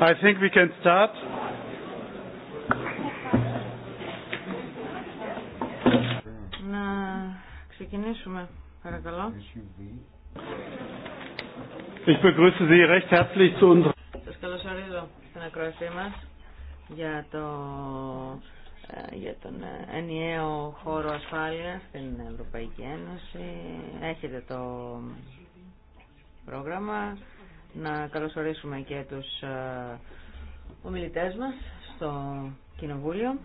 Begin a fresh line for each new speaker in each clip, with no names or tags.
I think we can start.
Να ξεκινήσουμε, παρακαλώ.
Ich begrüße Sie recht herzlich zu unserer.
Σας καλωσορίζω στην ακρόαση μας για το ε, για τον ε, ενιαίο χώρο ασφάλειας στην Ευρωπαϊκή Ένωση. Έχετε το ε, πρόγραμμα να καλωσορίσουμε και τους ε, ομιλητές μας στο Κοινοβούλιο.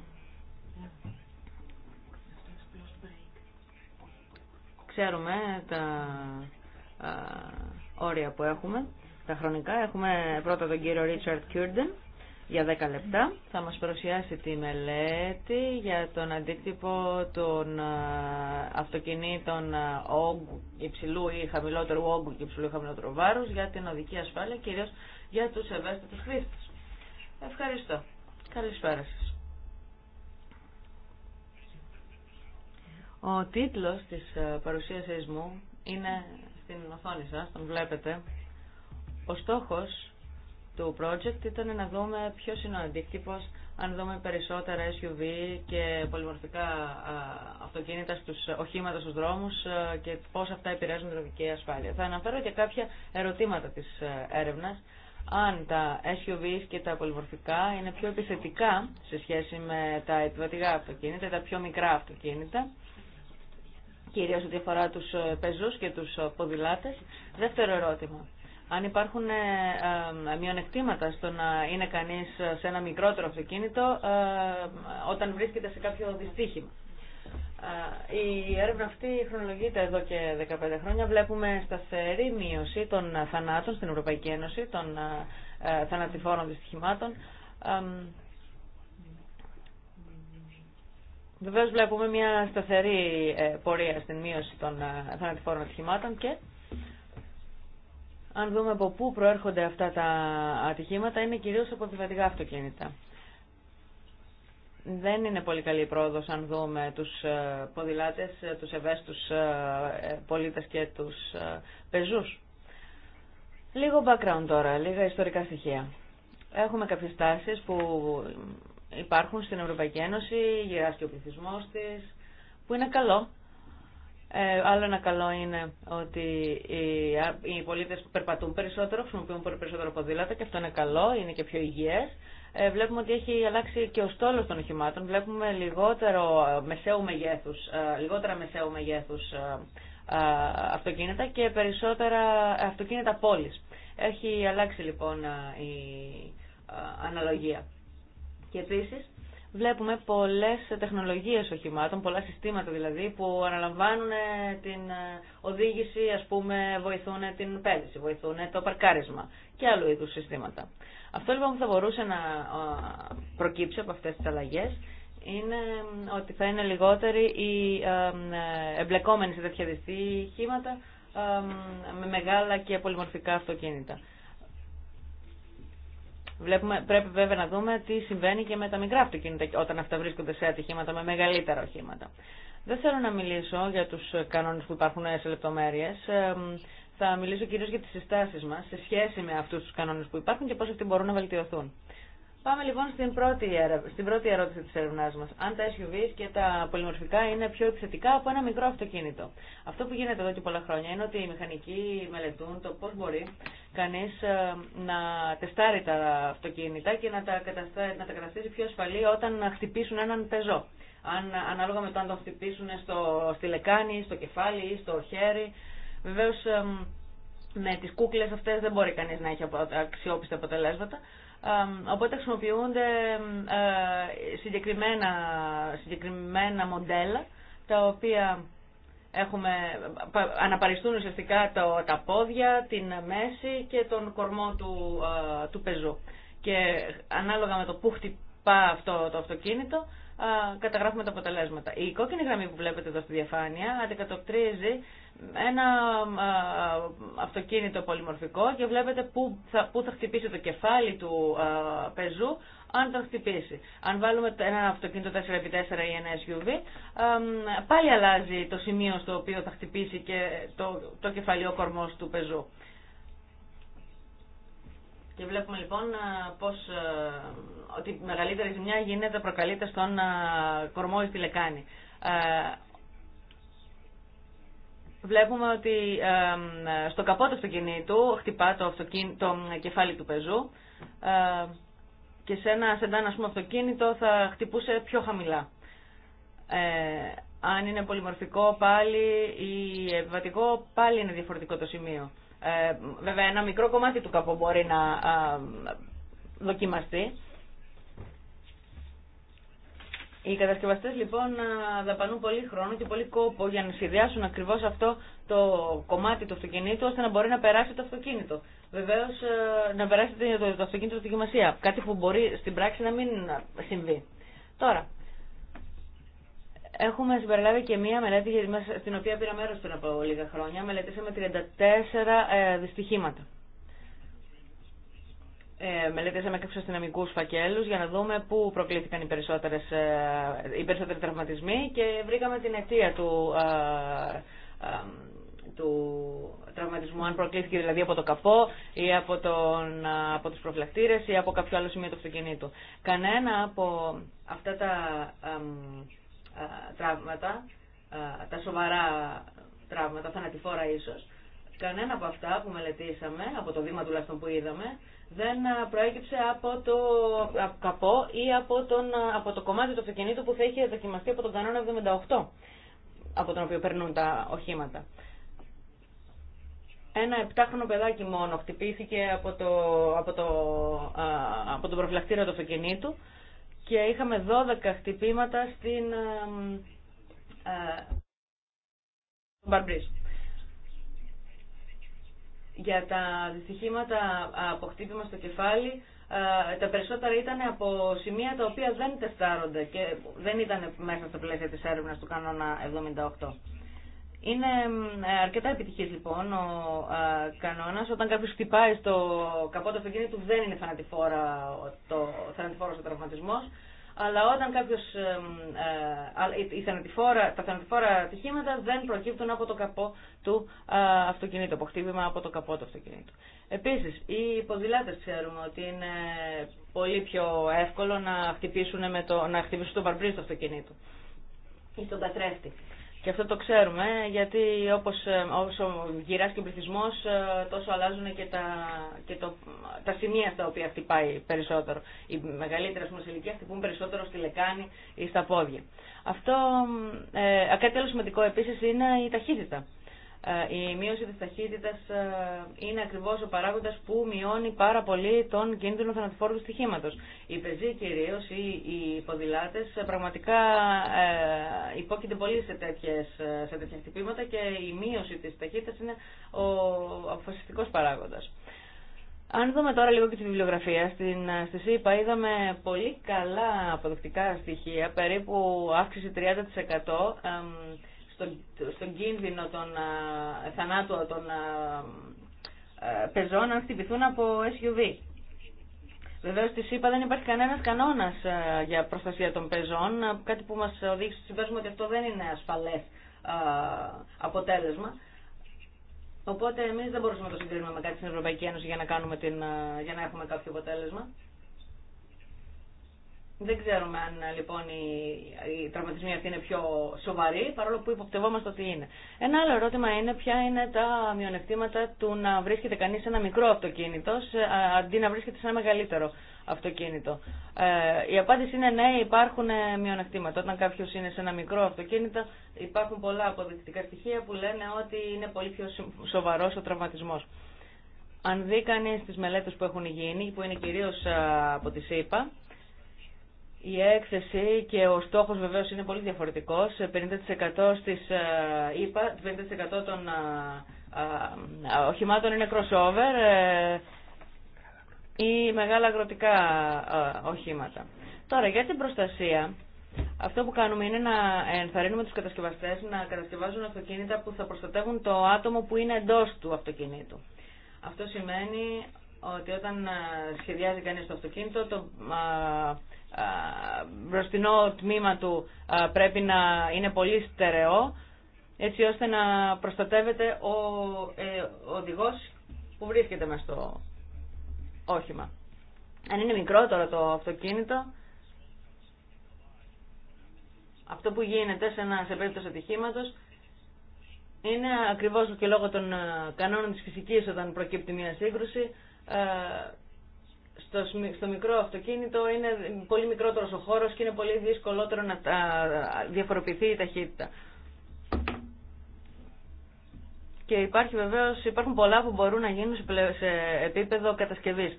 Ξέρουμε τα ε, όρια που έχουμε, τα χρονικά. Έχουμε πρώτα τον κύριο Ρίτσαρτ Κιούρντεν, για 10 λεπτά. Θα μας παρουσιάσει τη μελέτη για τον αντίκτυπο των αυτοκινήτων όγκου υψηλού ή χαμηλότερου όγκου και υψηλού ή χαμηλότερου βάρους για την οδική ασφάλεια, κυρίως για τους ευαίσθητους χρήστες. Ευχαριστώ. Καλησπέρα σας. Ο τίτλος της παρουσίασής μου είναι στην οθόνη σας, τον βλέπετε. Ο στόχος του project ήταν να δούμε ποιος είναι ο αντίκτυπος αν δούμε περισσότερα SUV και πολυμορφικά αυτοκίνητα στους οχήματα στους δρόμους και πώς αυτά επηρεάζουν την οδική ασφάλεια. Θα αναφέρω και κάποια ερωτήματα της ε, έρευνας. Αν τα SUV και τα πολυμορφικά είναι πιο επιθετικά σε σχέση με τα επιβατικά αυτοκίνητα, τα πιο μικρά αυτοκίνητα, κυρίως ό,τι αφορά τους ε, πεζούς και τους ε, ποδηλάτες. Δεύτερο ερώτημα αν υπάρχουν ε, ε, μειονεκτήματα στο να είναι κανείς σε ένα μικρότερο αυτοκίνητο ε, όταν βρίσκεται σε κάποιο δυστύχημα. Η έρευνα αυτή χρονολογείται εδώ και 15 χρόνια. Βλέπουμε σταθερή μείωση των θανάτων στην Ευρωπαϊκή Ένωση, των θανατηφόρων δυστυχημάτων. Βεβαίω βλέπουμε μια σταθερή πορεία στην μείωση των θανατηφόρων δυστυχημάτων και αν δούμε από πού προέρχονται αυτά τα ατυχήματα, είναι κυρίως από επιβατικά αυτοκίνητα. Δεν είναι πολύ καλή η πρόοδος αν δούμε τους ε, ποδηλάτες, ε, τους ευαίσθητους ε, πολίτες και τους πεζούς. Λίγο background τώρα, λίγα ιστορικά στοιχεία. Έχουμε κάποιες τάσεις που υπάρχουν στην Ευρωπαϊκή Ένωση, γυράσκει ο πληθυσμό της, που είναι καλό ε, άλλο ένα καλό είναι ότι οι, οι πολίτες περπατούν περισσότερο, χρησιμοποιούν πολύ περισσότερο ποδήλατα και αυτό είναι καλό, είναι και πιο υγιές. Ε, βλέπουμε ότι έχει αλλάξει και ο στόλος των οχημάτων. Βλέπουμε λιγότερο μεσαίου μεγέθους, ε, λιγότερα μεσαίου μεγέθους ε, ε, αυτοκίνητα και περισσότερα αυτοκίνητα πόλης. Έχει αλλάξει λοιπόν η αναλογία. Και επίσης βλέπουμε πολλές τεχνολογίες οχημάτων, πολλά συστήματα δηλαδή, που αναλαμβάνουν ε, την ε, οδήγηση, ας πούμε, βοηθούν την πέληση, βοηθούν το παρκάρισμα και άλλου είδους συστήματα. Αυτό λοιπόν που θα μπορούσε να προκύψει από αυτές τις αλλαγές είναι ότι θα είναι λιγότεροι οι ε, εμπλεκόμενοι σε τέτοια δυστυχήματα με μεγάλα και πολυμορφικά αυτοκίνητα. Βλέπουμε, πρέπει βέβαια να δούμε τι συμβαίνει και με τα μικρά αυτοκίνητα όταν αυτά βρίσκονται σε ατυχήματα με μεγαλύτερα οχήματα. Δεν θέλω να μιλήσω για τους κανόνες που υπάρχουν σε λεπτομέρειες. Θα μιλήσω κυρίως για τις συστάσεις μας σε σχέση με αυτούς τους κανόνες που υπάρχουν και πώς αυτοί μπορούν να βελτιωθούν. Πάμε λοιπόν στην πρώτη, στην πρώτη ερώτηση της έρευνάς μας. Αν τα SUV και τα πολυμορφικά είναι πιο επιθετικά από ένα μικρό αυτοκίνητο. Αυτό που γίνεται εδώ και πολλά χρόνια είναι ότι οι μηχανικοί μελετούν το πώς μπορεί κανείς ε, να τεστάρει τα αυτοκίνητα και να τα, καταστήσει, να τα καταστήσει πιο ασφαλή όταν χτυπήσουν έναν πεζό. Αν, ανάλογα με το αν το χτυπήσουν στο, στη λεκάνη, στο κεφάλι ή στο χέρι. Βεβαίως με τις κούκλες αυτές δεν μπορεί κανείς να έχει αξιόπιστα αποτελέσματα. Οπότε χρησιμοποιούνται ε, συγκεκριμένα, συγκεκριμένα μοντέλα τα οποία έχουμε, αναπαριστούν ουσιαστικά το, τα πόδια, την μέση και τον κορμό του, ε, του πεζού. Και ανάλογα με το που χτυπά αυτό το αυτοκίνητο καταγράφουμε τα αποτελέσματα. Η κόκκινη γραμμή που βλέπετε εδώ στη διαφάνεια αντικατοπτρίζει ένα αυτοκίνητο πολυμορφικό και βλέπετε πού θα, που θα χτυπήσει το κεφάλι του πεζού αν τον χτυπήσει. Αν βάλουμε ένα αυτοκίνητο 4x4 ή ένα SUV, πάλι αλλάζει το σημείο στο οποίο θα χτυπήσει και το, το κεφαλαίο κορμός του πεζού. Και βλέπουμε λοιπόν ε, πως, ε, ότι η μεγαλύτερη ζημιά γίνεται, προκαλείται στον ε, κορμό στη λεκάνη. Βλέπουμε ότι στο καπό του αυτοκινήτου χτυπά το, το κεφάλι του πεζού και σε ένα σεντάν ας πούμε, αυτοκίνητο θα χτυπούσε πιο χαμηλά. αν είναι πολυμορφικό πάλι ή επιβατικό πάλι είναι διαφορετικό το σημείο. Ε, βέβαια ένα μικρό κομμάτι του καπο μπορεί να ε, δοκιμαστεί. Οι κατασκευαστέ λοιπόν ε, δαπανούν πολύ χρόνο και πολύ κόπο για να σχεδιάσουν ακριβώ αυτό το κομμάτι του αυτοκινήτου ώστε να μπορεί να περάσει το αυτοκίνητο. Βεβαίω να περάσει το αυτοκίνητο στη δοκιμασία. Κάτι που μπορεί στην πράξη να μην συμβεί. Τώρα, Έχουμε συμπεριλάβει και μία μελέτη στην οποία πήρα μέρος πριν από λίγα χρόνια. Μελετήσαμε 34 ε, δυστυχήματα. Ε, μελετήσαμε κάποιου αστυνομικού φακέλους για να δούμε πού προκλήθηκαν οι, περισσότερες, ε, οι περισσότεροι τραυματισμοί και βρήκαμε την αιτία του, ε, του τραυματισμού, αν προκλήθηκε δηλαδή από το καπό ή από, τον, από τους προφυλακτήρες ή από κάποιο άλλο σημείο του αυτοκινήτου. Κανένα από αυτά τα ε, τραύματα, ε, τα σοβαρά τραύματα, θανατηφόρα ίσως, κανένα από αυτά που μελετήσαμε, από το βήμα τουλάχιστον που είδαμε, δεν ε, προέκυψε από το καπό ή από, τον, από το κομμάτι του αυτοκινήτου που θα είχε δοκιμαστεί από τον κανόνα 78, από τον οποίο περνούν τα οχήματα. Ένα επτάχρονο παιδάκι μόνο χτυπήθηκε από, το, από, το, από τον προφυλακτήρα του αυτοκινήτου και είχαμε 12 χτυπήματα στην ε, ε, Μπαρμπρίς. Για τα δυστυχήματα από χτύπημα στο κεφάλι, ε, τα περισσότερα ήταν από σημεία τα οποία δεν τεστάρονται και δεν ήταν μέσα στο πλαίσιο της έρευνας του κανόνα 78. Είναι ε, αρκετά επιτυχής λοιπόν ο ε, κανόνας. Όταν κάποιος χτυπάει στο καπό του αυτοκίνητου δεν είναι θανατηφόρα το, θανατηφόρος ο τραυματισμός. Αλλά όταν κάποιος, ε, η θανατηφόρα, τα θανατηφόρα ατυχήματα δεν προκύπτουν από το καπό του αυτοκινήτου, από χτύπημα από το καπό του αυτοκινήτου. Επίσης, οι ποδηλάτες ξέρουμε ότι είναι πολύ πιο εύκολο να χτυπήσουν, με το, να τον παρμπρί του αυτοκινήτου ή στον καθρέφτη. Και αυτό το ξέρουμε, γιατί όπως ε, όσο γυράς και ο πληθυσμός, ε, τόσο αλλάζουν και, τα, και το, τα σημεία στα οποία χτυπάει περισσότερο. Οι μεγαλύτερες μας ηλικίε χτυπούν περισσότερο στη λεκάνη ή στα πόδια. Αυτό, ε, κάτι άλλο σημαντικό επίσης είναι η ταχύτητα. Ε, η μείωση της ταχύτητας ε, είναι ακριβώς ο παράγοντας που μειώνει πάρα πολύ τον κίνδυνο θανατηφόρου στοιχήματος. Οι πεζοί κυρίω ή οι ποδηλάτες ε, πραγματικά υπόκεινται πολύ σε, τέτοιες, σε τέτοια χτυπήματα και η μείωση της ταχύτητας είναι ο αποφασιστικός παράγοντας. Αν δούμε τώρα λίγο και τη βιβλιογραφία, στην, στη ΣΥΠΑ είδαμε πολύ καλά αποδοκτικά στοιχεία, περίπου αύξηση 30% στον, κίνδυνο των θανάτου των πεζών αν χτυπηθούν από SUV. Βεβαίω τη είπα, δεν υπάρχει κανένα κανόνα για προστασία των πεζών, κάτι που μα οδήγησε στο συμπέρασμα ότι αυτό δεν είναι ασφαλέ αποτέλεσμα. Οπότε εμεί δεν μπορούσαμε να το συγκρίνουμε με κάτι στην Ευρωπαϊκή Ένωση για να, κάνουμε την, για να έχουμε κάποιο αποτέλεσμα. Δεν ξέρουμε αν λοιπόν η τραυματισμοί αυτή είναι πιο σοβαρή, παρόλο που υποπτευόμαστε ότι είναι. Ένα άλλο ερώτημα είναι ποια είναι τα μειονεκτήματα του να βρίσκεται κανεί σε ένα μικρό αυτοκίνητο αντί να βρίσκεται σε ένα μεγαλύτερο αυτοκίνητο. Ε, η απάντηση είναι ναι, υπάρχουν ε, μειονεκτήματα. Όταν κάποιο είναι σε ένα μικρό αυτοκίνητο, υπάρχουν πολλά αποδεικτικά στοιχεία που λένε ότι είναι πολύ πιο σοβαρό ο τραυματισμό. Αν δει κανεί τι μελέτε που έχουν γίνει, που είναι κυρίω από τη ΣΥΠΑ, η έκθεση και ο στόχος βεβαίως είναι πολύ διαφορετικός. 50% στις 50% ε, των ε, ε, οχημάτων είναι crossover ή μεγάλα αγροτικά οχήματα. Τώρα για την προστασία. Αυτό που κάνουμε είναι να ενθαρρύνουμε τους κατασκευαστές να κατασκευάζουν αυτοκίνητα που θα προστατεύουν το άτομο που είναι εντός του αυτοκινήτου. Αυτό σημαίνει ότι όταν σχεδιάζει κανείς το αυτοκίνητο, το, μπροστινό τμήμα του πρέπει να είναι πολύ στερεό έτσι ώστε να προστατεύεται ο, ε, ο οδηγός που βρίσκεται μέσα στο όχημα. Αν είναι τώρα το αυτοκίνητο, αυτό που γίνεται σε, ένα, σε περίπτωση ατυχήματο είναι ακριβώς και λόγω των ε, κανόνων της φυσικής όταν προκύπτει μια σύγκρουση ε, στο, στο μικρό αυτοκίνητο είναι πολύ μικρότερος ο χώρος και είναι πολύ δύσκολότερο να διαφοροποιηθεί η ταχύτητα. Και υπάρχει βεβαίως, υπάρχουν πολλά που μπορούν να γίνουν σε επίπεδο κατασκευής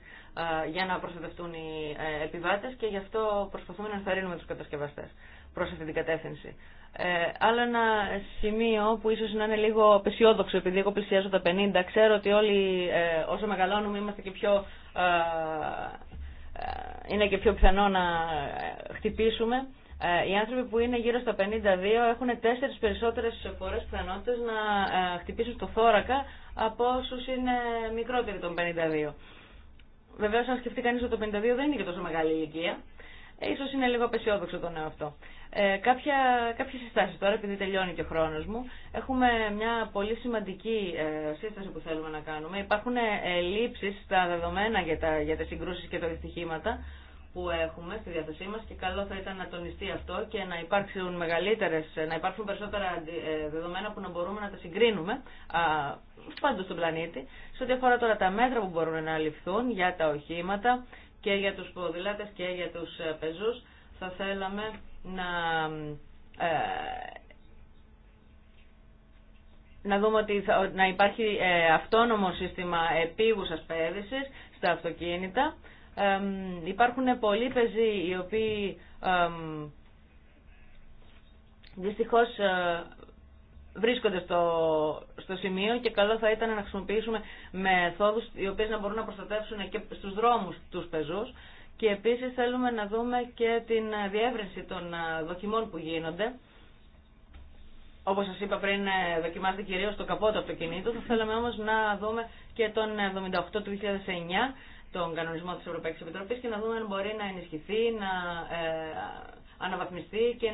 για να προστατευτούν οι ε, επιβάτες και γι' αυτό προσπαθούμε να ενθαρρύνουμε τους κατασκευαστές προς αυτή την κατεύθυνση. Ε, άλλο ένα σημείο που ίσως να είναι λίγο απεσιόδοξο επειδή εγώ πλησιάζω τα 50. Ξέρω ότι όλοι ε, όσο μεγαλώνουμε είμαστε και πιο ε, ε, είναι και πιο πιθανό να χτυπήσουμε. Ε, οι άνθρωποι που είναι γύρω στα 52 έχουν τέσσερις περισσότερες φορές πιθανότητες να χτυπήσουν στο θώρακα από όσου είναι μικρότεροι των 52. Βεβαίως αν σκεφτεί κανείς ότι το 52 δεν είναι και τόσο μεγάλη ηλικία, ίσως είναι λίγο απεσιόδοξο το νέο αυτό. Ε, κάποια, συστάσεις τώρα, επειδή τελειώνει και ο χρόνος μου. Έχουμε μια πολύ σημαντική ε, σύσταση που θέλουμε να κάνουμε. Υπάρχουν ε, ελλείψεις στα δεδομένα για, τα, για τις συγκρούσεις και τα δυστυχήματα που έχουμε στη διάθεσή μας και καλό θα ήταν να τονιστεί αυτό και να υπάρξουν μεγαλύτερες, ε, να υπάρχουν περισσότερα ε, δεδομένα που να μπορούμε να τα συγκρίνουμε πάντως στον πλανήτη. Σε ό,τι αφορά τώρα τα μέτρα που μπορούν να ληφθούν για τα οχήματα και για τους ποδηλάτες και για τους πεζούς, θα θέλαμε να ε, να δούμε ότι να υπάρχει ε, αυτόνομο σύστημα επίγουσας παίδησης στα αυτοκίνητα. Ε, υπάρχουν πολλοί πεζοί οι οποίοι δυστυχώς ε, βρίσκονται στο, στο σημείο και καλό θα ήταν να χρησιμοποιήσουμε μεθόδους οι οποίες να μπορούν να προστατεύσουν και στους δρόμους τους πεζούς. Και επίσης θέλουμε να δούμε και την ε, διεύρυνση των ε, δοκιμών που γίνονται. Όπως σας είπα πριν, ε, δοκιμάζεται κυρίως το καπότο αυτοκινήτου. Θα θέλαμε όμως να δούμε και τον 78 του 2009, τον κανονισμό της Ευρωπαϊκής Επιτροπής και να δούμε αν μπορεί να ενισχυθεί, να αναβαθμιστεί και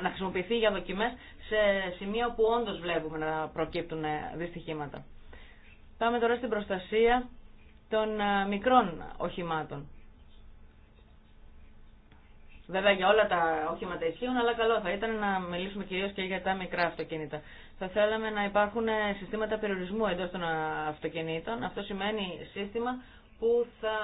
να, χρησιμοποιηθεί για δοκιμές σε σημεία που όντως βλέπουμε να προκύπτουν δυστυχήματα. Πάμε τώρα στην προστασία των ε, μικρών οχημάτων. Βέβαια για όλα τα οχήματα ισχύουν, αλλά καλό θα ήταν να μιλήσουμε κυρίως και για τα μικρά αυτοκίνητα. Θα θέλαμε να υπάρχουν ε, συστήματα περιορισμού εντός των ε, αυτοκινήτων. Αυτό σημαίνει σύστημα που θα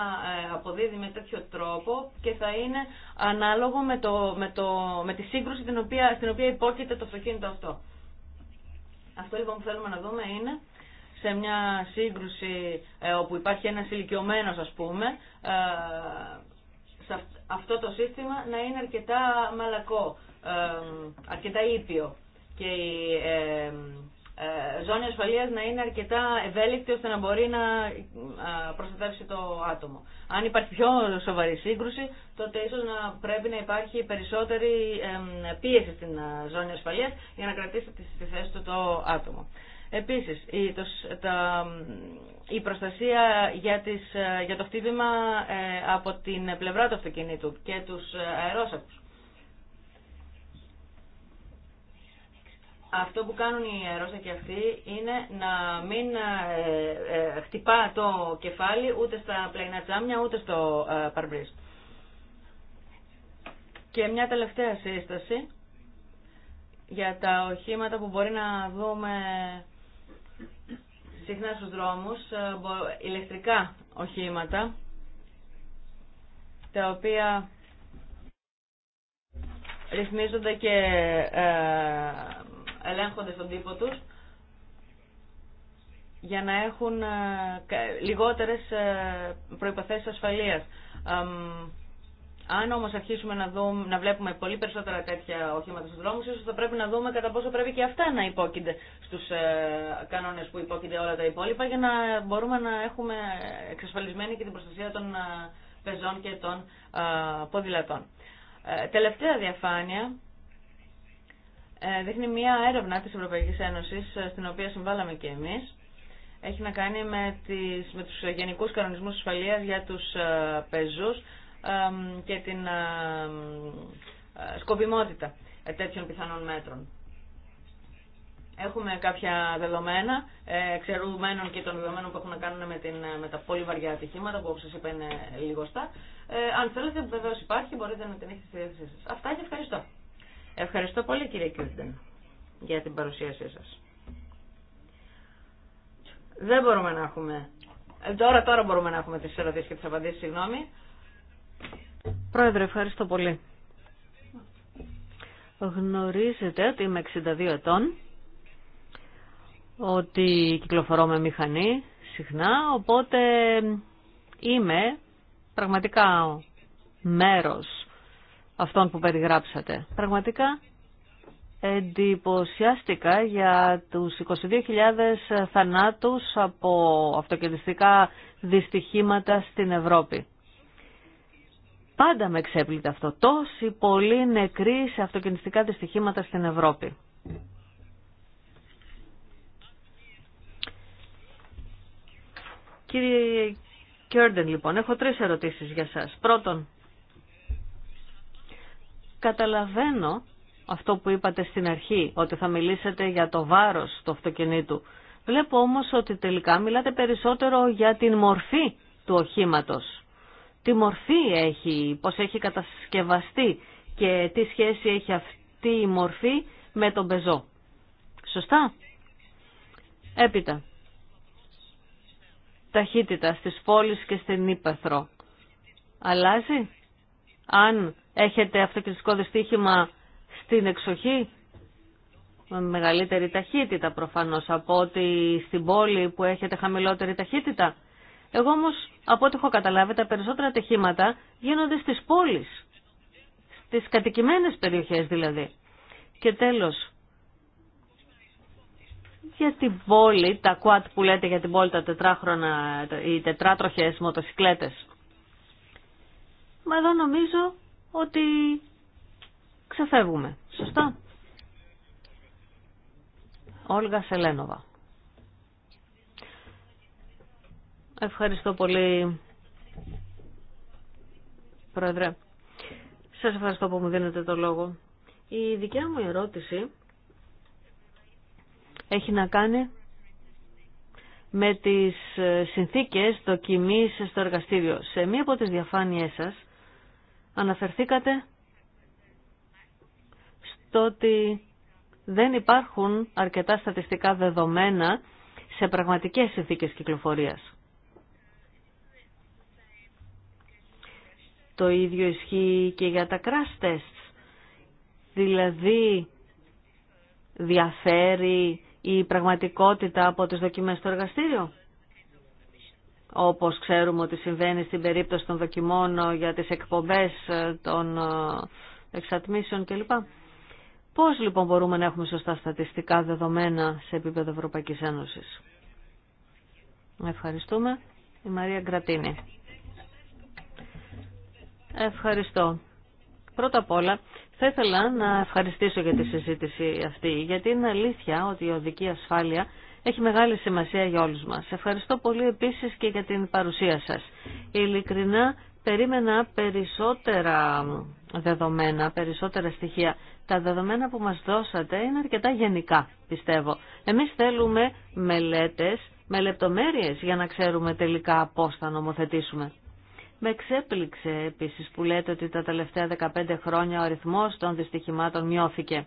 αποδίδει με τέτοιο τρόπο και θα είναι ανάλογο με, το, με, το, με τη σύγκρουση την οποία, στην οποία υπόκειται το αυτοκίνητο αυτό. Αυτό λοιπόν που θέλουμε να δούμε είναι σε μια σύγκρουση ε, όπου υπάρχει ένα ηλικιωμένο, ας πούμε ε, αυτό το σύστημα να είναι αρκετά μαλακό, ε, αρκετά ήπιο και η ζώνη ασφαλείας να είναι αρκετά ευέλικτη ώστε να μπορεί να προστατεύσει το άτομο. Αν υπάρχει πιο σοβαρή σύγκρουση, τότε ίσως να πρέπει να υπάρχει περισσότερη πίεση στην ζώνη ασφαλείας για να κρατήσει τη θέση του το άτομο. Επίσης, η, η προστασία για, τις, για το χτύπημα ε, από την πλευρά του αυτοκινήτου και τους αερόσακους. Αυτό που κάνουν οι αερόσακοι αυτοί είναι να μην ε, ε, χτυπά το κεφάλι ούτε στα πλαϊνά τζάμια ούτε στο παρμπρίζ. Και μια τελευταία σύσταση για τα οχήματα που μπορεί να δούμε συχνά στους δρόμους ε, ηλεκτρικά οχήματα τα οποία ρυθμίζονται και ε, ελέγχονται στον τύπο τους για να έχουν ε, λιγότερες προϋποθέσεις ασφαλείας. Αν όμω αρχίσουμε να, δούμε, να βλέπουμε πολύ περισσότερα τέτοια οχήματα στου δρόμου, ίσω θα πρέπει να δούμε κατά πόσο πρέπει και αυτά να υπόκεινται στου ε, κανόνε που υπόκεινται όλα τα υπόλοιπα, για να μπορούμε να έχουμε εξασφαλισμένη και την προστασία των ε, πεζών και των ε, ποδηλατών. Ε, τελευταία διαφάνεια ε, δείχνει μία έρευνα της Ευρωπαϊκής Ένωσης, ε, στην οποία συμβάλαμε και εμεί Έχει να κάνει με, τις, με τους γενικούς κανονισμούς ασφαλείας για τους πεζούς και την σκοπιμότητα τέτοιων πιθανών μέτρων. Έχουμε κάποια δεδομένα, ε, εξαιρουμένων και των δεδομένων που έχουν να κάνουν με, την, με τα πολύ βαριά ατυχήματα, που όπως σας είπα είναι λιγοστά. Ε, αν θέλετε, βεβαίω υπάρχει, μπορείτε να την έχετε στη διάθεσή σας. Αυτά και ευχαριστώ. Ευχαριστώ πολύ κύριε Κιούρντεν για την παρουσίασή σας. Δεν μπορούμε να έχουμε... Ε, τώρα, τώρα μπορούμε να έχουμε τις ερωτήσεις και τις απαντήσεις, συγγνώμη. Πρόεδρε, ευχαριστώ πολύ. Γνωρίζετε ότι είμαι 62 ετών, ότι κυκλοφορώ με μηχανή συχνά, οπότε είμαι πραγματικά μέρος αυτών που περιγράψατε. Πραγματικά εντυπωσιάστηκα για τους 22.000 θανάτους από αυτοκεντριστικά δυστυχήματα στην Ευρώπη. Πάντα με εξέπληκε αυτό. Τόσοι πολλοί νεκροί σε αυτοκινηστικά δυστυχήματα στην Ευρώπη. Κύριε Κέρντεν, λοιπόν, έχω τρεις ερωτήσεις για σας. Πρώτον, καταλαβαίνω αυτό που είπατε στην αρχή, ότι θα μιλήσετε για το βάρος του αυτοκινήτου. Βλέπω όμως ότι τελικά μιλάτε περισσότερο για την μορφή του οχήματος τι μορφή έχει, πώς έχει κατασκευαστεί και τι σχέση έχει αυτή η μορφή με τον πεζό. Σωστά. Έπειτα. Ταχύτητα στις πόλεις και στην Ήπεθρο. Αλλάζει. Αν έχετε αυτοκινητικό δυστύχημα στην εξοχή, με μεγαλύτερη ταχύτητα προφανώς από ότι στην πόλη που έχετε χαμηλότερη ταχύτητα. Εγώ όμω από ό,τι έχω καταλάβει, τα περισσότερα ατυχήματα γίνονται στις πόλεις. στι κατοικημένες περιοχές δηλαδή. Και τέλος, για την πόλη, τα quad που λέτε για την πόλη, τα τετράχρονα, οι τετράτροχες μοτοσυκλέτες. Μα εδώ νομίζω ότι ξεφεύγουμε. Σωστά. Όλγα Σελένοβα. Ευχαριστώ πολύ, Πρόεδρε. Σας ευχαριστώ που μου δίνετε το λόγο. Η δικιά μου ερώτηση έχει να κάνει με τις συνθήκες δοκιμής στο εργαστήριο. Σε μία από τις διαφάνειές σας αναφερθήκατε στο ότι δεν υπάρχουν αρκετά στατιστικά δεδομένα σε πραγματικές συνθήκες κυκλοφορίας. Το ίδιο ισχύει και για τα crash tests. Δηλαδή, διαφέρει η πραγματικότητα από τις δοκιμές στο εργαστήριο. Όπως ξέρουμε ότι συμβαίνει στην περίπτωση των δοκιμών ε, για τις εκπομπές ε, των ε, εξατμίσεων κλπ. Πώς λοιπόν μπορούμε να έχουμε σωστά στατιστικά δεδομένα σε επίπεδο Ευρωπαϊκής Ένωσης. Ευχαριστούμε. Η Μαρία Γκρατίνη. Ευχαριστώ. Πρώτα απ' όλα, θα ήθελα να ευχαριστήσω για τη συζήτηση αυτή, γιατί είναι αλήθεια ότι η οδική ασφάλεια έχει μεγάλη σημασία για όλους μας. Ευχαριστώ πολύ επίσης και για την παρουσία σας. Ειλικρινά, περίμενα περισσότερα δεδομένα, περισσότερα στοιχεία. Τα δεδομένα που μας δώσατε είναι αρκετά γενικά, πιστεύω. Εμείς θέλουμε μελέτες με λεπτομέρειες για να ξέρουμε τελικά πώς θα νομοθετήσουμε. Με εξέπληξε επίσης που λέτε ότι τα τελευταία 15 χρόνια ο αριθμός των δυστυχημάτων μειώθηκε.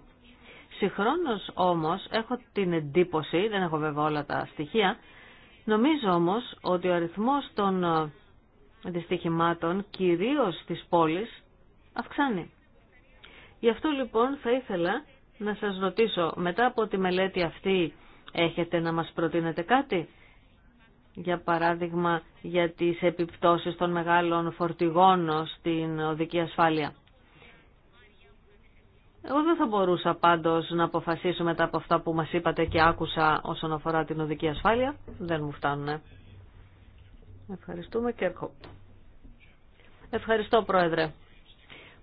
Συγχρόνως όμως έχω την εντύπωση, δεν έχω βέβαια όλα τα στοιχεία, νομίζω όμως ότι ο αριθμός των ε, δυστυχημάτων, κυρίως της πόλης, αυξάνει. Γι' αυτό λοιπόν θα ήθελα να σας ρωτήσω, μετά από τη μελέτη αυτή έχετε να μας προτείνετε κάτι για παράδειγμα για τις επιπτώσεις των μεγάλων φορτηγών στην οδική ασφάλεια. Εγώ δεν θα μπορούσα πάντως να αποφασίσω μετά από αυτά που μας είπατε και άκουσα όσον αφορά την οδική ασφάλεια. Δεν μου φτάνουν. Ευχαριστούμε και έρχομαι. Ευχαριστώ Πρόεδρε.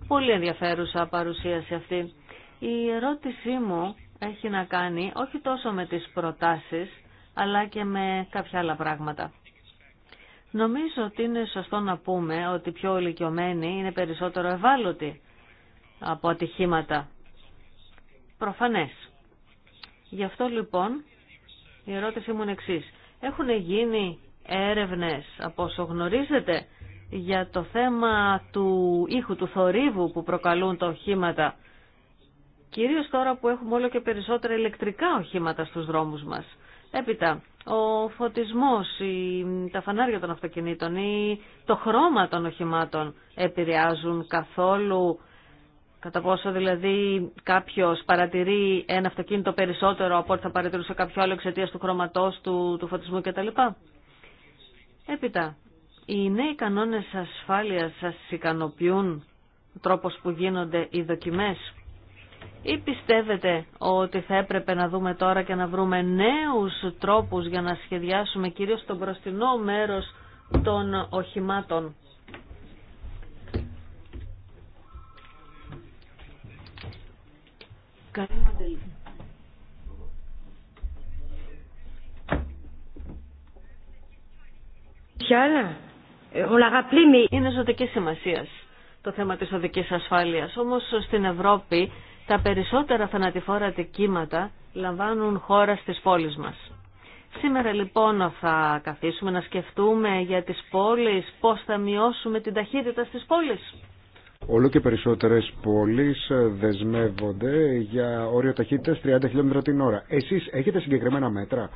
Πολύ ενδιαφέρουσα παρουσίαση αυτή. Η ερώτησή μου έχει να κάνει όχι τόσο με τις προτάσεις, αλλά και με κάποια άλλα πράγματα. Νομίζω ότι είναι σωστό να πούμε ότι πιο ηλικιωμένοι είναι περισσότερο ευάλωτοι από ατυχήματα. Προφανές. Γι' αυτό λοιπόν η ερώτηση μου είναι εξή: Έχουν γίνει έρευνες από όσο γνωρίζετε για το θέμα του ήχου, του θορύβου που προκαλούν τα οχήματα. Κυρίως τώρα που έχουμε όλο και περισσότερα ηλεκτρικά οχήματα στους δρόμους μας. Έπειτα, ο φωτισμός, η, τα φανάρια των αυτοκινήτων ή το χρώμα των οχημάτων επηρεάζουν καθόλου κατά πόσο δηλαδή κάποιος παρατηρεί ένα αυτοκίνητο περισσότερο από ό,τι θα παρατηρούσε κάποιο άλλο εξαιτία του χρωματός του, του φωτισμού κτλ. Έπειτα, οι νέοι κανόνες ασφάλειας σας ικανοποιούν τρόπος που γίνονται οι δοκιμές ή πιστεύετε ότι θα έπρεπε να δούμε τώρα και να βρούμε νέους τρόπους για να σχεδιάσουμε κυρίως το μπροστινό μέρος των οχημάτων. Ε, Είναι ζωτική σημασία το θέμα της οδικής ασφάλειας. Όμως στην Ευρώπη τα περισσότερα θανατηφόρα κύματα λαμβάνουν χώρα στις πόλεις μας. Σήμερα λοιπόν θα καθίσουμε να σκεφτούμε για τις πόλεις πώς θα μειώσουμε την ταχύτητα στις πόλεις.
Όλο και περισσότερες πόλεις ε, δεσμεύονται για όριο ταχύτητας 30 χιλιόμετρα την ώρα. Εσείς έχετε συγκεκριμένα μέτρα,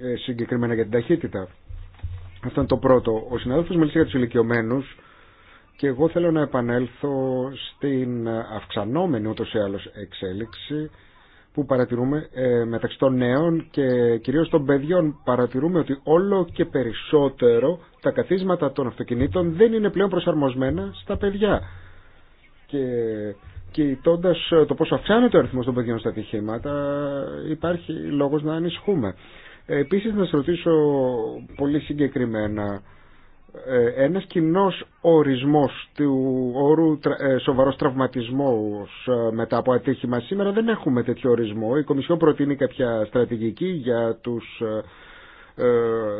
ε, συγκεκριμένα για την ταχύτητα. Αυτό είναι το πρώτο. Ο συνάδελφος μίλησε για τους ηλικιωμένους και εγώ θέλω να επανέλθω στην αυξανόμενη ούτως ή άλλως εξέλιξη που παρατηρούμε ε, μεταξύ των νέων και κυρίως των παιδιών παρατηρούμε ότι όλο και περισσότερο τα καθίσματα των αυτοκινήτων δεν είναι πλέον προσαρμοσμένα στα παιδιά. Και κοιτώντα ε, το πόσο αυξάνεται ο αριθμό των παιδιών στα ατυχήματα, υπάρχει λόγος να ανησυχούμε. Ε, επίσης να σας ρωτήσω πολύ συγκεκριμένα ε, ένας κοινός ορισμός του όρου ε, σοβαρός τραυματισμός ε, μετά από ατύχημα σήμερα δεν έχουμε τέτοιο ορισμό. Η Κομισιόν προτείνει κάποια στρατηγική για τους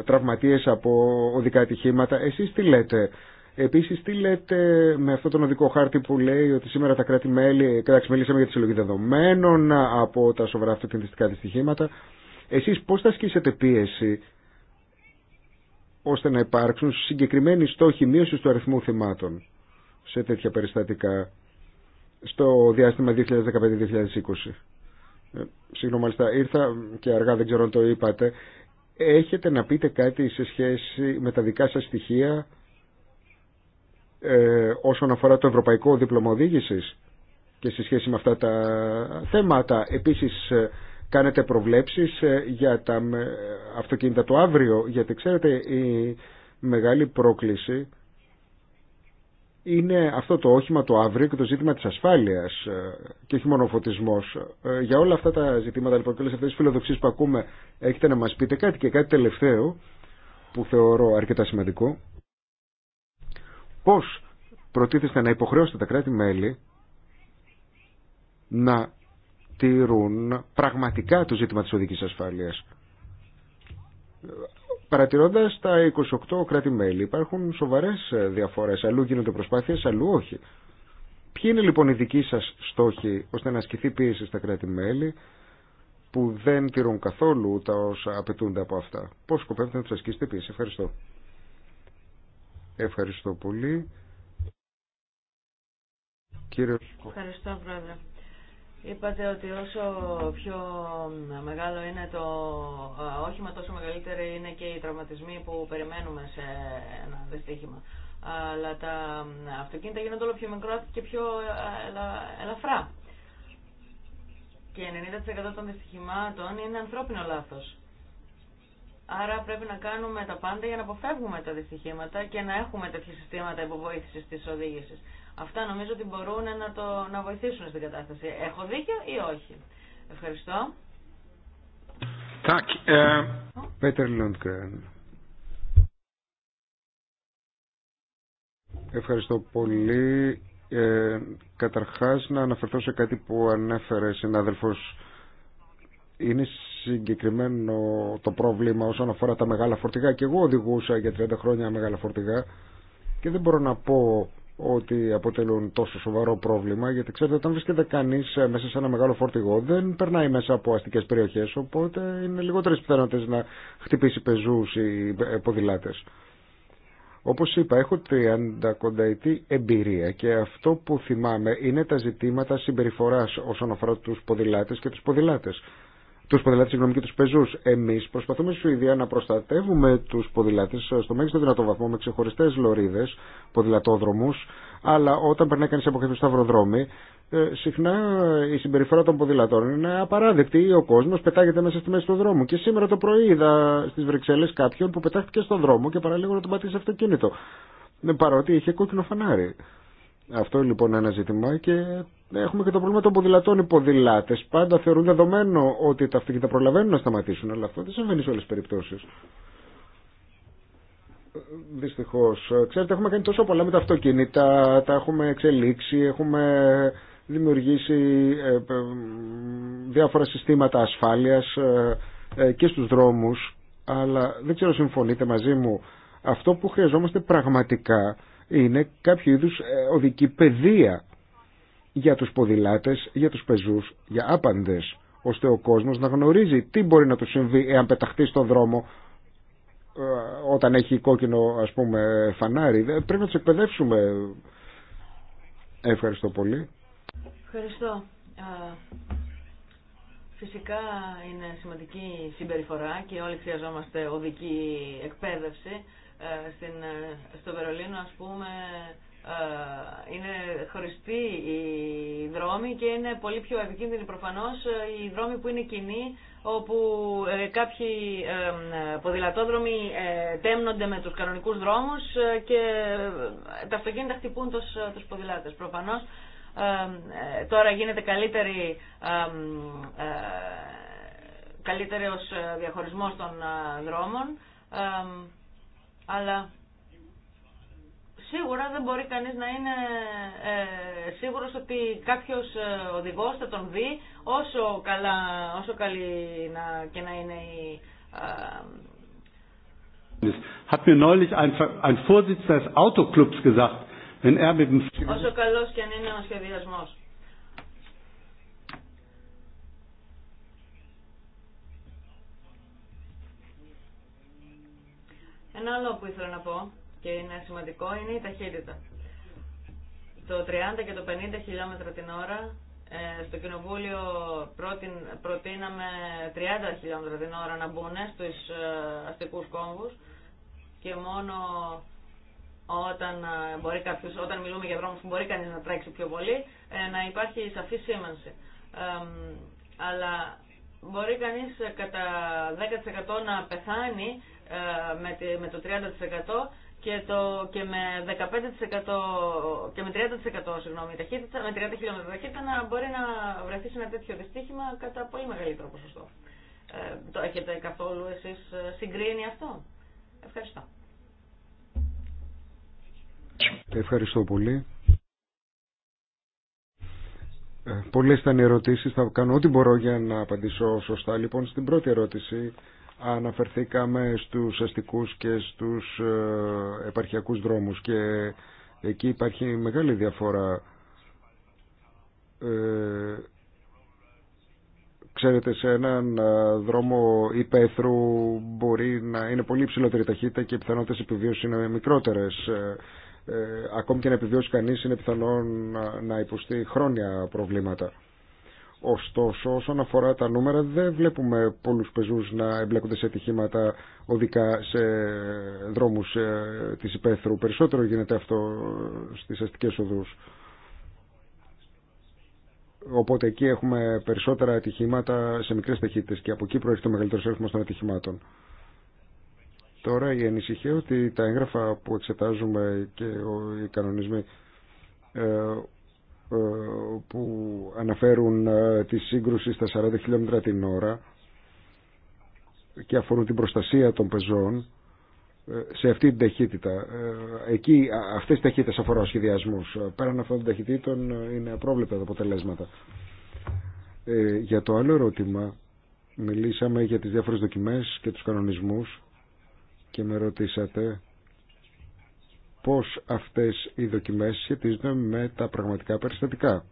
τραυματίες από οδικά ατυχήματα. Εσείς τι λέτε. Επίσης τι λέτε με αυτόν τον οδικό χάρτη που λέει ότι σήμερα τα κράτη-μέλη, κατάξει μιλήσαμε για τη συλλογή δεδομένων από τα σοβαρά αυτοκινητικά δυστυχήματα. Εσείς πώς θα ασκήσετε πίεση ώστε να υπάρξουν συγκεκριμένοι στόχοι μείωση του αριθμού θυμάτων σε τέτοια περιστατικά στο διάστημα 2015-2020. Ε, Συγγνώμη, μάλιστα ήρθα και αργά, δεν ξέρω αν το είπατε. Έχετε να πείτε κάτι σε σχέση με τα δικά σας στοιχεία ε, όσον αφορά το Ευρωπαϊκό Δίπλωμα Οδήγησης και σε σχέση με αυτά τα θέματα. Επίσης, ε, κάνετε προβλέψεις ε, για τα αυτοκίνητα το αύριο, γιατί ξέρετε η μεγάλη πρόκληση είναι αυτό το όχημα το αύριο και το ζήτημα της ασφάλειας ε, και όχι μόνο ο ε, Για όλα αυτά τα ζητήματα λοιπόν και όλες αυτές τις φιλοδοξίες που ακούμε έχετε να μας πείτε κάτι και κάτι τελευταίο που θεωρώ αρκετά σημαντικό. Πώς προτίθεστε να υποχρεώσετε τα κράτη-μέλη να Παρατηρούν πραγματικά το ζήτημα της οδικής ασφάλειας. Παρατηρώντας τα 28 κράτη-μέλη υπάρχουν σοβαρές διαφορές. Αλλού γίνονται προσπάθειες, αλλού όχι. Ποιοι είναι λοιπόν οι δικοί σας στόχοι ώστε να ασκηθεί πίεση στα κράτη-μέλη που δεν τηρούν καθόλου τα όσα απαιτούνται από αυτά. Πώς σκοπεύετε να τους ασκήσετε πίεση. Ευχαριστώ. Ευχαριστώ πολύ.
Ευχαριστώ, Πρόεδρε. Είπατε ότι όσο πιο μεγάλο είναι το όχημα, τόσο μεγαλύτερο είναι και οι τραυματισμοί που περιμένουμε σε ένα δυστύχημα. Αλλά τα αυτοκίνητα γίνονται όλο πιο μικρά και πιο ελαφρά. Και 90% των δυστυχημάτων είναι ανθρώπινο λάθος. Άρα πρέπει να κάνουμε τα πάντα για να αποφεύγουμε τα δυστυχήματα και να έχουμε τέτοια συστήματα υποβοήθησης της οδήγησης. Αυτά νομίζω ότι μπορούν να, το, να βοηθήσουν στην κατάσταση. Έχω δίκιο ή όχι. Ευχαριστώ.
Ε, Πέτερ Ευχαριστώ πολύ. Ε, καταρχάς να αναφερθώ σε κάτι που ανέφερε συνάδελφος. Είναι συγκεκριμένο το πρόβλημα όσον αφορά τα μεγάλα φορτηγά και εγώ οδηγούσα για 30 χρόνια μεγάλα φορτηγά και δεν μπορώ να πω ότι αποτελούν τόσο σοβαρό πρόβλημα γιατί ξέρετε όταν βρίσκεται κανείς ε, μέσα σε ένα μεγάλο φορτηγό δεν περνάει μέσα από αστικές περιοχές οπότε είναι λιγότερες πιθανότητες να χτυπήσει πεζούς ή ε, ποδηλάτες. Όπως είπα, έχω 30 κονταετή εμπειρία και αυτό που θυμάμαι είναι τα ζητήματα συμπεριφοράς όσον αφορά τους ποδηλάτες και τους ποδηλάτες. Του ποδηλάτες συγγνώμη και του Πεζού. Εμεί προσπαθούμε στη Σουηδία να προστατεύουμε του ποδηλάτε στο μέγιστο δυνατό βαθμό με ξεχωριστέ λωρίδε, ποδηλατόδρομου, αλλά όταν περνάει κανεί από κάποιο σταυροδρόμι, ε, συχνά η συμπεριφορά των ποδηλατών είναι απαράδεκτη. Ο κόσμο πετάγεται μέσα στη μέση του δρόμου. Και σήμερα το πρωί είδα στις Βρυξέλλες κάποιον που πετάχτηκε στον δρόμο και παραλίγο να τον πατήσει αυτοκίνητο. Ε, παρότι είχε κόκκινο φανάρι. Αυτό λοιπόν είναι ένα ζήτημα και ναι, έχουμε και το πρόβλημα των ποδηλατών. Οι ποδηλάτε πάντα θεωρούν δεδομένο ότι τα αυτοκίνητα προλαβαίνουν να σταματήσουν, αλλά αυτό δεν συμβαίνει σε όλε τι περιπτώσει. Δυστυχώ. Ξέρετε, έχουμε κάνει τόσο πολλά με τα αυτοκίνητα, τα έχουμε εξελίξει, έχουμε δημιουργήσει ε, ε, διάφορα συστήματα ασφάλειας ε, και στους δρόμους αλλά δεν ξέρω συμφωνείτε μαζί μου αυτό που χρειαζόμαστε πραγματικά είναι κάποιο είδους οδική παιδεία για τους ποδηλάτες, για τους πεζούς, για άπαντες, ώστε ο κόσμος να γνωρίζει τι μπορεί να του συμβεί εάν πεταχτεί στον δρόμο ε, όταν έχει κόκκινο ας πούμε φανάρι. Ε, πρέπει να τους εκπαιδεύσουμε. Ευχαριστώ πολύ.
Ευχαριστώ. Φυσικά είναι σημαντική συμπεριφορά και όλοι χρειαζόμαστε οδική εκπαίδευση. Ε, στην, στο Βερολίνο, ας πούμε, ε, είναι χωριστοί οι δρόμοι και είναι πολύ πιο επικίνδυνοι προφανώς ε, οι δρόμοι που είναι κοινοί όπου ε, κάποιοι ποδηλατόδρομοι τέμνονται με τους κανονικούς δρόμους και τα αυτοκίνητα χτυπούν τους, τους ποδηλάτες. Προφανώς τώρα γίνεται καλύτερη καλύτερος διαχωρισμός των δρόμων αλλά Σίγουρα δεν μπορεί κανείς να είναι ε, σίγουρος ότι κάποιος ε, οδηγός θα τον δει όσο, καλά, όσο καλή να, και να είναι η... Ε,
Hat
mir neulich ein, ein Vorsitzender des Autoclubs gesagt, wenn er mit dem Όσο
καλός και αν είναι ο σχεδιασμός. Ένα άλλο που ήθελα να πω και είναι σημαντικό είναι η ταχύτητα. Το 30 και το 50 χιλιόμετρα την ώρα ε, στο Κοινοβούλιο προτείναμε 30 χιλιόμετρα την ώρα να μπουν στους ε, αστικούς κόμβους και μόνο όταν, ε, μπορεί κάποιος, όταν μιλούμε για δρόμους που μπορεί κανείς να τρέξει πιο πολύ να υπάρχει σαφή σήμανση. αλλά μπορεί κανείς κατά 10% να πεθάνει με το 30% και, και με 15% και με 30% συγγνώμη, ταχύτητα, με 30 χιλιόμετρα ταχύτητα να μπορεί να βρεθεί σε ένα τέτοιο δυστύχημα κατά πολύ μεγαλύτερο ποσοστό. Ε, το έχετε καθόλου εσείς ε, συγκρίνει αυτό. Ευχαριστώ.
Ευχαριστώ πολύ. Ε, πολλές ήταν οι ερωτήσεις, θα κάνω ό,τι μπορώ για να απαντήσω σωστά. Λοιπόν, στην πρώτη ερώτηση αναφερθήκαμε στους αστικούς και στους ε, επαρχιακούς δρόμους και εκεί υπάρχει μεγάλη διαφορά. Ε, ξέρετε σε έναν ε, δρόμο υπαίθρου μπορεί να είναι πολύ υψηλότερη ταχύτητα και οι πιθανότητες επιβίωσης είναι μικρότερες. Ε, ακόμη και να επιβιώσει κανείς είναι πιθανόν να υποστεί χρόνια προβλήματα. Ωστόσο, όσον αφορά τα νούμερα, δεν βλέπουμε πολλούς πεζούς να εμπλέκονται σε ατυχήματα οδικά σε δρόμους ε, της υπαίθρου. Περισσότερο γίνεται αυτό στις αστικές οδούς. Οπότε εκεί έχουμε περισσότερα ατυχήματα σε μικρές ταχύτητες και από εκεί προέρχεται ο μεγαλύτερος αριθμός των ατυχημάτων. Τώρα η ανησυχία ότι τα έγγραφα που εξετάζουμε και οι κανονισμοί ε, ε, που αναφέρουν ε, τη σύγκρουση στα 40 χιλιόμετρα την ώρα και αφορούν την προστασία των πεζών ε, σε αυτή την ταχύτητα. Εκεί αυτές οι ταχύτητες αφορά ο σχεδιασμός. Πέραν αυτών των ταχυτήτων είναι απρόβλεπτα τα αποτελέσματα. για το άλλο ερώτημα, μιλήσαμε για τις διάφορες δοκιμές και τους κανονισμούς και με ρωτήσατε πώς αυτές οι δοκιμές σχετίζονται με τα πραγματικά περιστατικά.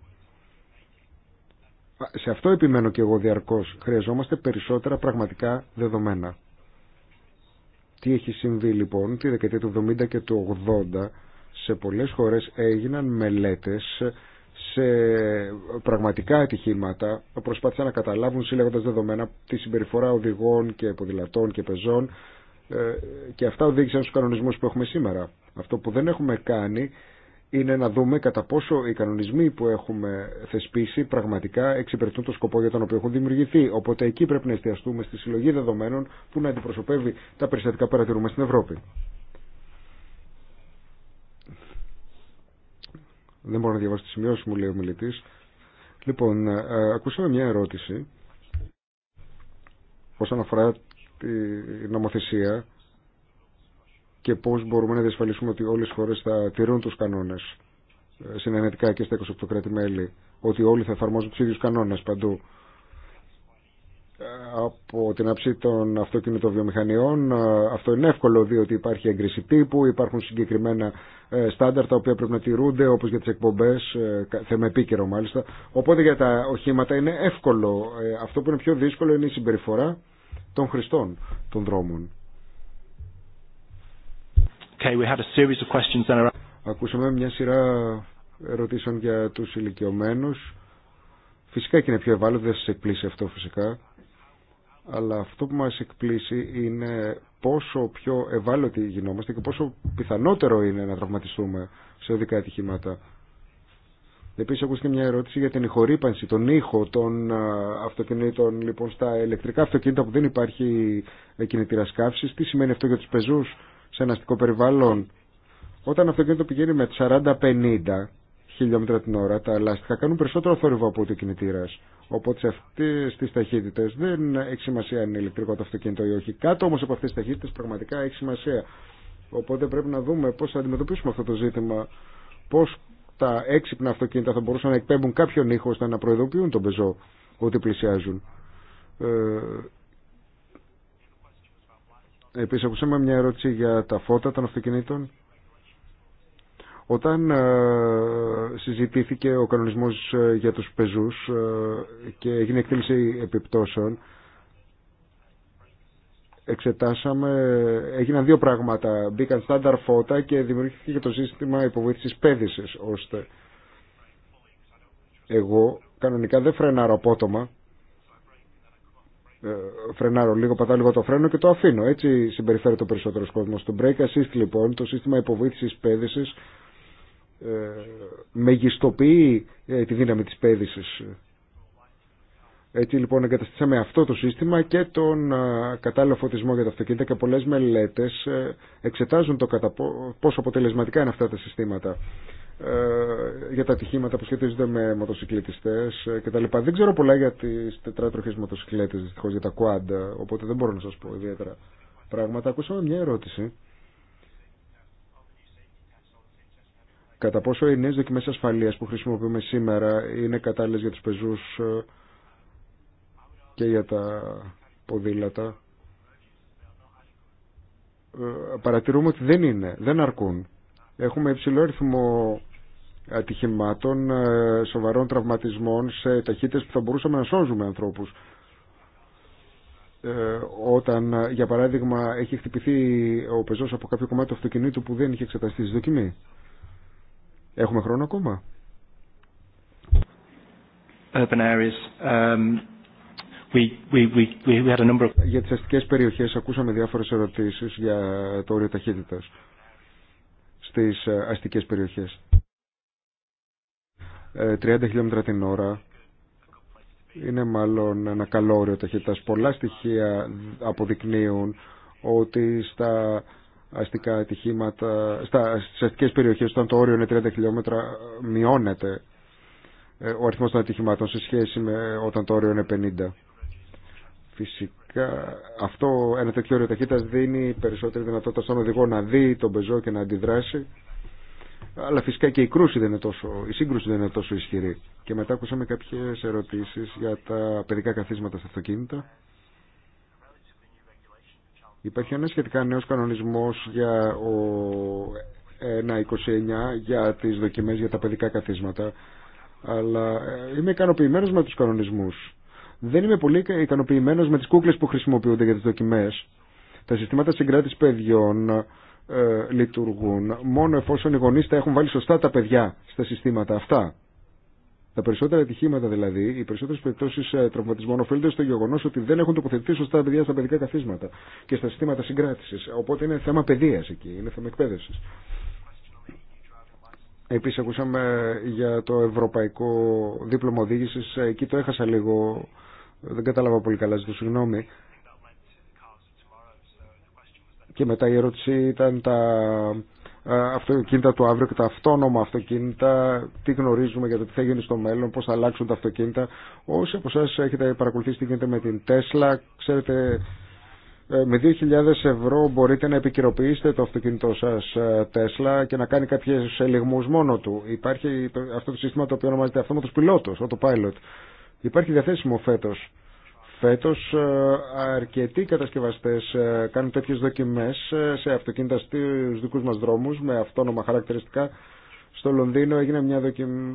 Σε αυτό επιμένω και εγώ διαρκώς. Χρειαζόμαστε περισσότερα πραγματικά δεδομένα. Τι έχει συμβεί λοιπόν τη δεκαετία του 70 και του 80 σε πολλές χώρες έγιναν μελέτες σε πραγματικά ατυχήματα προσπάθησαν να καταλάβουν συλλέγοντας δεδομένα τη συμπεριφορά οδηγών και ποδηλατών και πεζών ε, και αυτά οδήγησαν στους κανονισμούς που έχουμε σήμερα. Αυτό που δεν έχουμε κάνει είναι να δούμε κατά πόσο οι κανονισμοί που έχουμε θεσπίσει πραγματικά εξυπηρετούν το σκοπό για τον οποίο έχουν δημιουργηθεί. Οπότε εκεί πρέπει να εστιαστούμε στη συλλογή δεδομένων που να αντιπροσωπεύει τα περιστατικά που παρατηρούμε στην Ευρώπη. Δεν μπορώ να διαβάσω τις σημειώση μου, λέει ο μιλητή. Λοιπόν, ε, ακούσαμε μια ερώτηση όσον αφορά τη νομοθεσία και πώ μπορούμε να διασφαλίσουμε ότι όλε οι χώρες θα τηρούν του κανόνε ε, συνενετικά και στα 28 κράτη-μέλη, ότι όλοι θα εφαρμόζουν του ίδιου κανόνε παντού. Ε, από την άψη των αυτοκινητοβιομηχανιών ε, αυτό είναι εύκολο διότι υπάρχει έγκριση τύπου, υπάρχουν συγκεκριμένα στάνταρ τα οποία πρέπει να τηρούνται όπω για τις εκπομπές, θέμα επίκαιρο μάλιστα. Οπότε για τα οχήματα είναι εύκολο. Αυτό που είναι πιο δύσκολο είναι η συμπεριφορά των χρηστών των δρόμων. Okay, Ακούσαμε μια σειρά ερωτήσεων για του ηλικιωμένου. Φυσικά και είναι πιο ευάλωτο, δεν σα εκπλήσει αυτό φυσικά. Αλλά αυτό που μα εκπλήσει είναι πόσο πιο ευάλωτοι γινόμαστε και πόσο πιθανότερο είναι να τραυματιστούμε σε οδικά ατυχήματα. Επίση ακούστηκε μια ερώτηση για την ηχορύπανση, τον ήχο των αυτοκινήτων λοιπόν στα ηλεκτρικά αυτοκίνητα που δεν υπάρχει κινητήρα σκάψη, Τι σημαίνει αυτό για του πεζού σε ένα αστικό περιβάλλον. Όταν αυτοκίνητο πηγαίνει με 40-50 χιλιόμετρα την ώρα, τα λάστιχα κάνουν περισσότερο θόρυβο από ότι ο κινητήρα. Οπότε σε αυτέ τι ταχύτητε δεν έχει σημασία αν είναι ηλεκτρικό το αυτοκίνητο ή όχι. Κάτω όμω από αυτέ τι ταχύτητε πραγματικά έχει σημασία. Οπότε πρέπει να δούμε πώ θα αντιμετωπίσουμε αυτό το ζήτημα. Πώ τα έξυπνα αυτοκίνητα θα μπορούσαν να εκπέμπουν κάποιον ήχο ώστε να προειδοποιούν τον πεζό ότι πλησιάζουν. Ε, Επίσης ακούσαμε μια ερώτηση για τα φώτα των αυτοκινήτων. Όταν ε, συζητήθηκε ο κανονισμός ε, για τους πεζούς ε, και έγινε εκτίμηση επιπτώσεων, εξετάσαμε, έγιναν δύο πράγματα. Μπήκαν στάνταρ φώτα και δημιουργήθηκε το σύστημα υποβοήθησης πέδησης, ώστε εγώ κανονικά δεν φρενάρω απότομα, ε, φρενάρω λίγο, πατάω λίγο το φρένο και το αφήνω. Έτσι συμπεριφέρεται ο περισσότερο κόσμο. στο break assist λοιπόν, το σύστημα υποβοήθηση πέδηση, ε, μεγιστοποιεί ε, τη δύναμη τη πέδηση. Έτσι λοιπόν εγκαταστήσαμε αυτό το σύστημα και τον κατάλληλο φωτισμό για τα αυτοκίνητα και πολλές μελέτες εξετάζουν το πόσο αποτελεσματικά είναι αυτά τα συστήματα. Ε, για τα ατυχήματα που σχετίζονται με μοτοσυκλετιστέ ε, κτλ. Δεν ξέρω πολλά για τι τετράτροχες μοτοσυκλέτε, δυστυχώ για τα quad, ε, οπότε δεν μπορώ να σα πω ιδιαίτερα πράγματα. Ακούσαμε μια ερώτηση. Κατά πόσο οι νέε δοκιμέ ασφαλεία που χρησιμοποιούμε σήμερα είναι κατάλληλε για τους πεζούς και για τα ποδήλατα. Παρατηρούμε ότι δεν είναι, δεν αρκούν. Έχουμε υψηλό αριθμό ατυχημάτων, ε, σοβαρών τραυματισμών σε ταχύτητες που θα μπορούσαμε να σώζουμε ανθρώπους. Ε, όταν, ε, για παράδειγμα, έχει χτυπηθεί ο πεζός από κάποιο κομμάτι του αυτοκινήτου που δεν είχε εξεταστεί στη δοκιμή. Έχουμε χρόνο ακόμα.
Urban areas. Um,
Για τις αστικές περιοχές ακούσαμε διάφορες ερωτήσεις για το όριο ταχύτητας στις αστικές περιοχές. 30 ε, χιλιόμετρα την ώρα είναι μάλλον ένα καλό όριο ταχύτητας. Πολλά στοιχεία αποδεικνύουν ότι στα αστικά ατυχήματα, στα, στις αστικές περιοχές όταν το όριο είναι 30 χιλιόμετρα μειώνεται ε, ο αριθμός των ατυχημάτων σε σχέση με όταν το όριο είναι 50. Φυσικά αυτό ένα τέτοιο όριο ταχύτητας δίνει περισσότερη δυνατότητα στον οδηγό να δει τον πεζό και να αντιδράσει αλλά φυσικά και η, κρούση δεν είναι τόσο, η σύγκρουση δεν είναι τόσο ισχυρή. Και μετά ακούσαμε κάποιες ερωτήσεις για τα παιδικά καθίσματα στα αυτοκίνητα. Υπάρχει ένα σχετικά νέο κανονισμός για το 1.29 για τις δοκιμές για τα παιδικά καθίσματα. Αλλά ε, είμαι ικανοποιημένο με τους κανονισμούς. Δεν είμαι πολύ ικανοποιημένο με τι κούκλε που χρησιμοποιούνται για τι δοκιμέ. Τα συστήματα συγκράτηση παιδιών ε, λειτουργούν μόνο εφόσον οι γονείς τα έχουν βάλει σωστά τα παιδιά στα συστήματα αυτά. Τα περισσότερα ατυχήματα δηλαδή, οι περισσότερε περιπτώσει ε, τραυματισμών οφείλονται στο γεγονό ότι δεν έχουν τοποθετηθεί σωστά τα παιδιά στα παιδικά καθίσματα και στα συστήματα συγκράτηση. Οπότε είναι θέμα παιδεία εκεί, είναι θέμα εκπαίδευση. Επίση, ακούσαμε για το ευρωπαϊκό δίπλωμα οδήγηση. Ε, εκεί το έχασα λίγο, δεν κατάλαβα πολύ καλά, ζητώ συγγνώμη. Και μετά η ερώτηση ήταν τα ε, αυτοκίνητα του αύριο και τα αυτόνομα αυτοκίνητα, τι γνωρίζουμε για το τι θα γίνει στο μέλλον, πώς θα αλλάξουν τα αυτοκίνητα. Όσοι από εσάς έχετε παρακολουθήσει τι γίνεται με την Τέσλα, ξέρετε ε, με 2.000 ευρώ μπορείτε να επικυροποιήσετε το αυτοκίνητό σας ε, Τέσλα και να κάνει κάποιες ελιγμούς μόνο του. Υπάρχει αυτό το σύστημα το οποίο ονομάζεται αυτόματος πιλότος, autopilot. Υπάρχει διαθέσιμο φέτος Φέτος ε, αρκετοί κατασκευαστές ε, κάνουν τέτοιες δοκιμές ε, σε αυτοκίνητα στους δικούς μας δρόμους με αυτόνομα χαρακτηριστικά. Στο Λονδίνο έγινε μια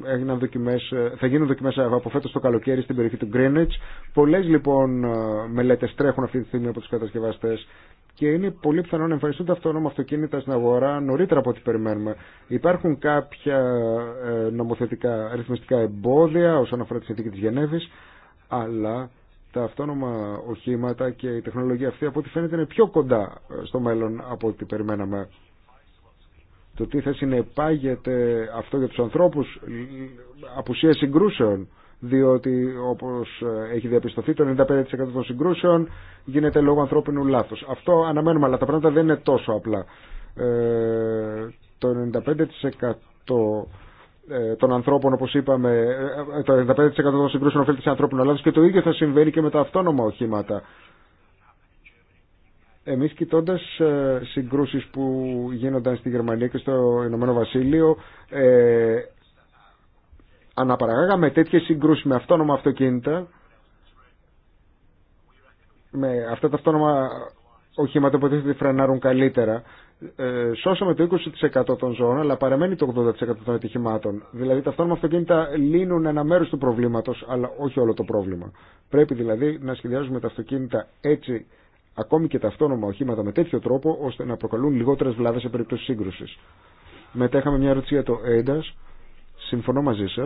έγιναν δοκιμές, θα γίνουν δοκιμές από φέτος το καλοκαίρι στην περιοχή του Greenwich. Πολλές λοιπόν μελέτες τρέχουν αυτή τη στιγμή από τους κατασκευαστές και είναι πολύ πιθανό να εμφανιστούν τα αυτόνομα αυτοκίνητα στην αγορά νωρίτερα από ό,τι περιμένουμε. Υπάρχουν κάποια νομοθετικά ρυθμιστικά εμπόδια όσον αφορά τη συνθήκη της Γενέβης, αλλά τα αυτόνομα οχήματα και η τεχνολογία αυτή από ό,τι φαίνεται είναι πιο κοντά ε, στο μέλλον από ό,τι περιμέναμε. Το τι θα συνεπάγεται αυτό για τους ανθρώπους, απουσία συγκρούσεων, διότι όπως ε, έχει διαπιστωθεί το 95% των συγκρούσεων γίνεται λόγω ανθρώπινου λάθους. Αυτό αναμένουμε, αλλά τα πράγματα δεν είναι τόσο απλά. Ε, το 95% ε, των ανθρώπων, όπω είπαμε, ε, το 95% των συγκρούσεων οφείλεται σε ανθρώπινο λάθο και το ίδιο θα συμβαίνει και με τα αυτόνομα οχήματα. Εμεί κοιτώντα ε, συγκρούσει που γίνονταν στη Γερμανία και στο Ηνωμένο Βασίλειο, ε, αναπαραγάγαμε τέτοιε συγκρούσει με αυτόνομα αυτοκίνητα με αυτά τα αυτόνομα οχήματα που φρενάρουν καλύτερα. Ε, σώσαμε το 20% των ζώων, αλλά παραμένει το 80% των ατυχημάτων. Δηλαδή τα αυτόνομα αυτοκίνητα λύνουν ένα μέρο του προβλήματο, αλλά όχι όλο το πρόβλημα. Πρέπει δηλαδή να σχεδιάζουμε τα αυτοκίνητα έτσι, ακόμη και τα αυτόνομα οχήματα, με τέτοιο τρόπο, ώστε να προκαλούν λιγότερε βλάβε σε περίπτωση σύγκρουση. Μετά είχαμε μια ερώτηση για το έντα. Συμφωνώ μαζί σα.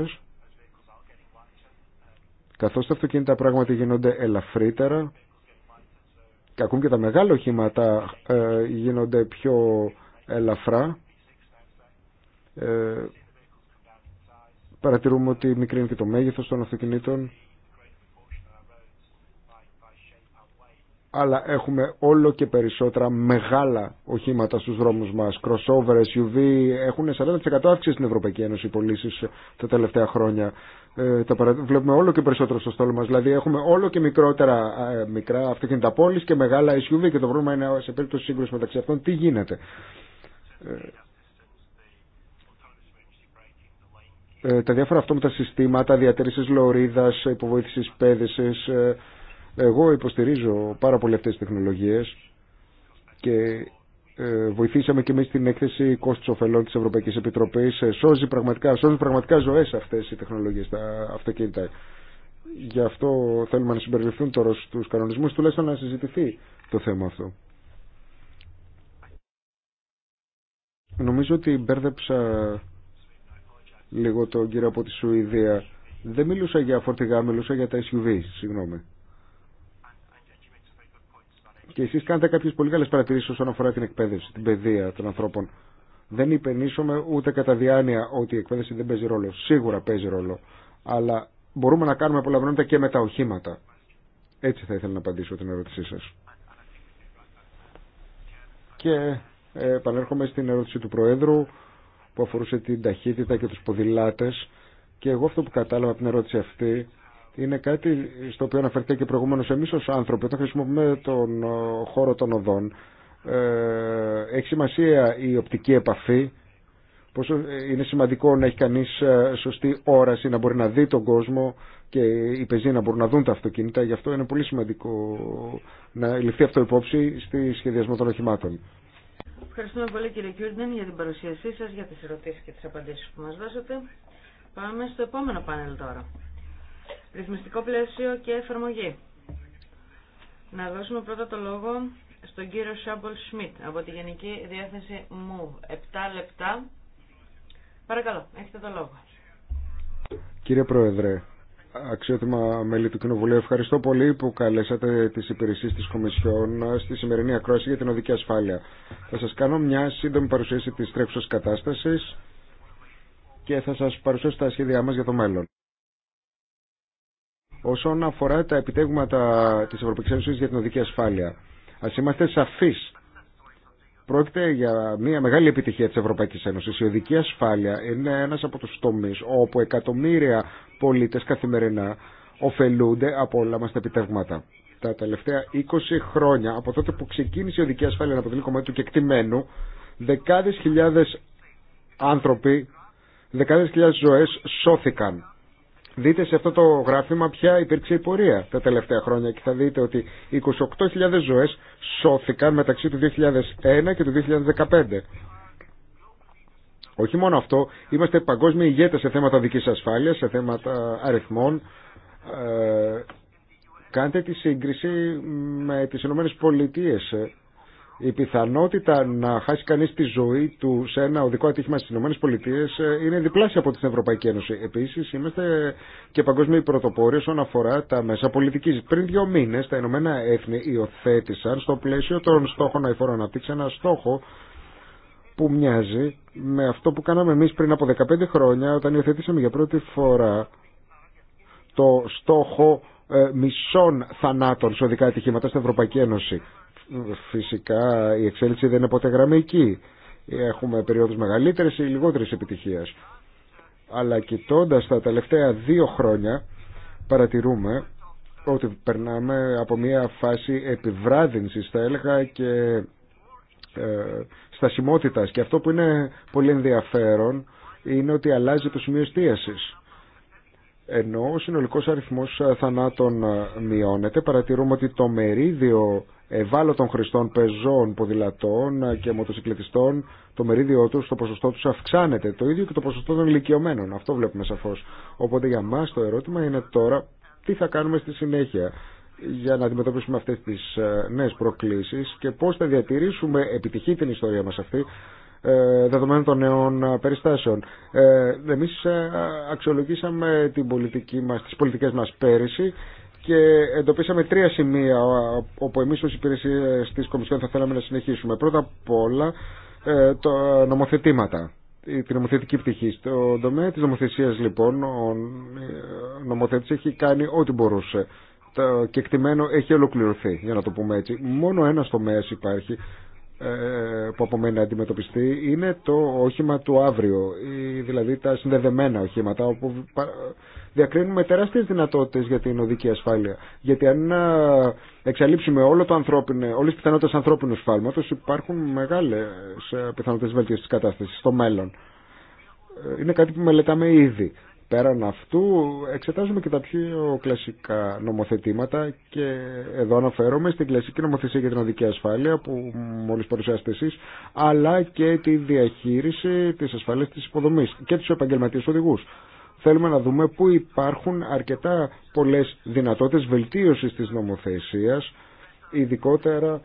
Καθώ τα αυτοκίνητα πράγματι γίνονται ελαφρύτερα, ακόμη και τα μεγάλα οχήματα ε, γίνονται πιο ελαφρά. Ε, παρατηρούμε ότι μικρύνει και το μέγεθος των αυτοκινήτων. αλλά έχουμε όλο και περισσότερα μεγάλα οχήματα στους δρόμους μας. Crossover, SUV έχουν 40% αύξηση στην Ευρωπαϊκή Ένωση οι πωλήσει ε, τα τελευταία χρόνια. Ε, Βλέπουμε όλο και περισσότερο στο στόλο μας. Δηλαδή έχουμε όλο και μικρότερα ε, μικρά αυτοκίνητα πόλης και μεγάλα SUV και το πρόβλημα είναι σε περίπτωση σύγκρουση μεταξύ αυτών τι γίνεται. Ε, ε, τα διάφορα αυτόματα συστήματα διατήρησης λωρίδας, υποβοήθησης πέδησης, ε, εγώ υποστηρίζω πάρα πολύ αυτές τις τεχνολογίες και ε, βοηθήσαμε και εμείς την έκθεση κόστος ωφελών της Ευρωπαϊκής Επιτροπής. Ε, σώζει πραγματικά, σώζει πραγματικά ζωές αυτές οι τεχνολογίες, τα αυτοκίνητα. Γι' αυτό θέλουμε να συμπεριληφθούν τώρα στους κανονισμούς, τουλάχιστον να συζητηθεί το θέμα αυτό. Νομίζω ότι μπέρδεψα λίγο τον κύριο από τη Σουηδία. Δεν μιλούσα για φορτηγά, μιλούσα για τα SUV, συγγνώμη. Και εσεί κάνετε κάποιε πολύ καλε παρατηρήσει όσον αφορά την εκπαίδευση, την παιδεία των ανθρώπων. Δεν υπενήσουμε ούτε κατά διάνοια ότι η εκπαίδευση δεν παίζει ρόλο. Σίγουρα παίζει ρόλο. Αλλά μπορούμε να κάνουμε πολλά πράγματα και με τα οχήματα. Έτσι θα ήθελα να απαντήσω την ερώτησή σα. Και ε, επανέρχομαι στην ερώτηση του Προέδρου που αφορούσε την ταχύτητα και του ποδηλάτε, Και εγώ αυτό που κατάλαβα από την ερώτηση αυτή είναι κάτι στο οποίο αναφερθήκα και προηγουμένως εμείς ως άνθρωποι όταν χρησιμοποιούμε τον ε, χώρο των οδών ε, έχει σημασία η οπτική επαφή πόσο ε, είναι σημαντικό να έχει κανείς σωστή όραση να μπορεί να δει τον κόσμο και οι πεζοί να μπορούν να δουν τα αυτοκίνητα γι' αυτό είναι πολύ σημαντικό να ληφθεί αυτό υπόψη στη σχεδιασμό των οχημάτων
Ευχαριστούμε πολύ κύριε Κιούρντεν για την παρουσίασή σας, για τις ερωτήσεις και τις απαντήσεις που μας δώσατε. Πάμε στο επόμενο πάνελ τώρα. Ρυθμιστικό πλαίσιο και εφαρμογή. Να δώσουμε πρώτα το λόγο στον κύριο Σάμπολ Σμιτ από τη Γενική Διεύθυνση μου. 7 λεπτά. Παρακαλώ, έχετε το λόγο.
Κύριε Πρόεδρε, αξιότιμα μέλη του Κοινοβουλίου, ευχαριστώ πολύ που καλέσατε τις υπηρεσίες της Κομισιόν στη σημερινή ακρόαση για την οδική ασφάλεια. Θα σας κάνω μια σύντομη παρουσίαση της τρέχουσας κατάστασης και θα σας παρουσιάσω τα σχέδιά μας για το μέλλον όσον αφορά τα επιτέγματα της Ευρωπαϊκής Ένωσης για την οδική ασφάλεια. Ας είμαστε σαφείς. Πρόκειται για μια μεγάλη επιτυχία της Ευρωπαϊκής Ένωσης. Η οδική ασφάλεια είναι ένας από τους τομεί όπου εκατομμύρια πολίτες καθημερινά ωφελούνται από όλα μα τα επιτεύγματα. Τα τελευταία 20 χρόνια, από τότε που ξεκίνησε η οδική ασφάλεια να αποτελεί κομμάτι του κεκτημένου, δεκάδες χιλιάδες άνθρωποι, δεκάδε. χιλιάδε ζωέ σώθηκαν Δείτε σε αυτό το γράφημα ποια υπήρξε η πορεία τα τελευταία χρόνια και θα δείτε ότι 28.000 ζωές σώθηκαν μεταξύ του 2001 και του 2015. Όχι μόνο αυτό, είμαστε παγκόσμιοι ηγέτες σε θέματα δικής ασφάλειας, σε θέματα αριθμών. Ε, κάντε τη σύγκριση με τις ΗΠΑ. Η πιθανότητα να χάσει κανεί τη ζωή του σε ένα οδικό ατύχημα στι ΗΠΑ ε, είναι διπλάσια από την Ευρωπαϊκή Ένωση. Επίση, είμαστε και παγκόσμιοι πρωτοπόροι όσον αφορά τα μέσα πολιτική. Πριν δύο μήνε, τα Ηνωμένα Έθνη υιοθέτησαν στο πλαίσιο των στόχων αηφόρων αναπτύξη ένα στόχο που μοιάζει με αυτό που κάναμε εμεί πριν από 15 χρόνια όταν υιοθέτησαμε για πρώτη φορά το στόχο ε, μισών θανάτων σε οδικά ατυχήματα στην Ευρωπαϊκή Ένωση. Φυσικά η εξέλιξη δεν είναι ποτέ γραμμική. Έχουμε περιόδους μεγαλύτερες ή λιγότερες επιτυχίας. Αλλά κοιτώντα τα τελευταία δύο χρόνια παρατηρούμε ότι περνάμε από μια φάση επιβράδυνσης θα έλεγα και ε, στασιμότητας και αυτό που είναι πολύ ενδιαφέρον είναι ότι αλλάζει το σημείο εστίασης ενώ ο συνολικός αριθμός θανάτων μειώνεται παρατηρούμε ότι το μερίδιο ευάλωτων χρηστών πεζών, ποδηλατών και μοτοσυκλετιστών το μερίδιό του το ποσοστό τους αυξάνεται. Το ίδιο και το ποσοστό των ηλικιωμένων. Αυτό βλέπουμε σαφώς. Οπότε για μας το ερώτημα είναι τώρα τι θα κάνουμε στη συνέχεια για να αντιμετωπίσουμε αυτές τις ε, νέες προκλήσεις και πώς θα διατηρήσουμε επιτυχή την ιστορία μας αυτή ε, δεδομένων των νέων ε, περιστάσεων. Εμείς αξιολογήσαμε την πολιτική μας, τις πολιτικές μας πέρυσι και εντοπίσαμε τρία σημεία όπου εμείς ως υπηρεσίες της Κομισιόν θα θέλαμε να συνεχίσουμε. Πρώτα απ' όλα ε, το νομοθετήματα, την νομοθετική πτυχή. Το τομέα της νομοθεσίας λοιπόν ο ε, νομοθέτης έχει κάνει ό,τι μπορούσε. Το κεκτημένο έχει ολοκληρωθεί, για να το πούμε έτσι. Μόνο ένας τομέας υπάρχει ε, που απομένει να αντιμετωπιστεί είναι το όχημα του αύριο, δηλαδή τα συνδεδεμένα οχήματα, όπου διακρίνουμε τεράστιες δυνατότητες για την οδική ασφάλεια. Γιατί αν ε, εξαλείψουμε όλο το ανθρώπινο, όλες τις πιθανότητες ανθρώπινου σφάλματος, υπάρχουν μεγάλες ε, πιθανότητες βελτίωσης της κατάστασης στο μέλλον. Είναι κάτι που μελετάμε ήδη. Πέραν αυτού εξετάζουμε και τα πιο κλασικά νομοθετήματα και εδώ αναφέρομαι στην κλασική νομοθεσία για την οδική ασφάλεια που μόλις παρουσιάσετε εσείς αλλά και τη διαχείριση της ασφάλειας της υποδομής και του επαγγελματίες οδηγούς. Θέλουμε να δούμε πού υπάρχουν αρκετά πολλές δυνατότητες βελτίωσης της νομοθεσίας ειδικότερα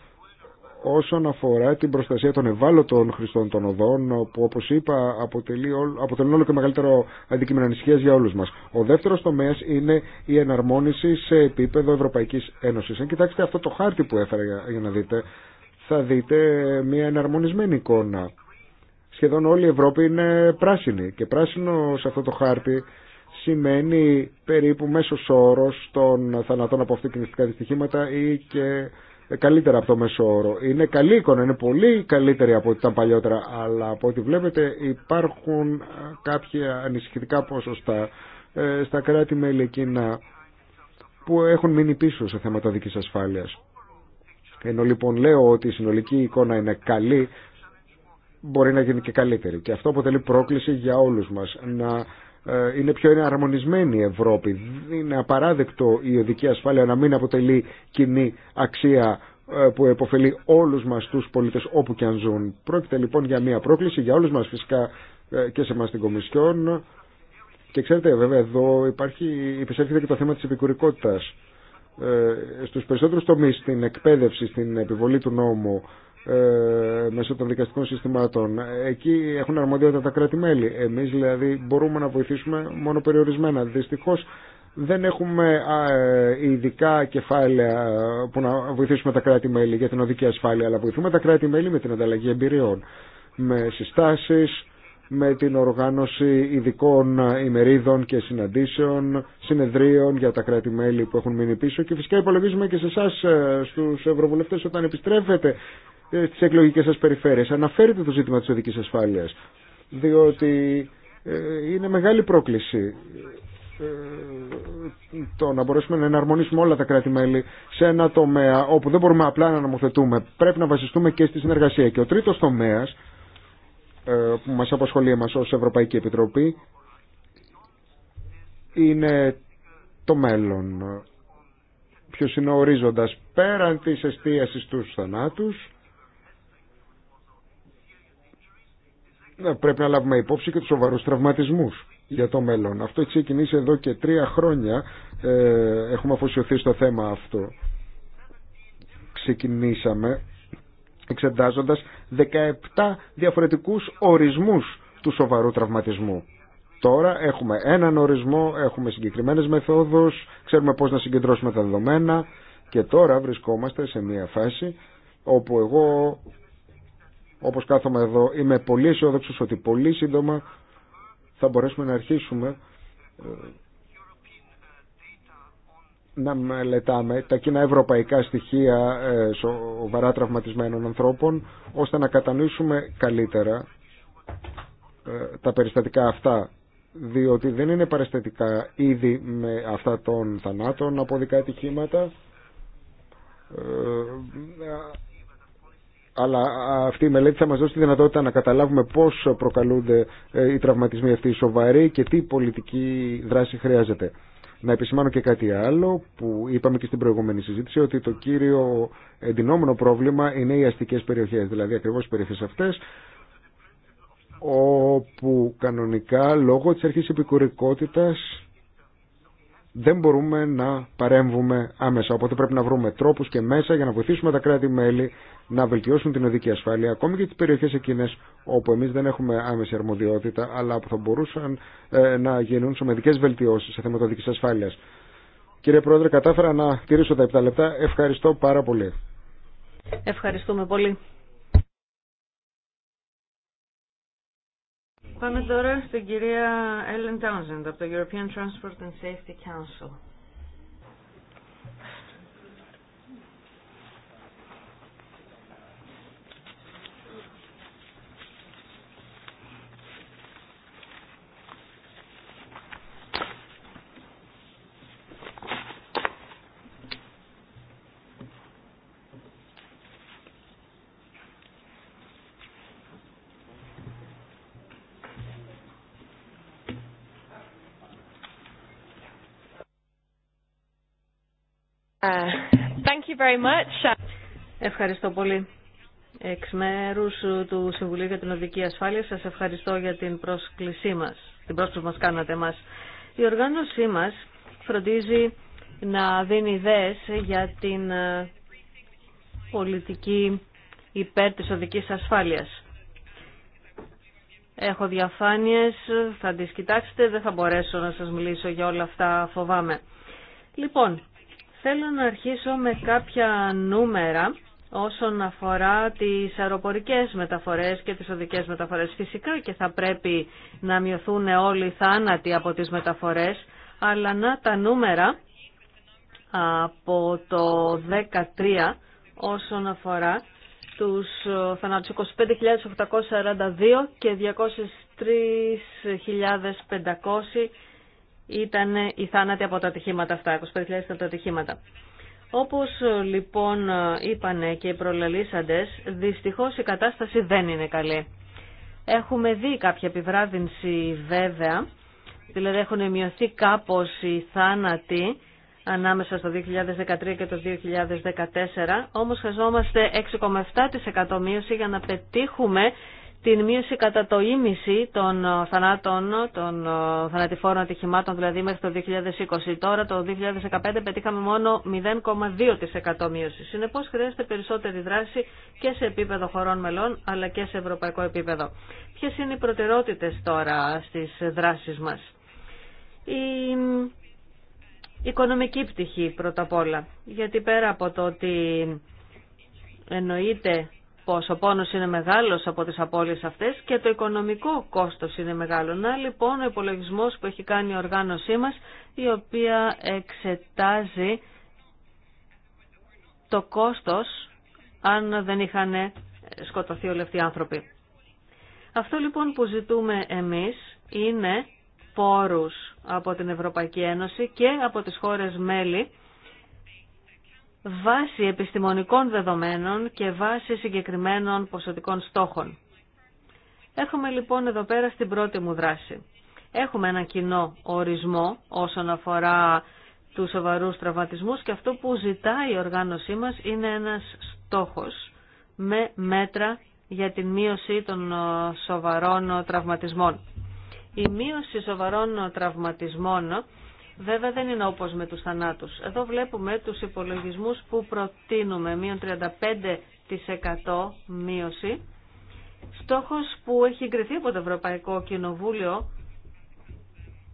όσον αφορά την προστασία των ευάλωτων χρηστών των οδών που όπω είπα αποτελεί, αποτελούν όλο και μεγαλύτερο αντικείμενο ανησυχία για όλου μα. Ο δεύτερο τομέα είναι η εναρμόνιση σε επίπεδο Ευρωπαϊκή Ένωση. Αν κοιτάξετε αυτό το χάρτη που έφερα για να δείτε θα δείτε μια εναρμονισμένη εικόνα. Σχεδόν όλη η Ευρώπη είναι πράσινη και πράσινο σε αυτό το χάρτη σημαίνει περίπου μέσος όρος των θανατών από αυτοκινηστικά δυστυχήματα ή και καλύτερα από το μέσο όρο. Είναι καλή εικόνα, είναι πολύ καλύτερη από ό,τι ήταν παλιότερα, αλλά από ό,τι βλέπετε υπάρχουν ε, κάποια ανησυχητικά ποσοστά ε, στα κράτη-μέλη εκείνα που έχουν μείνει πίσω σε θέματα δικής ασφάλειας. Ενώ λοιπόν λέω ότι η συνολική εικόνα είναι καλή, μπορεί να γίνει και καλύτερη. Και αυτό αποτελεί πρόκληση για όλους μας να ε, είναι πιο εναρμονισμένη η Ευρώπη. Είναι απαράδεκτο η οδική ασφάλεια να μην αποτελεί κοινή αξία ε, που επωφελεί όλους μας τους πολίτες όπου και αν ζουν. Πρόκειται λοιπόν για μια πρόκληση για όλους μας φυσικά ε, και σε εμάς την Κομισιόν. Και ξέρετε βέβαια εδώ υπάρχει, υπησέρχεται και το θέμα της επικουρικότητας. Ε, στους περισσότερους τομείς, στην εκπαίδευση, στην επιβολή του νόμου, ε, μέσω των δικαστικών συστημάτων. Εκεί έχουν αρμοδιότητα τα κράτη-μέλη. Εμείς δηλαδή μπορούμε να βοηθήσουμε μόνο περιορισμένα. Δυστυχώς δεν έχουμε ε, ειδικά κεφάλαια που να βοηθήσουμε τα κράτη-μέλη για την οδική ασφάλεια, αλλά βοηθούμε τα κράτη-μέλη με την ανταλλαγή εμπειριών, με συστάσεις, με την οργάνωση ειδικών ημερίδων και συναντήσεων, συνεδρίων για τα κράτη-μέλη που έχουν μείνει πίσω και φυσικά υπολογίζουμε και σε εσά ε, στους ευρωβουλευτές όταν επιστρέφετε στις ε, εκλογικές σας περιφέρειες. Αναφέρετε το ζήτημα της οδικής ασφάλειας, διότι ε, είναι μεγάλη πρόκληση ε, το να μπορέσουμε να εναρμονίσουμε όλα τα κράτη-μέλη σε ένα τομέα όπου δεν μπορούμε απλά να νομοθετούμε. Πρέπει να βασιστούμε και στη συνεργασία. Και ο τρίτος τομέας που μας αποσχολεί εμάς ως Ευρωπαϊκή Επιτροπή είναι το μέλλον. Ποιος είναι ο ορίζοντας πέραν της εστίασης τους θανάτους Ναι, πρέπει να λάβουμε υπόψη και τους σοβαρούς τραυματισμούς για το μέλλον. Αυτό έχει ξεκινήσει εδώ και τρία χρόνια. Ε, έχουμε αφοσιωθεί στο θέμα αυτό. Ξεκινήσαμε εξετάζοντας 17 διαφορετικούς ορισμούς του σοβαρού τραυματισμού. Τώρα έχουμε έναν ορισμό, έχουμε συγκεκριμένες μεθόδους, ξέρουμε πώς να συγκεντρώσουμε τα δεδομένα και τώρα βρισκόμαστε σε μια φάση όπου εγώ όπως κάθομαι εδώ, είμαι πολύ αισιόδοξο ότι πολύ σύντομα θα μπορέσουμε να αρχίσουμε ε, να μελετάμε τα κοινά ευρωπαϊκά στοιχεία ε, σοβαρά τραυματισμένων ανθρώπων ώστε να κατανοήσουμε καλύτερα ε, τα περιστατικά αυτά διότι δεν είναι παραστατικά ήδη με αυτά των θανάτων από δικά ατυχήματα αλλά αυτή η μελέτη θα μας δώσει τη δυνατότητα να καταλάβουμε πώς προκαλούνται ε, οι τραυματισμοί αυτοί οι σοβαροί και τι πολιτική δράση χρειάζεται. Να επισημάνω και κάτι άλλο που είπαμε και στην προηγούμενη συζήτηση ότι το κύριο εντυνόμενο πρόβλημα είναι οι αστικές περιοχές, δηλαδή ακριβώς οι περιοχές αυτές όπου κανονικά λόγω της αρχής επικουρικότητας δεν μπορούμε να παρέμβουμε άμεσα. Οπότε πρέπει να βρούμε τρόπους και μέσα για να βοηθήσουμε τα κράτη-μέλη να βελτιώσουν την οδική ασφάλεια, ακόμη και τις περιοχές εκείνες όπου εμείς δεν έχουμε άμεση αρμοδιότητα, αλλά που θα μπορούσαν ε, να γίνουν σωματικές βελτιώσεις σε θέματα οδικής ασφάλειας. Κύριε Πρόεδρε, κατάφερα να τηρήσω τα 7 λεπτά. Ευχαριστώ πάρα πολύ.
Ευχαριστούμε πολύ. Πάμε τώρα στην κυρία Ellen Townsend από το European Transport and Safety Council. Uh, ευχαριστώ πολύ. Εξ μέρου του Συμβουλίου για την Οδική Ασφάλεια, Σα ευχαριστώ για την πρόσκλησή μα, την πρόσκληση που μας κάνατε μας. Η οργάνωσή μα φροντίζει να δίνει ιδέε για την ε, πολιτική υπέρ της οδικής ασφάλειας. Έχω διαφάνειες, θα τις κοιτάξετε, δεν θα μπορέσω να σας μιλήσω για όλα αυτά, φοβάμαι. Λοιπόν, Θέλω να αρχίσω με κάποια νούμερα όσον αφορά τις αεροπορικές μεταφορές και τις οδικές μεταφορές. Φυσικά και θα πρέπει να μειωθούν όλοι οι θάνατοι από τις μεταφορές, αλλά να τα νούμερα από το 13 όσον αφορά τους θανάτους 25.842 και 203.500 ήταν οι θάνατοι από τα ατυχήματα αυτά, 25.000 από τα ατυχήματα. Όπως λοιπόν είπαν και οι προλαλήσαντες, δυστυχώς η κατάσταση δεν είναι καλή. Έχουμε δει κάποια επιβράδυνση βέβαια, δηλαδή έχουν μειωθεί κάπως οι θάνατοι ανάμεσα στο 2013 και το 2014, όμως χρειαζόμαστε 6,7% μείωση για να πετύχουμε την μείωση κατά το ίμιση των ε, θανάτων, των ε, θανατηφόρων ατυχημάτων, δηλαδή μέχρι το 2020. Τώρα το 2015 πετύχαμε μόνο 0,2% μείωση. Συνεπώ χρειάζεται περισσότερη δράση και σε επίπεδο χωρών μελών, αλλά και σε ευρωπαϊκό επίπεδο. Ποιε είναι οι προτεραιότητε τώρα στι δράσει μα. Η οικονομική πτυχή πρώτα απ' όλα. Γιατί πέρα από το ότι εννοείται πως ο πόνος είναι μεγάλος από τις απώλειες αυτές και το οικονομικό κόστος είναι μεγάλο. Να λοιπόν ο υπολογισμός που έχει κάνει η οργάνωσή μας η οποία εξετάζει το κόστος αν δεν είχαν σκοτωθεί όλοι αυτοί οι άνθρωποι. Αυτό λοιπόν που ζητούμε εμείς είναι πόρους από την Ευρωπαϊκή Ένωση και από τις χώρες μέλη βάσει επιστημονικών δεδομένων και βάσει συγκεκριμένων ποσοτικών στόχων. Έχουμε λοιπόν εδώ πέρα στην πρώτη μου δράση. Έχουμε ένα κοινό ορισμό όσον αφορά τους σοβαρούς τραυματισμούς και αυτό που ζητάει η οργάνωσή μας είναι ένας στόχος με μέτρα για την μείωση των ε, σοβαρών τραυματισμών. Η μείωση σοβαρών τραυματισμών Βέβαια δεν είναι όπως με τους θανάτους. Εδώ βλέπουμε τους υπολογισμούς που προτείνουμε, μείον 35% μείωση. Στόχος που έχει εγκριθεί από το Ευρωπαϊκό Κοινοβούλιο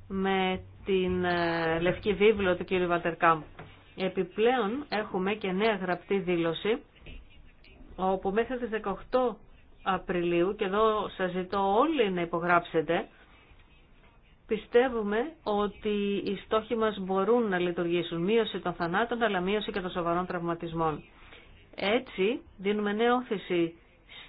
με την ε, Λευκή Βίβλο του κ. Βατερκάμ. Επιπλέον έχουμε και νέα γραπτή δήλωση όπου μέχρι τις 18 Απριλίου και εδώ σας ζητώ όλοι να υπογράψετε πιστεύουμε ότι οι στόχοι μας μπορούν να λειτουργήσουν. Μείωση των θανάτων, αλλά μείωση και των σοβαρών τραυματισμών. Έτσι, δίνουμε νέα όθηση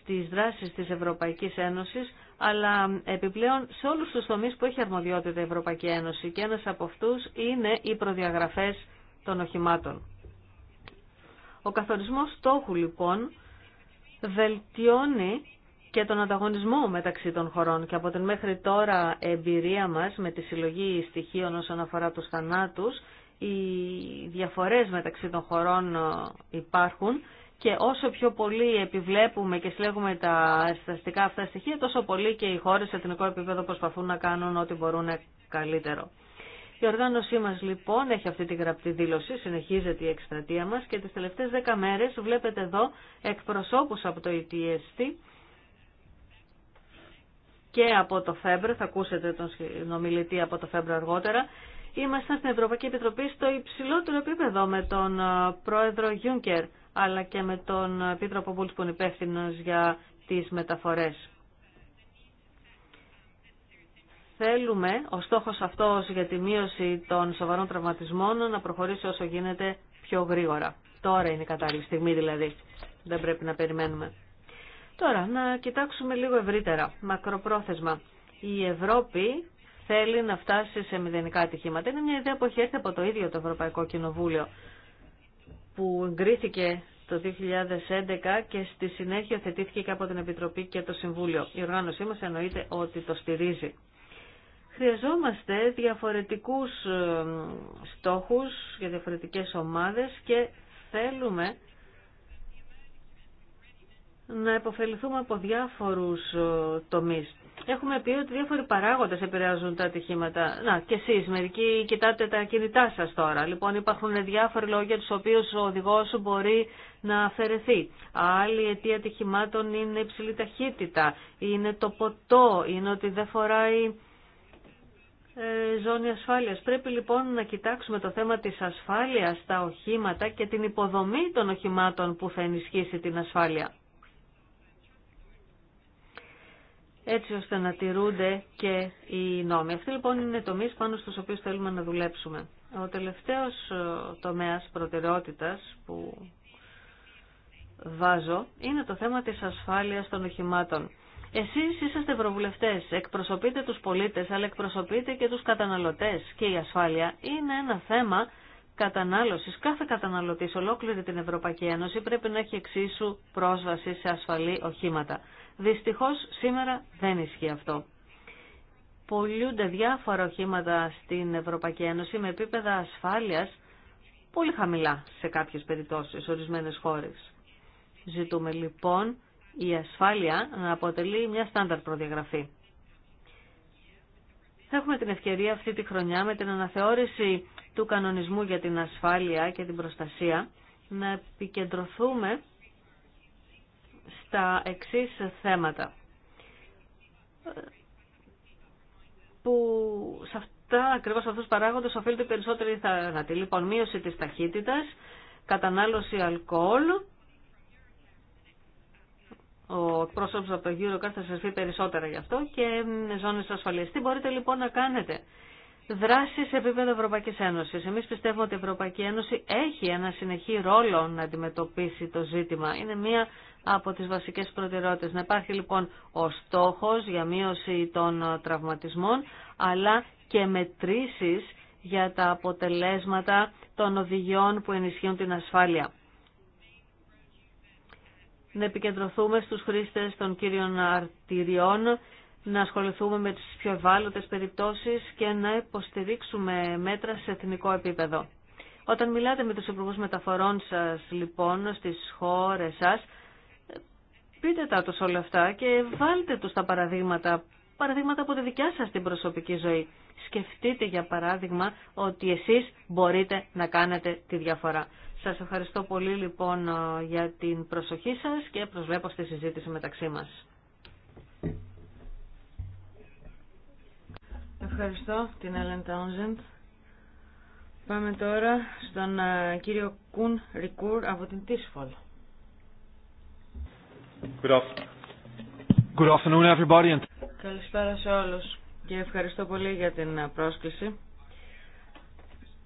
στις δράσεις της Ευρωπαϊκής Ένωσης, αλλά επιπλέον σε όλους τους τομείς που έχει αρμοδιότητα η Ευρωπαϊκή Ένωση και ένας από αυτούς είναι οι προδιαγραφές των οχημάτων. Ο καθορισμός στόχου λοιπόν βελτιώνει και τον ανταγωνισμό μεταξύ των χωρών και από την μέχρι τώρα εμπειρία μας με τη συλλογή στοιχείων όσον αφορά τους θανάτους οι διαφορές μεταξύ των χωρών ε, υπάρχουν και όσο πιο πολύ επιβλέπουμε και συλλέγουμε τα αισθαστικά αυτά στοιχεία τόσο πολύ και οι χώρες σε εθνικό επίπεδο προσπαθούν να κάνουν ό,τι μπορούν καλύτερο. Η οργάνωσή μας λοιπόν έχει αυτή τη γραπτή δήλωση, συνεχίζεται η εκστρατεία μας και τις τελευταίες δέκα μέρες βλέπετε εδώ εκπροσώπους από το ETST και από το ΦΕΜΠΡ, θα ακούσετε τον συνομιλητή από το ΦΕΜΠΡ αργότερα, ήμασταν στην Ευρωπαϊκή Επιτροπή στο υψηλότερο επίπεδο με τον ε, πρόεδρο Γιούνκερ, αλλά και με τον ε, επίτροπο που είναι υπεύθυνο για τις μεταφορές. Θέλουμε ο στόχος αυτός για τη μείωση των σοβαρών τραυματισμών να προχωρήσει όσο γίνεται πιο γρήγορα. Τώρα είναι η κατάλληλη στιγμή δηλαδή. Δεν πρέπει να περιμένουμε. Τώρα, να κοιτάξουμε λίγο ευρύτερα, μακροπρόθεσμα. Η Ευρώπη θέλει να φτάσει σε μηδενικά ατυχήματα. Είναι μια ιδέα που έχει έρθει από το ίδιο το Ευρωπαϊκό Κοινοβούλιο, που εγκρίθηκε το 2011 και στη συνέχεια θετήθηκε και από την Επιτροπή και το Συμβούλιο. Η οργάνωσή μας εννοείται ότι το στηρίζει. Χρειαζόμαστε διαφορετικούς ε, στόχους για διαφορετικές ομάδες και θέλουμε να υποφεληθούμε από διάφορους ε, τομείς. Έχουμε πει ότι διάφοροι παράγοντες επηρεάζουν τα ατυχήματα. Να, και εσείς μερικοί κοιτάτε τα κινητά σας τώρα. Λοιπόν, υπάρχουν διάφοροι λόγοι για τους οποίους ο οδηγός σου μπορεί να αφαιρεθεί. Άλλη αιτία ατυχημάτων είναι υψηλή ταχύτητα, είναι το ποτό, είναι ότι δεν φοράει ε, ζώνη ασφάλειας. Πρέπει λοιπόν να κοιτάξουμε το θέμα της ασφάλειας στα οχήματα και την υποδομή των οχημάτων που θα ενισχύσει την ασφάλεια. έτσι ώστε να τηρούνται και οι νόμοι. Αυτοί λοιπόν είναι τομείς πάνω στους οποίους θέλουμε να δουλέψουμε. Ο τελευταίος ε, τομέας προτεραιότητας που βάζω είναι το θέμα της ασφάλειας των οχημάτων. Εσείς είσαστε ευρωβουλευτές, εκπροσωπείτε τους πολίτες, αλλά εκπροσωπείτε και τους καταναλωτές και η ασφάλεια είναι ένα θέμα κατανάλωσης. Κάθε καταναλωτής ολόκληρη την Ευρωπαϊκή Ένωση πρέπει να έχει εξίσου πρόσβαση σε ασφαλή οχήματα. Δυστυχώς σήμερα δεν ισχύει αυτό. Πολιούνται διάφορα οχήματα στην Ευρωπαϊκή Ένωση με επίπεδα ασφάλειας πολύ χαμηλά σε κάποιες περιπτώσεις, σε ορισμένες χώρες. Ζητούμε λοιπόν η ασφάλεια να αποτελεί μια στάνταρ προδιαγραφή. Θα έχουμε την ευκαιρία αυτή τη χρονιά με την αναθεώρηση του κανονισμού για την ασφάλεια και την προστασία να επικεντρωθούμε τα εξής θέματα που σε αυτά, ακριβώς σε αυτούς τους παράγοντες οφείλεται περισσότερη θάνατη. Λοιπόν, μείωση της ταχύτητας, κατανάλωση αλκοόλ, ο πρόσωπος από το γύρο θα σας πει περισσότερα γι' αυτό και ζώνες ασφαλείας. Τι μπορείτε λοιπόν να κάνετε Δράση σε επίπεδο Ευρωπαϊκή Ένωση. Εμεί πιστεύουμε ότι η Ευρωπαϊκή Ένωση έχει ένα συνεχή ρόλο να αντιμετωπίσει το ζήτημα. Είναι μία από τι βασικέ προτεραιότητε. Να υπάρχει λοιπόν ο στόχο για μείωση των τραυματισμών, αλλά και μετρήσει για τα αποτελέσματα των οδηγιών που ενισχύουν την ασφάλεια. Να επικεντρωθούμε στους χρήστες των κύριων αρτηριών να ασχοληθούμε με τις πιο ευάλωτες περιπτώσεις και να υποστηρίξουμε μέτρα σε εθνικό επίπεδο. Όταν μιλάτε με τους υπουργούς μεταφορών σας, λοιπόν, στις χώρες σας, πείτε τα τους όλα αυτά και βάλτε τους τα παραδείγματα, παραδείγματα από τη δικιά σας την προσωπική ζωή. Σκεφτείτε, για παράδειγμα, ότι εσείς μπορείτε να κάνετε τη διαφορά. Σας ευχαριστώ πολύ, λοιπόν, για την προσοχή σας και προσβλέπω στη συζήτηση μεταξύ μας. Ευχαριστώ την Ellen Townsend. Πάμε τώρα στον ε, κύριο Κουν Ρικούρ από την Τίσφολ.
Good afternoon everybody.
Καλησπέρα σε όλους και ευχαριστώ πολύ για την ε, πρόσκληση.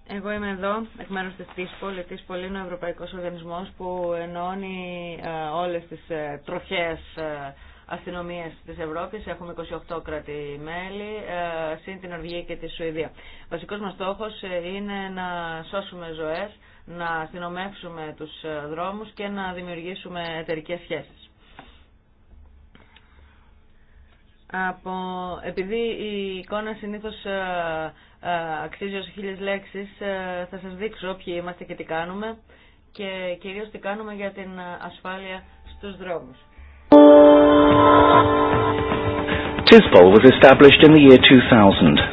Εγώ είμαι εδώ εκ μέρους της Τίσπολ. Η Τίσπολ είναι ο Ευρωπαϊκός Οργανισμός που ενώνει ε, όλες τις τροχές αστυνομίες της Ευρώπης. Έχουμε 28 κράτη-μέλη, ε, συν την και τη Σουηδία. Ο βασικός μας στόχος ε, είναι να σώσουμε ζωές, να αστυνομεύσουμε τους ε, δρόμους και να δημιουργήσουμε εταιρικέ σχέσεις. Από, επειδή η εικόνα συνήθως αξίζει ως χίλιες λέξεις, θα σας δείξω ποιοι είμαστε και τι κάνουμε και κυρίως τι κάνουμε για την ασφάλεια
στους δρόμους. Tisbol was established in the year 2000.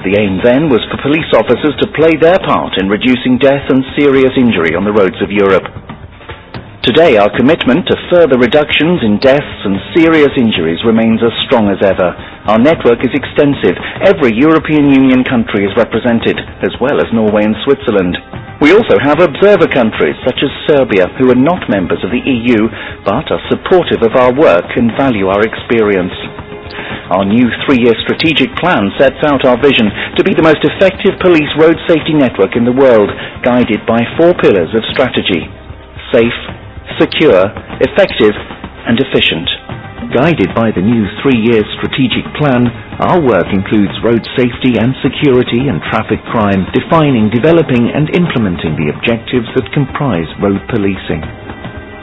The aim then was for police officers to play their part in reducing death and serious injury on the roads of Europe. Today, our commitment to further reductions in deaths and serious injuries remains as strong as ever. Our network is extensive. Every European Union country is represented, as well as Norway and Switzerland. We also have observer countries, such as Serbia, who are not members of the EU, but are supportive of our work and value our experience. Our new three-year strategic plan sets out our vision to be the most effective police road safety network in the world, guided by four pillars of strategy: safe, secure, effective, and efficient. Guided by the new three-year strategic plan, our work includes road safety and security and traffic crime, defining, developing, and implementing the objectives that comprise road policing.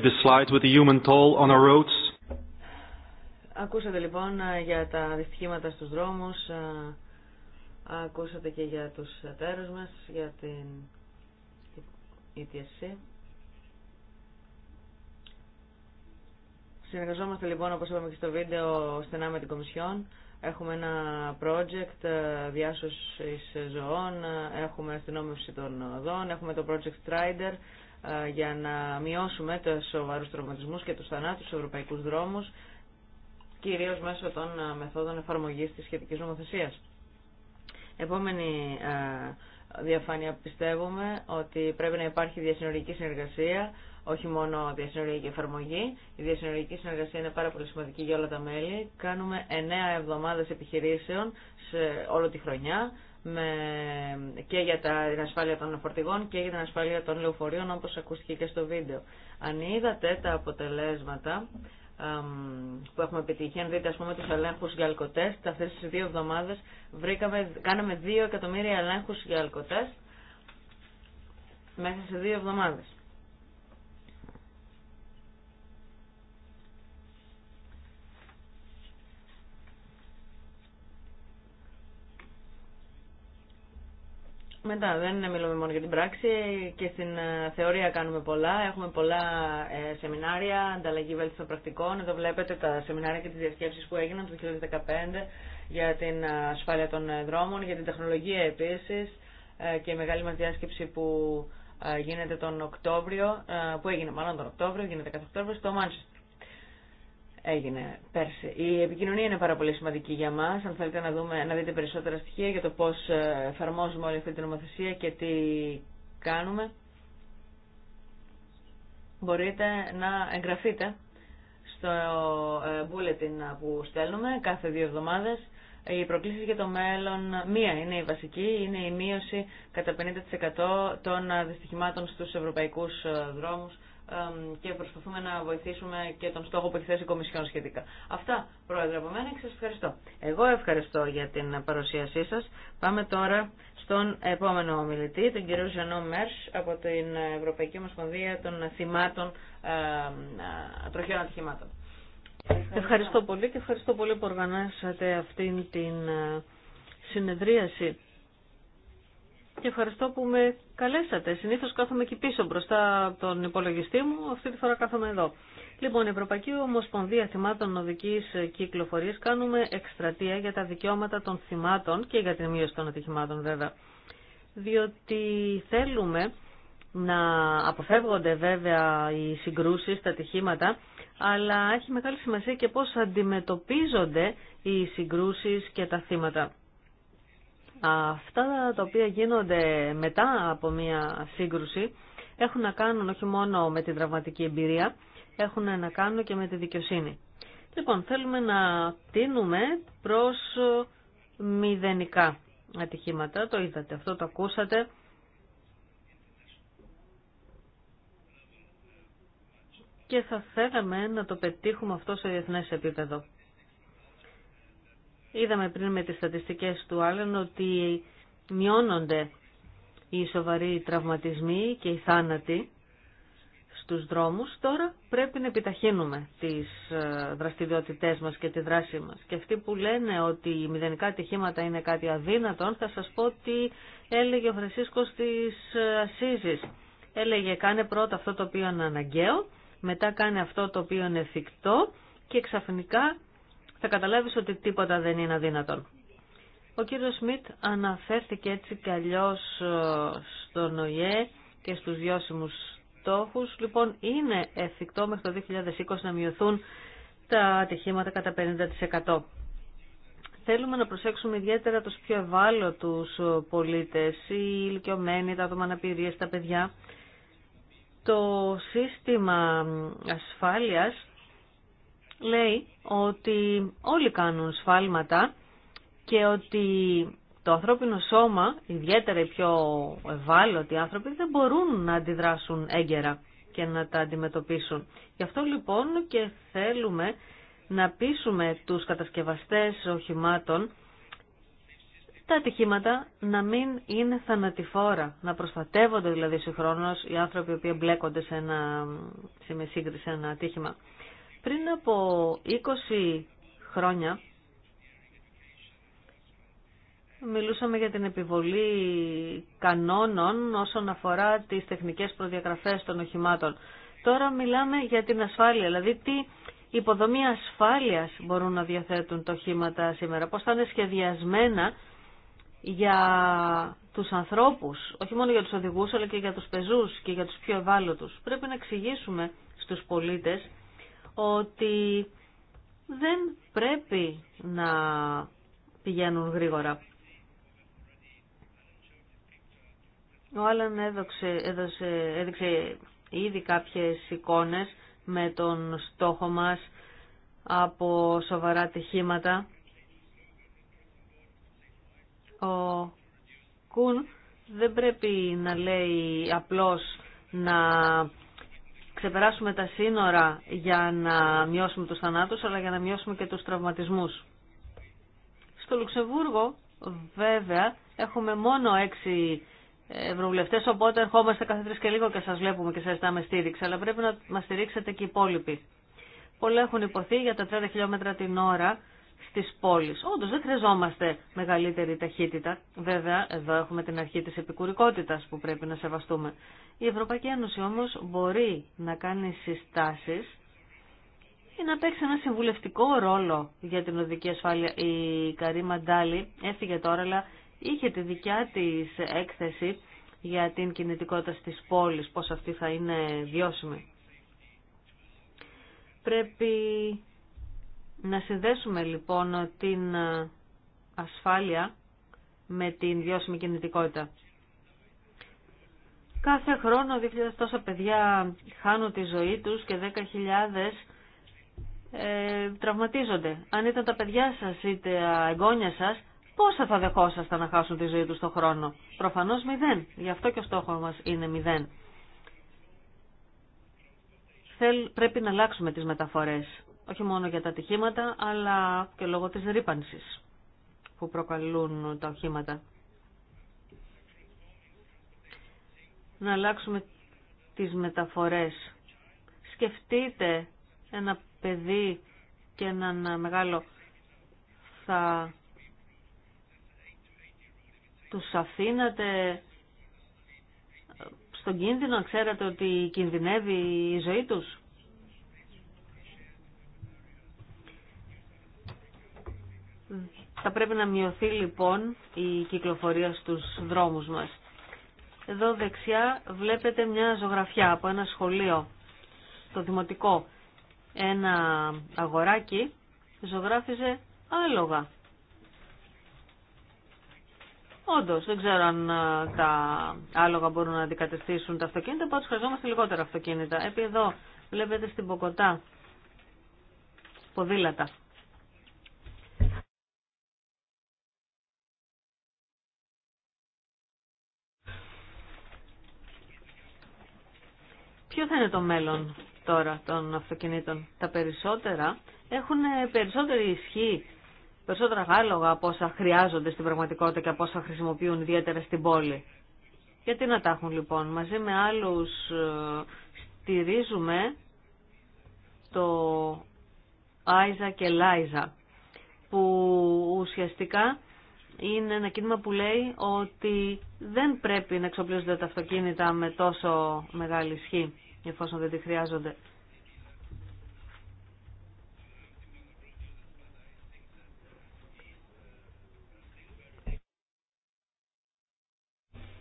the slide with the human toll on our roads.
Ακούσατε λοιπόν ε, για τα δυστυχήματα στους δρόμους, ε, ακούσατε και για τους εταίρους μας, για την ETSC. Συνεργαζόμαστε λοιπόν, όπως είπαμε και στο βίντεο, στενά με την Κομισιόν. Έχουμε ένα project ε, διάσωσης ζωών, έχουμε αστυνόμευση των οδών, έχουμε το project Strider, ε, για να μειώσουμε του σοβαρούς τραυματισμούς και τους θανάτου στους ευρωπαϊκούς δρόμους, κυρίως μέσω των ε, μεθόδων εφαρμογής της σχετική νομοθεσία. Επόμενη ε, διαφάνεια πιστεύουμε ότι πρέπει να υπάρχει διασυνοριακή συνεργασία, όχι μόνο διασυνορική εφαρμογή. Η διασυνοριακή συνεργασία είναι πάρα πολύ σημαντική για όλα τα μέλη. Κάνουμε 9 εβδομάδε επιχειρήσεων σε όλη τη χρονιά με, και για τα, την ασφάλεια των φορτηγών και για την ασφάλεια των λεωφορείων όπως ακούστηκε και στο βίντεο. Αν είδατε τα αποτελέσματα που έχουμε επιτύχει. Αν δείτε ας πούμε τους ελέγχους για αλκοτές, αυτές τις δύο εβδομάδες βρήκαμε, κάναμε δύο εκατομμύρια ελέγχους για αλκοτές μέσα σε δύο εβδομάδες. Μετά δεν μιλούμε μόνο για την πράξη και στην ε, θεωρία κάνουμε πολλά. Έχουμε πολλά ε, σεμινάρια, ανταλλαγή βέλτιστων πρακτικών. Εδώ βλέπετε τα σεμινάρια και τις διασκέψεις που έγιναν το 2015 για την ε, ασφάλεια των δρόμων, για την τεχνολογία επίση και η μεγάλη μα διάσκεψη που γίνεται τον Οκτώβριο, που έγινε μάλλον τον Οκτώβριο, γίνεται κάθε Οκτώβριο στο Μάντσεστερ έγινε πέρσι. Η επικοινωνία είναι πάρα πολύ σημαντική για μα. Αν θέλετε να, δούμε, να δείτε περισσότερα στοιχεία για το πώ ε, εφαρμόζουμε όλη αυτή την νομοθεσία και τι κάνουμε, μπορείτε να εγγραφείτε στο ε, bulletin που στέλνουμε κάθε δύο εβδομάδες. Η προκλήση για το μέλλον, μία είναι η βασική, είναι η μείωση κατά 50% των δυστυχημάτων στου ευρωπαϊκού ε, δρόμου και προσπαθούμε να βοηθήσουμε και τον στόχο που έχει θέσει η Κομισιόν σχετικά. Αυτά, Πρόεδρε, από μένα και σας ευχαριστώ. Εγώ ευχαριστώ για την παρουσίασή σας. Πάμε τώρα στον επόμενο ομιλητή, τον κύριο Ζανό Μέρς από την Ευρωπαϊκή Ομοσπονδία των Θυμάτων Τροχιών Ατυχημάτων. Ευχαριστώ. πολύ και ευχαριστώ πολύ που οργανώσατε αυτήν την ε, συνεδρίαση και ευχαριστώ που με καλέσατε. Συνήθως κάθομαι εκεί πίσω μπροστά από τον υπολογιστή μου, αυτή τη φορά κάθομαι εδώ. Λοιπόν, η Ευρωπαϊκή Ομοσπονδία Θυμάτων Οδικής Κυκλοφορίας κάνουμε εκστρατεία για τα δικαιώματα των θυμάτων και για την μείωση των ατυχημάτων βέβαια. Διότι θέλουμε να αποφεύγονται βέβαια οι συγκρούσεις, τα ατυχήματα, αλλά έχει μεγάλη σημασία και πώς αντιμετωπίζονται οι συγκρούσεις και τα θύματα. Αυτά τα οποία γίνονται μετά από μια σύγκρουση έχουν να κάνουν όχι μόνο με την τραυματική εμπειρία, έχουν να κάνουν και με τη δικαιοσύνη. Λοιπόν, θέλουμε να τίνουμε προς μηδενικά ατυχήματα. Το είδατε, αυτό το ακούσατε. Και θα θέλαμε να το πετύχουμε αυτό σε διεθνές επίπεδο. Είδαμε πριν με τις στατιστικές του Άλλων ότι μειώνονται οι σοβαροί τραυματισμοί και οι θάνατοι στους δρόμους. Τώρα πρέπει να επιταχύνουμε τις ε, δραστηριότητές μας και τη δράση μας. Και αυτοί που λένε ότι οι μηδενικά ατυχήματα είναι κάτι αδύνατον, θα σας πω ότι έλεγε ο Φρασίσκος της ε, Ασίζης. Έλεγε κάνε πρώτα αυτό το οποίο είναι αναγκαίο, μετά κάνε αυτό το οποίο είναι εφικτό και ξαφνικά θα καταλάβεις ότι τίποτα δεν είναι αδύνατον. Ο κύριος Σμιτ αναφέρθηκε έτσι κι αλλιώς ε, στον ΟΙΕ και στους βιώσιμους στόχους. Λοιπόν, είναι εφικτό μέχρι το 2020 να μειωθούν τα ατυχήματα κατά 50%. Θέλουμε να προσέξουμε ιδιαίτερα τους πιο ευάλωτους πολίτες, οι ηλικιωμένοι, τα άτομα αναπηρίες, τα παιδιά. Το σύστημα ασφάλειας λέει ότι όλοι κάνουν σφάλματα και ότι το ανθρώπινο σώμα, ιδιαίτερα οι πιο ευάλωτοι άνθρωποι, δεν μπορούν να αντιδράσουν έγκαιρα και να τα αντιμετωπίσουν. Γι' αυτό λοιπόν και θέλουμε να πείσουμε τους κατασκευαστές οχημάτων τα ατυχήματα να μην είναι θανατηφόρα, να προστατεύονται δηλαδή συγχρόνως οι άνθρωποι οι οποίοι μπλέκονται σε, ένα, ένα ατύχημα. Πριν από 20 χρόνια μιλούσαμε για την επιβολή κανόνων όσον αφορά τις τεχνικές προδιαγραφές των οχημάτων. Τώρα μιλάμε για την ασφάλεια, δηλαδή τι υποδομή ασφάλειας μπορούν να διαθέτουν τα οχήματα σήμερα, πώς θα είναι σχεδιασμένα για τους ανθρώπους, όχι μόνο για τους οδηγούς αλλά και για τους πεζούς και για τους πιο ευάλωτους. Πρέπει να εξηγήσουμε στους πολίτες ότι δεν πρέπει να πηγαίνουν γρήγορα. Ο Άλλαν έδωσε, έδειξε ήδη κάποιες εικόνες με τον στόχο μας από σοβαρά τυχήματα. Ο Κουν δεν πρέπει να λέει απλώς να ξεπεράσουμε τα σύνορα για να μειώσουμε τους θανάτους, αλλά για να μειώσουμε και τους τραυματισμούς. Στο Λουξεμβούργο, βέβαια, έχουμε μόνο έξι ευρωβουλευτές, οπότε ερχόμαστε κάθε τρεις και λίγο και σας βλέπουμε και σας ζητάμε στήριξη, αλλά πρέπει να μας στηρίξετε και οι υπόλοιποι. Πολλά έχουν υποθεί για τα 30 χιλιόμετρα την ώρα στις πόλεις. Όντως δεν χρειαζόμαστε μεγαλύτερη ταχύτητα. Βέβαια, εδώ έχουμε την αρχή της επικουρικότητας που πρέπει να σεβαστούμε. Η Ευρωπαϊκή Ένωση όμως μπορεί να κάνει συστάσεις ή να παίξει ένα συμβουλευτικό ρόλο για την οδική ασφάλεια. Η Καρή Μαντάλη έφυγε τώρα, αλλά είχε τη δικιά της έκθεση για την κινητικότητα στις πόλεις, πώς αυτή θα είναι βιώσιμη. Πρέπει να συνδέσουμε λοιπόν την ε, ασφάλεια με την βιώσιμη κινητικότητα. Κάθε χρόνο 2.000 τόσα παιδιά χάνουν τη ζωή τους και 10.000 ε, τραυματίζονται. Αν ήταν τα παιδιά σας ή τα εγγόνια σας, πόσα θα δεχόσασταν να χάσουν τη ζωή τους το χρόνο. Προφανώς μηδέν. Γι' αυτό και ο στόχος μας είναι μηδέν. Θέλ, πρέπει να αλλάξουμε τις μεταφορές όχι μόνο για τα ατυχήματα, αλλά και λόγω της ρήπανση που προκαλούν τα οχήματα. Να αλλάξουμε τις μεταφορές. Σκεφτείτε ένα παιδί και έναν μεγάλο θα τους αφήνατε στον κίνδυνο, ξέρατε ότι κινδυνεύει η ζωή τους. Θα πρέπει να μειωθεί λοιπόν η κυκλοφορία στους δρόμους μας. Εδώ δεξιά βλέπετε μια ζωγραφιά από ένα σχολείο, το δημοτικό. Ένα αγοράκι ζωγράφιζε άλογα. Όντω, δεν ξέρω αν τα άλογα μπορούν να αντικατεστήσουν τα αυτοκίνητα, πάντως χρειαζόμαστε λιγότερα αυτοκίνητα. επειδή εδώ βλέπετε στην Ποκοτά ποδήλατα. Ποιο θα είναι το μέλλον τώρα των αυτοκινήτων. Τα περισσότερα έχουν περισσότερη ισχύ, περισσότερα γάλογα από όσα χρειάζονται στην πραγματικότητα και από όσα χρησιμοποιούν ιδιαίτερα στην πόλη. Γιατί να τα έχουν λοιπόν. Μαζί με άλλους ε, στηρίζουμε το Άιζα και Λάιζα που ουσιαστικά είναι ένα κίνημα που λέει ότι δεν πρέπει να εξοπλίζονται τα αυτοκίνητα με τόσο μεγάλη ισχύ εφόσον δεν τη χρειάζονται.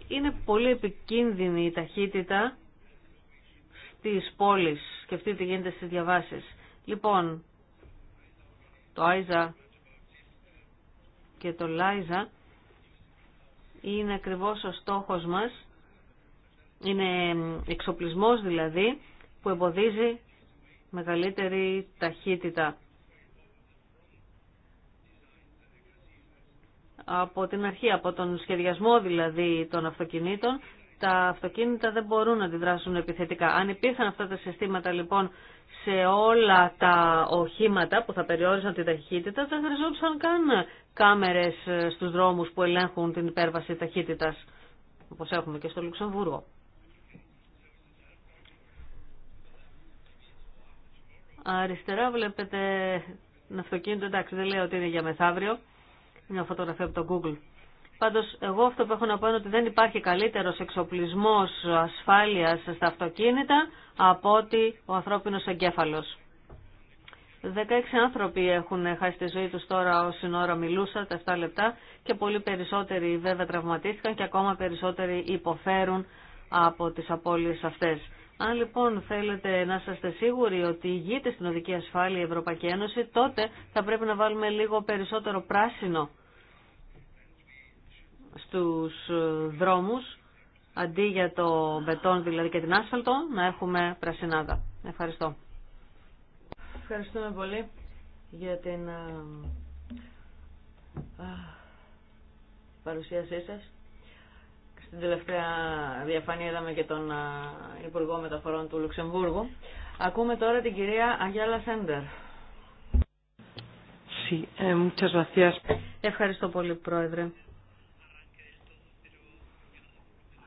Είναι πολύ επικίνδυνη η ταχύτητα στις πόλεις. αυτή τη γίνεται στις διαβάσεις. Λοιπόν, το Άιζα και το Λάιζα είναι ακριβώς ο στόχος μας είναι εξοπλισμός δηλαδή που εμποδίζει μεγαλύτερη ταχύτητα. Από την αρχή, από τον σχεδιασμό δηλαδή των αυτοκινήτων, τα αυτοκίνητα δεν μπορούν να αντιδράσουν επιθετικά. Αν υπήρχαν αυτά τα συστήματα λοιπόν σε όλα τα οχήματα που θα περιόριζαν την ταχύτητα, δεν χρειαζόντουσαν καν κάμερες ε, στους δρόμους που ελέγχουν την υπέρβαση ταχύτητας, όπως έχουμε και στο Λουξεμβούργο. Αριστερά βλέπετε ένα αυτοκίνητο, εντάξει δεν λέω ότι είναι για μεθαύριο, μια φωτογραφία από το Google. Πάντως εγώ αυτό που έχω να πω είναι ότι δεν υπάρχει καλύτερος εξοπλισμός ασφάλειας στα αυτοκίνητα από ότι ο ανθρώπινος εγκέφαλος. 16 άνθρωποι έχουν χάσει τη ζωή τους τώρα όσοι ώρα μιλούσα, τα 7 λεπτά, και πολύ περισσότεροι βέβαια τραυματίστηκαν και ακόμα περισσότεροι υποφέρουν από τις απώλειες αυτές. Αν λοιπόν θέλετε να είστε σίγουροι ότι ηγείται στην οδική ασφάλεια η Ευρωπαϊκή Ένωση, τότε θα πρέπει να βάλουμε λίγο περισσότερο πράσινο στους ε, δρόμους, αντί για το μπετόν δηλαδή και την άσφαλτο, να έχουμε πρασινάδα. Ευχαριστώ. Ευχαριστούμε πολύ για την ε, ε, παρουσίασή σας. Στην τελευταία διαφάνεια είδαμε και τον Υπουργό Μεταφορών του Λουξεμβούργου. Ακούμε τώρα την κυρία Αγιάλα Σέντερ. Eh, Ευχαριστώ πολύ, Πρόεδρε.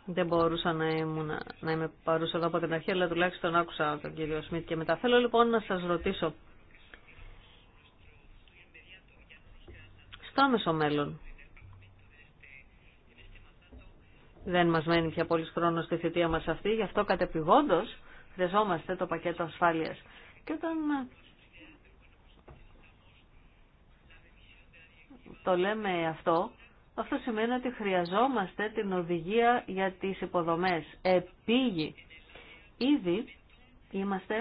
Δεν μπορούσα να, είμαι παρούσα εδώ από την αρχή, αλλά τουλάχιστον άκουσα τον κύριο Σμιτ και μετά. Θέλω λοιπόν να σας ρωτήσω. Στο άμεσο μέλλον, Δεν μας μένει πια πολύς χρόνος στη θητεία μας αυτή, γι' αυτό κατεπηγόντως χρειαζόμαστε το πακέτο ασφάλειας. Και όταν ε, το λέμε αυτό, αυτό σημαίνει ότι χρειαζόμαστε την οδηγία για τις υποδομές. Επίγει. Ήδη είμαστε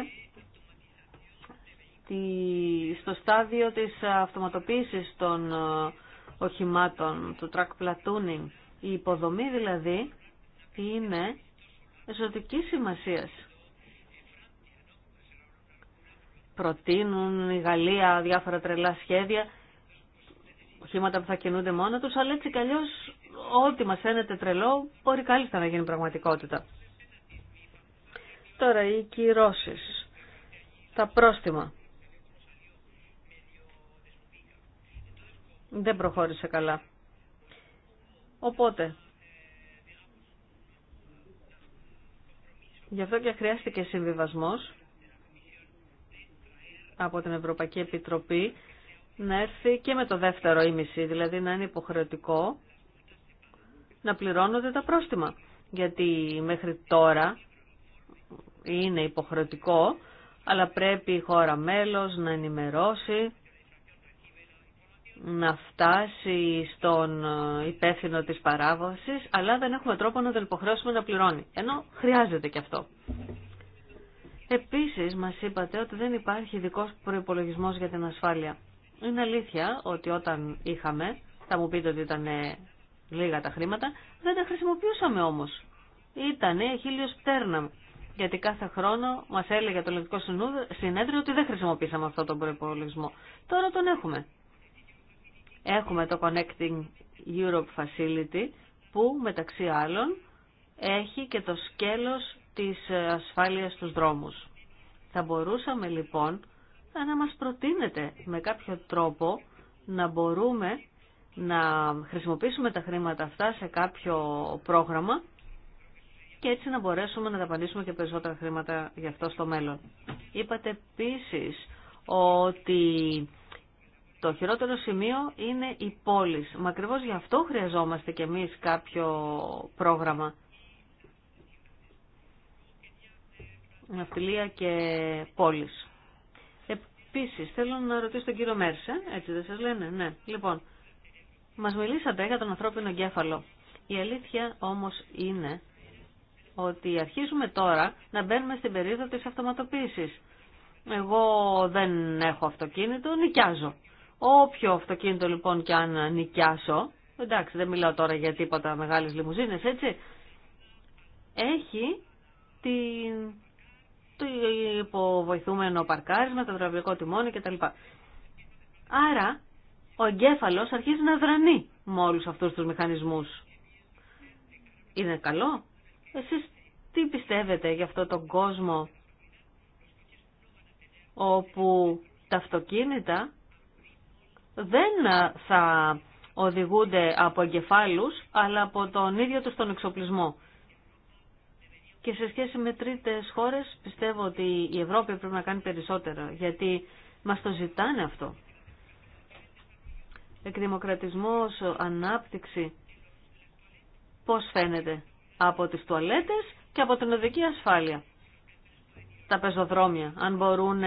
στο στάδιο της αυτοματοποίησης των ε, οχημάτων, του track platooning. Η υποδομή δηλαδή είναι ζωτική σημασίας. Προτείνουν η Γαλλία διάφορα τρελά σχέδια, οχήματα που θα κινούνται μόνο τους, αλλά έτσι κι ό,τι μας φαίνεται τρελό μπορεί κάλλιστα να γίνει πραγματικότητα. Τώρα οι κυρώσεις, τα πρόστιμα. Δεν προχώρησε καλά. Οπότε, γι' αυτό και χρειάστηκε συμβιβασμός από την Ευρωπαϊκή Επιτροπή να έρθει και με το δεύτερο ήμιση, δηλαδή να είναι υποχρεωτικό να πληρώνονται τα πρόστιμα. Γιατί μέχρι τώρα είναι υποχρεωτικό, αλλά πρέπει η χώρα μέλος να ενημερώσει να φτάσει στον ε, υπεύθυνο της παράβασης, αλλά δεν έχουμε τρόπο να τον υποχρεώσουμε να πληρώνει. Ενώ χρειάζεται και αυτό. Επίσης, μας είπατε ότι δεν υπάρχει ειδικό προϋπολογισμός για την ασφάλεια. Είναι αλήθεια ότι όταν είχαμε, θα μου πείτε ότι ήταν ε, λίγα τα χρήματα, δεν τα χρησιμοποιούσαμε όμως. Ήτανε χίλιος πτέρνα. Γιατί κάθε χρόνο μας έλεγε το Ελληνικό Συνέδριο ότι δεν χρησιμοποίησαμε αυτό τον προπολογισμό. Τώρα τον έχουμε. Έχουμε το Connecting Europe Facility που μεταξύ άλλων έχει και το σκέλος της ε, ασφάλειας στους δρόμους. Θα μπορούσαμε λοιπόν να μας προτείνετε με κάποιο τρόπο να μπορούμε να χρησιμοποιήσουμε τα χρήματα αυτά σε κάποιο πρόγραμμα και έτσι να μπορέσουμε να δαπανίσουμε και περισσότερα χρήματα γι' αυτό στο μέλλον. Είπατε επίσης ότι το χειρότερο σημείο είναι η πόλη. Μα ακριβώ γι' αυτό χρειαζόμαστε κι εμεί κάποιο πρόγραμμα. Ναυτιλία και πόλεις. Επίση, θέλω να ρωτήσω τον κύριο Μέρσε, έτσι δεν σα λένε, ναι. Λοιπόν, μα μιλήσατε για τον ανθρώπινο εγκέφαλο. Η αλήθεια όμως είναι ότι αρχίζουμε τώρα να μπαίνουμε στην περίοδο της αυτοματοποίησης. Εγώ δεν έχω αυτοκίνητο, νοικιάζω. Όποιο αυτοκίνητο λοιπόν και αν νοικιάσω, εντάξει δεν μιλάω τώρα για τίποτα μεγάλες λιμουζίνες έτσι, έχει την... το υποβοηθούμενο παρκάρισμα, το δραβιακό τιμόνι κτλ. Άρα ο εγκέφαλος αρχίζει να δρανεί με όλους αυτούς τους μηχανισμούς. Είναι καλό. Εσείς τι πιστεύετε για αυτό τον κόσμο όπου τα αυτοκίνητα δεν ε, θα οδηγούνται από εγκεφάλους, αλλά από τον ίδιο του τον εξοπλισμό. Και σε σχέση με τρίτες χώρες πιστεύω ότι η Ευρώπη πρέπει να κάνει περισσότερο, γιατί μας το ζητάνε αυτό. Εκδημοκρατισμός, ανάπτυξη, πώς φαίνεται, από τις τουαλέτες και από την οδική ασφάλεια. Τα πεζοδρόμια, αν μπορούν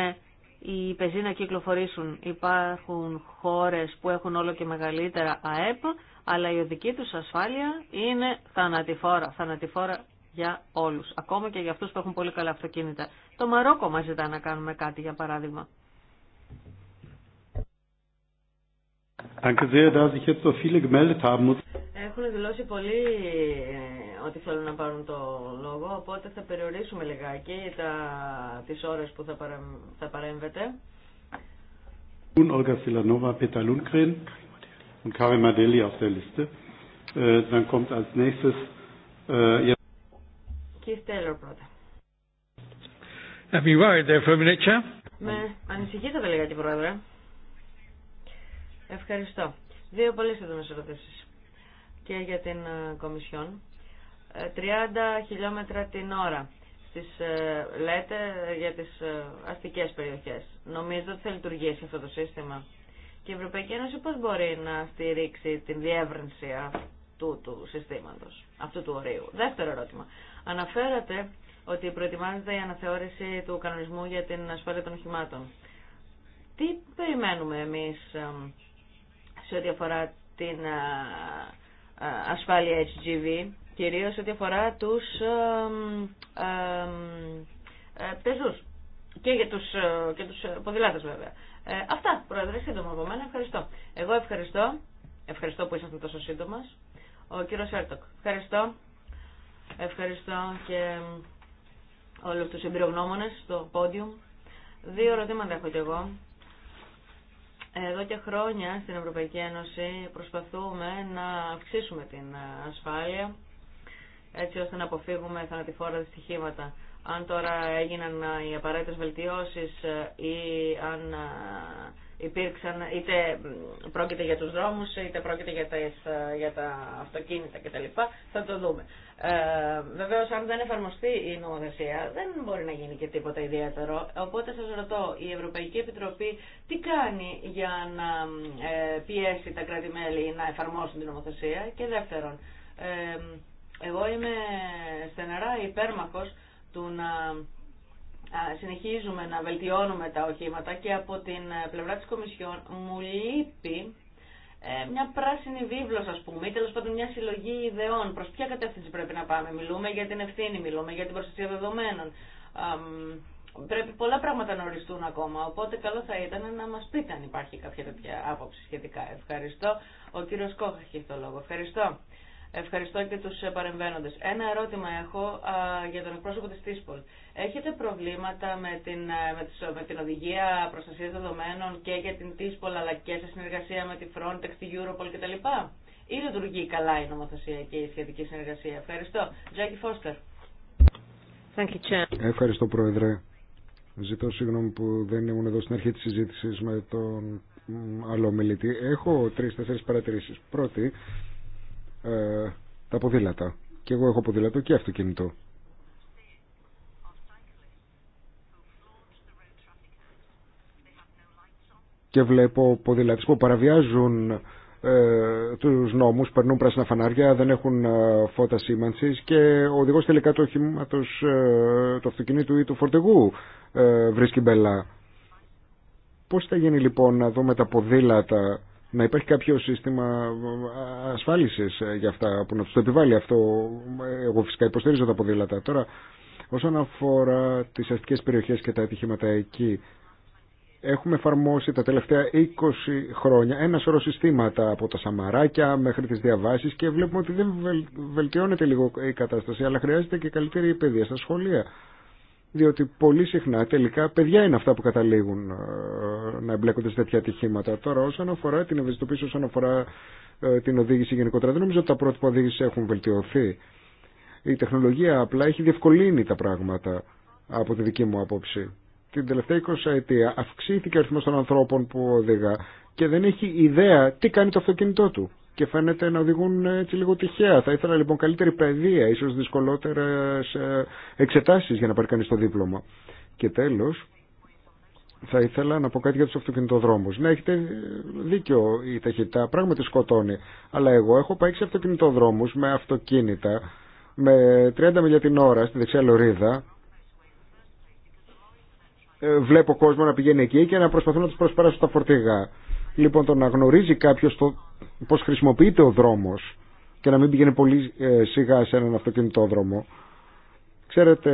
οι πεζοί να κυκλοφορήσουν. Υπάρχουν χώρες που έχουν όλο και μεγαλύτερα ΑΕΠ, αλλά η οδική τους ασφάλεια είναι θανατηφόρα, θανατηφόρα για όλους, ακόμα και για αυτούς που έχουν πολύ καλά αυτοκίνητα. Το Μαρόκο μας ζητά να κάνουμε κάτι, για παράδειγμα. Έχουν δηλώσει πολύ ε, ότι θέλουν να πάρουν το λόγο, οπότε θα περιορίσουμε λιγάκι τα, τις ώρες που θα, παρα, θα παρέμβετε.
Olga Silanova, Peter Lundgren und Karim Adeli auf der Liste.
Äh, dann kommt als nächstes äh,
Keith Taylor πρώτα.
Have you worried there for a minute, Chair?
Με ανησυχήσατε λιγάκι, Πρόεδρε. Ευχαριστώ. Δύο πολύ σύντομε ερωτήσει. Και για την ε, Κομισιόν. 30 ε, χιλιόμετρα την ώρα στις, ε, λέτε για τις αστικές περιοχές. Νομίζω ότι θα λειτουργήσει αυτό το σύστημα. Και η Ευρωπαϊκή Ένωση πώς μπορεί να στηρίξει την διεύρυνση αυτού του συστήματος, αυτού του ορίου. Δεύτερο ερώτημα. Αναφέρατε ότι προετοιμάζεται η αναθεώρηση του κανονισμού για την ασφάλεια των οχημάτων. Τι περιμένουμε εμείς σε ό,τι αφορά την ασφάλεια HGV, κυρίως ό,τι αφορά τους ε, πεζούς και για τους, ε, και τους ε, ποδηλάτες βέβαια. αυτά, Πρόεδρε, σύντομα από μένα. Ευχαριστώ. Εγώ ευχαριστώ. Ευχαριστώ που ήσασταν τόσο σύντομα, Ο κύριο Έρτοκ. Ευχαριστώ. Ευχαριστώ και όλους τους εμπειρογνώμονες στο πόντιου. Δύο ερωτήματα έχω κι εγώ. Εδώ και χρόνια στην Ευρωπαϊκή Ένωση προσπαθούμε να αυξήσουμε την ασφάλεια έτσι ώστε να αποφύγουμε θανατηφόρα δυστυχήματα. Αν τώρα έγιναν οι απαραίτητες βελτιώσεις ή αν υπήρξαν, είτε πρόκειται για τους δρόμους, είτε πρόκειται για, τις, για τα αυτοκίνητα κτλ. Θα το δούμε. Ε, Βεβαίω, αν δεν εφαρμοστεί η νομοθεσία, δεν μπορεί να γίνει και τίποτα ιδιαίτερο. Οπότε σας ρωτώ, η Ευρωπαϊκή Επιτροπή τι κάνει για να ε, πιέσει τα κράτη-μέλη να εφαρμόσουν την νομοθεσία και δεύτερον, ε, εγώ είμαι στεναρά υπέρμαχος του να συνεχίζουμε να βελτιώνουμε τα οχήματα και από την ε, πλευρά της Κομισιόν μου λείπει ε, μια πράσινη βίβλος ας πούμε ή τέλος πάντων μια συλλογή ιδεών προς ποια κατεύθυνση πρέπει να πάμε μιλούμε για την ευθύνη, μιλούμε για την προστασία δεδομένων πρέπει πολλά πράγματα να οριστούν ακόμα οπότε καλό θα ήταν να μας πείτε αν υπάρχει κάποια τέτοια άποψη σχετικά ευχαριστώ ο κύριος Κόχα έχει το λόγο ευχαριστώ Ευχαριστώ και τους ε, παρεμβαίνοντες. Ένα ερώτημα έχω για τον εκπρόσωπο της Τίσπολ. Έχετε προβλήματα με την, ε, με, την οδηγία προστασίας δεδομένων και για την Τίσπολ αλλά και σε συνεργασία με τη Frontex, τη Europol κτλ. Ή λειτουργεί καλά η νομοθεσία και η σχετική συνεργασία. Ευχαριστώ. Τζάκι Φώστερ.
Ευχαριστώ Πρόεδρε. Ζητώ συγγνώμη που δεν ήμουν εδώ στην αρχή της συζήτησης με τον άλλο μιλητή. Έχω τρεις-τέσσερις παρατηρήσεις. Πρώτη, ε, τα ποδήλατα. Και εγώ έχω ποδήλατο και αυτοκίνητο. Και βλέπω ποδηλάτες που παραβιάζουν ε, τους νόμους, περνούν πράσινα φανάρια, δεν έχουν ε, φώτα σήμανσης και ο οδηγός τελικά του οχήματος, ε, του αυτοκινήτου ή του φορτηγού ε, βρίσκει μπελά. Πώς θα γίνει λοιπόν να δούμε τα ποδήλατα να υπάρχει κάποιο σύστημα ασφάλισης ε, για αυτά που να του το επιβάλλει αυτό. Εγώ φυσικά υποστηρίζω τα ποδήλατα. Τώρα, όσον αφορά τις αστικές περιοχές και τα ατυχήματα εκεί, έχουμε εφαρμόσει τα τελευταία 20 χρόνια ένα σωρό συστήματα από τα σαμαράκια μέχρι τις διαβάσεις και βλέπουμε ότι δεν βελτιώνεται λίγο η κατάσταση αλλά χρειάζεται και καλύτερη παιδεία στα σχολεία διότι πολύ συχνά τελικά παιδιά είναι αυτά που καταλήγουν ε, να εμπλέκονται σε τέτοια ατυχήματα. Τώρα όσον αφορά την ευαισθητοποίηση, όσον αφορά ε, την οδήγηση γενικότερα, δεν νομίζω ότι τα πρότυπα οδήγηση έχουν βελτιωθεί. Η τεχνολογία απλά έχει διευκολύνει τα πράγματα από τη δική μου άποψη. Την τελευταία 20 ετία αυξήθηκε ο αριθμό των ανθρώπων που οδηγά και δεν έχει ιδέα τι κάνει το αυτοκίνητό του και φαίνεται να οδηγούν ε, έτσι λίγο τυχαία. Θα ήθελα λοιπόν καλύτερη παιδεία, ίσως δυσκολότερες ε, εξετάσει για να πάρει κανεί το δίπλωμα. Και τέλο, θα ήθελα να πω κάτι για του αυτοκινητοδρόμου. Ναι, έχετε δίκιο η ταχύτητα, πράγματι σκοτώνει. Αλλά εγώ έχω πάει σε αυτοκινητοδρόμου με αυτοκίνητα με 30 μιλιά την ώρα στη δεξιά λωρίδα. Ε, βλέπω κόσμο να πηγαίνει εκεί και να προσπαθούν να του προσπεράσουν τα φορτηγά. Λοιπόν, το να γνωρίζει κάποιο το πώς χρησιμοποιείται ο δρόμος και να μην πηγαίνει πολύ ε, σιγά σε έναν αυτοκινητόδρομο. Ξέρετε,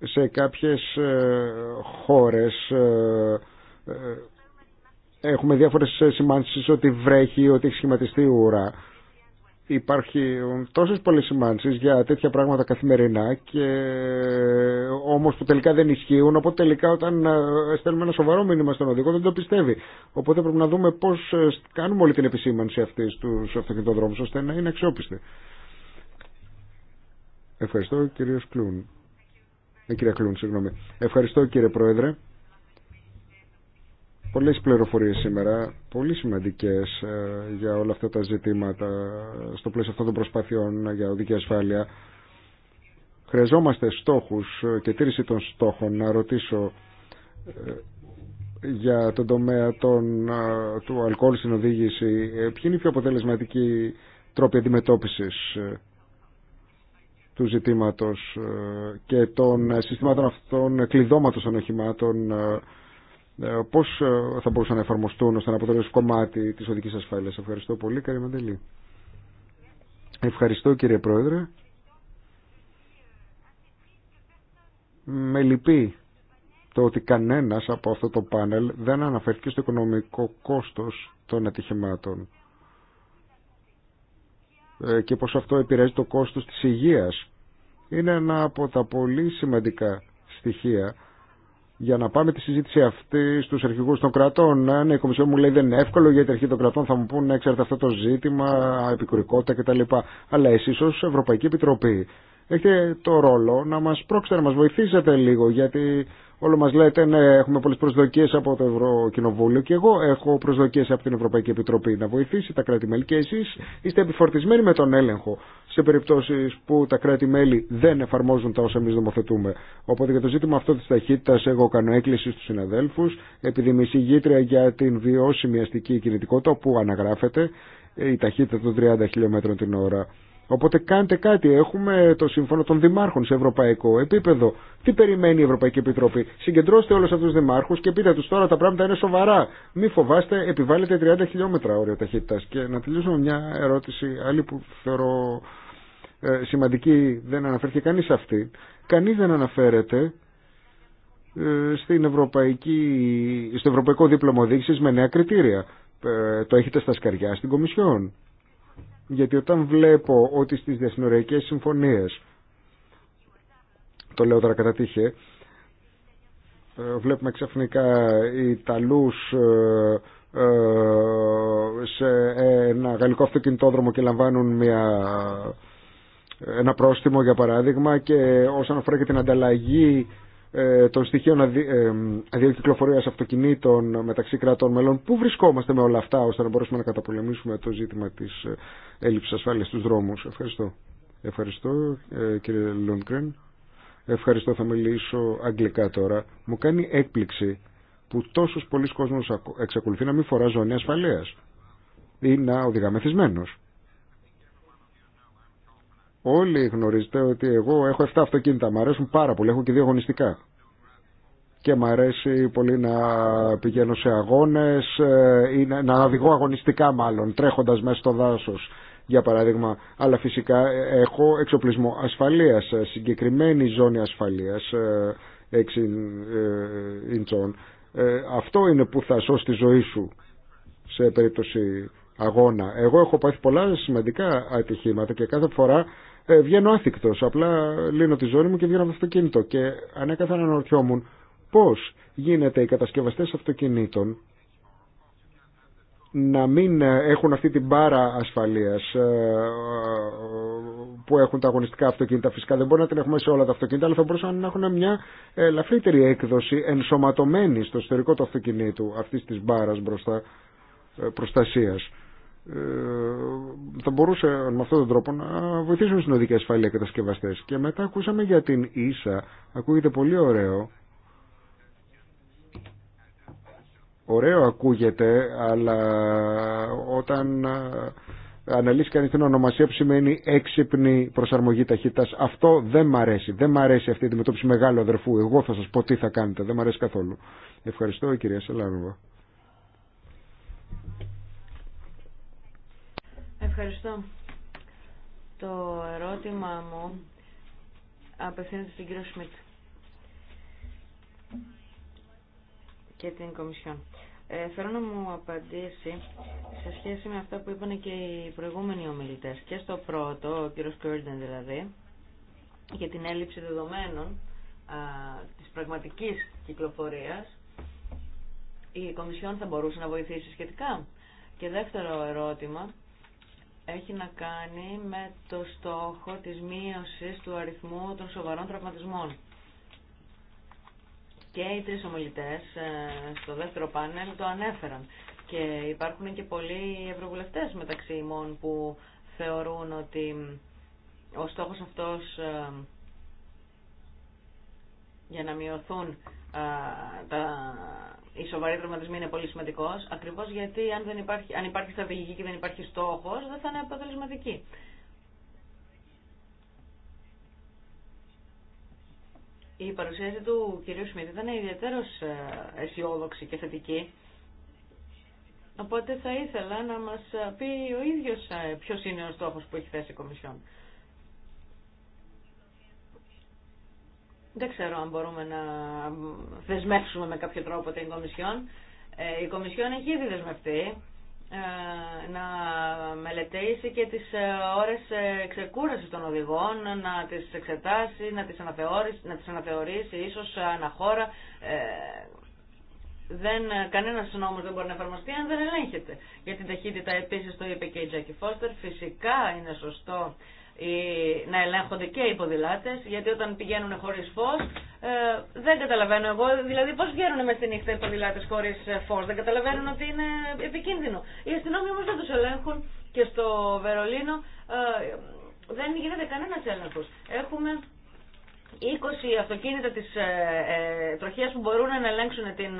σε κάποιες ε, χώρες ε, έχουμε διάφορες σημάνσεις ότι βρέχει, ότι έχει σχηματιστεί ουρά. Υπάρχει τόσες πολλές σημάνσεις για τέτοια πράγματα καθημερινά και όμως που τελικά δεν ισχύουν, οπότε τελικά όταν ε, στέλνουμε ένα σοβαρό μήνυμα στον οδηγό δεν το πιστεύει. Οπότε πρέπει να δούμε πώς ε, κάνουμε όλη την επισήμανση αυτή στους αυτοκινητοδρόμους ώστε να είναι αξιόπιστη. Ευχαριστώ κύριος Κλούν. Ε, Κλούν, συγγνώμη. Ευχαριστώ κύριε Πρόεδρε πολλές πληροφορίες σήμερα, πολύ σημαντικές ε, για όλα αυτά τα ζητήματα στο πλαίσιο αυτών των προσπαθειών για οδική ασφάλεια. Χρειαζόμαστε στόχους ε, και τήρηση των στόχων. Να ρωτήσω ε, για τον τομέα των, του αλκοόλ στην οδήγηση, ποιοι είναι οι πιο αποτελεσματικοί τρόποι αντιμετώπισης του ζητήματος και των συστημάτων αυτών κλειδώματος των οχημάτων ε, Πώ ε, θα μπορούσαν να εφαρμοστούν ώστε να αποτελέσουν κομμάτι της οδική ασφάλειας. Ευχαριστώ πολύ, κύριε Μαντελή. Ευχαριστώ, κύριε Πρόεδρε. Με λυπεί το ότι κανένας από αυτό το πάνελ δεν αναφέρθηκε στο οικονομικό κόστος των ατυχημάτων ε, και πως αυτό επηρεάζει το κόστος της υγείας. Είναι ένα από τα πολύ σημαντικά στοιχεία για να πάμε τη συζήτηση αυτή στους αρχηγού των κρατών. Ε, Αν ναι, η Κομισιόν μου λέει δεν είναι εύκολο γιατί οι αρχηγοί των κρατών θα μου πούνε, να ξέρετε αυτό το ζήτημα, επικουρικότητα κτλ. Αλλά εσείς ω, Ευρωπαϊκή Επιτροπή έχετε το ρόλο να μας πρόξετε, να μας βοηθήσετε λίγο γιατί Όλο μα λέτε, ναι, έχουμε πολλέ προσδοκίε από το Ευρωκοινοβούλιο και εγώ έχω προσδοκίε από την Ευρωπαϊκή Επιτροπή να βοηθήσει τα κράτη-μέλη και εσεί. είστε επιφορτισμένοι με τον έλεγχο σε περιπτώσει που τα κράτη-μέλη δεν εφαρμόζουν τα όσα εμείς νομοθετούμε. Οπότε για το ζήτημα αυτό τη ταχύτητα εγώ κάνω έκκληση στου συναδέλφου, επειδή είμαι για την βιώσιμη αστική κινητικότητα που αναγράφεται η ταχύτητα των 30 χιλιόμετρων την ώρα Οπότε κάντε κάτι. Έχουμε το σύμφωνο των δημάρχων σε ευρωπαϊκό επίπεδο. Τι περιμένει η Ευρωπαϊκή Επιτροπή. Συγκεντρώστε όλου αυτού του δημάρχου και πείτε του τώρα τα πράγματα είναι σοβαρά. Μη φοβάστε, επιβάλλετε 30 χιλιόμετρα όριο ταχύτητα. Και να τελειώσω μια ερώτηση άλλη που θεωρώ ε, σημαντική. Δεν αναφέρθηκε κανεί αυτή. Κανεί δεν αναφέρεται ε, στην ευρωπαϊκή, στο ευρωπαϊκό δίπλωμα οδήγηση με νέα κριτήρια. Ε, το έχετε στα σκαριά στην Κομισιόν γιατί όταν βλέπω ότι στις διασυνοριακές συμφωνίες το λέω τώρα κατά τύχε, βλέπουμε ξαφνικά Ιταλούς ε, ε, σε ένα γαλλικό αυτοκινητόδρομο και λαμβάνουν μια, ε, ένα πρόστιμο για παράδειγμα και όσον αφορά και την ανταλλαγή ε, των στοιχείων αδειοκυκλοφορίας αυτοκινήτων μεταξύ κρατών κυκλοφορία αυτοκινήτων μεταξύ κρατών μελών, πού βρισκόμαστε ώστε να μπορέσουμε να καταπολεμήσουμε το ζήτημα της ε, έλλειψης ασφάλειας στους δρόμους. Ευχαριστώ. Ευχαριστώ ε, κύριε Λούντκρεν. Ευχαριστώ θα μιλήσω αγγλικά τώρα. Μου κάνει έκπληξη που τόσος πολλοί κόσμος εξακολουθεί να μην φορά ζώνη ασφαλείας ή να οδηγά μεθυσμένος. Όλοι γνωρίζετε ότι εγώ έχω 7 αυτοκίνητα, Μ' αρέσουν πάρα πολύ, έχω και δύο αγωνιστικά. Και μ' αρέσει πολύ να πηγαίνω σε αγώνες ε, ή να οδηγώ αγωνιστικά μάλλον, τρέχοντας μέσα στο δάσος για παράδειγμα. Αλλά φυσικά ε, έχω εξοπλισμό ασφαλείας, ε, συγκεκριμένη ζώνη ασφαλείας 6 ιντσών. Αυτό είναι που θα σώσει τη ζωή σου σε περίπτωση αγώνα. Εγώ έχω πάθει πολλά σημαντικά ατυχήματα και κάθε φορά ε, βγαίνω άθικτο. Απλά λύνω τη ζώνη μου και βγαίνω από το αυτοκίνητο. Και να αναρωτιόμουν πώ γίνεται οι κατασκευαστέ αυτοκινήτων να μην έχουν αυτή την πάρα ασφαλείας ε, που έχουν τα αγωνιστικά αυτοκίνητα. Φυσικά δεν μπορεί να την έχουμε σε όλα τα αυτοκίνητα, αλλά θα μπορούσαν να έχουν μια ελαφρύτερη έκδοση ενσωματωμένη στο εσωτερικό του αυτοκινήτου αυτή τη μπάρα μπροστά, ε, προστασίας. Ε, θα μπορούσε με αυτόν τον τρόπο να βοηθήσουν στην οδική ασφάλεια κατασκευαστέ. Και μετά ακούσαμε για την ίσα, ακούγεται πολύ ωραίο. Ωραίο ακούγεται, αλλά όταν ε, αναλύσει κανεί την ονομασία που σημαίνει έξυπνη προσαρμογή ταχύτητα. αυτό δεν μ' αρέσει. Δεν μ' αρέσει αυτή η αντιμετώπιση μεγάλου αδερφού. Εγώ θα σας πω τι θα κάνετε. Δεν μ' αρέσει καθόλου. Ευχαριστώ, κυρία Σελάνοβα.
Ευχαριστώ. Το ερώτημα μου απευθύνεται στον κύριο Σμιτ και την Κομισιόν. Ε, θέλω να μου απαντήσει σε σχέση με αυτά που είπαν και οι προηγούμενοι ομιλητές και στο πρώτο, ο κύριος Κέρντεν δηλαδή, για την έλλειψη δεδομένων α, της πραγματικής κυκλοφορίας η Κομισιόν θα μπορούσε να βοηθήσει σχετικά. Και δεύτερο ερώτημα έχει να κάνει με το στόχο της μείωσης του αριθμού των σοβαρών τραυματισμών. Και οι τρεις ομιλητές ε, στο δεύτερο πάνελ το ανέφεραν. Και υπάρχουν και πολλοί ευρωβουλευτές μεταξύ ημών που θεωρούν ότι ο στόχος αυτός ε, για να μειωθούν ε, τα οι σοβαροί τραυματισμοί είναι πολύ σημαντικό, ακριβώ γιατί αν, δεν υπάρχει, αν υπάρχει στρατηγική και δεν υπάρχει στόχο, δεν θα είναι αποτελεσματική. Η παρουσίαση του κυρίου Σμιτ ήταν ιδιαίτερω ε, αισιόδοξη και θετική. Οπότε θα ήθελα να μας ε, πει ο ίδιος ε, ποιος είναι ο στόχος που έχει θέσει η Κομισιόν. Δεν ξέρω αν μπορούμε να δεσμεύσουμε με κάποιο τρόπο την Κομισιόν. Ε, η Κομισιόν έχει ήδη δεσμευτεί ε, να μελετήσει και τις ε, ώρες ξεκούρασης των οδηγών, να τις εξετάσει, να τις αναθεωρήσει, να τις αναθεωρήσει ίσως αναχώρα. Δεν, κανένας νόμος δεν μπορεί να εφαρμοστεί αν δεν ελέγχεται. Για την ταχύτητα επίσης το είπε και η Τζάκη Φώστερ. Φυσικά είναι σωστό να ελέγχονται και οι ποδηλάτε, γιατί όταν πηγαίνουν χωρί φω, ε, δεν καταλαβαίνω εγώ, δηλαδή πώ βγαίνουν με στη νύχτα οι ποδηλάτε χωρί ε, φω, δεν καταλαβαίνουν ότι είναι επικίνδυνο. Οι αστυνόμοι όμω δεν του ελέγχουν και στο Βερολίνο ε, δεν γίνεται κανένα έλεγχο. Έχουμε 20 αυτοκίνητα τη ε, που μπορούν να ελέγξουν την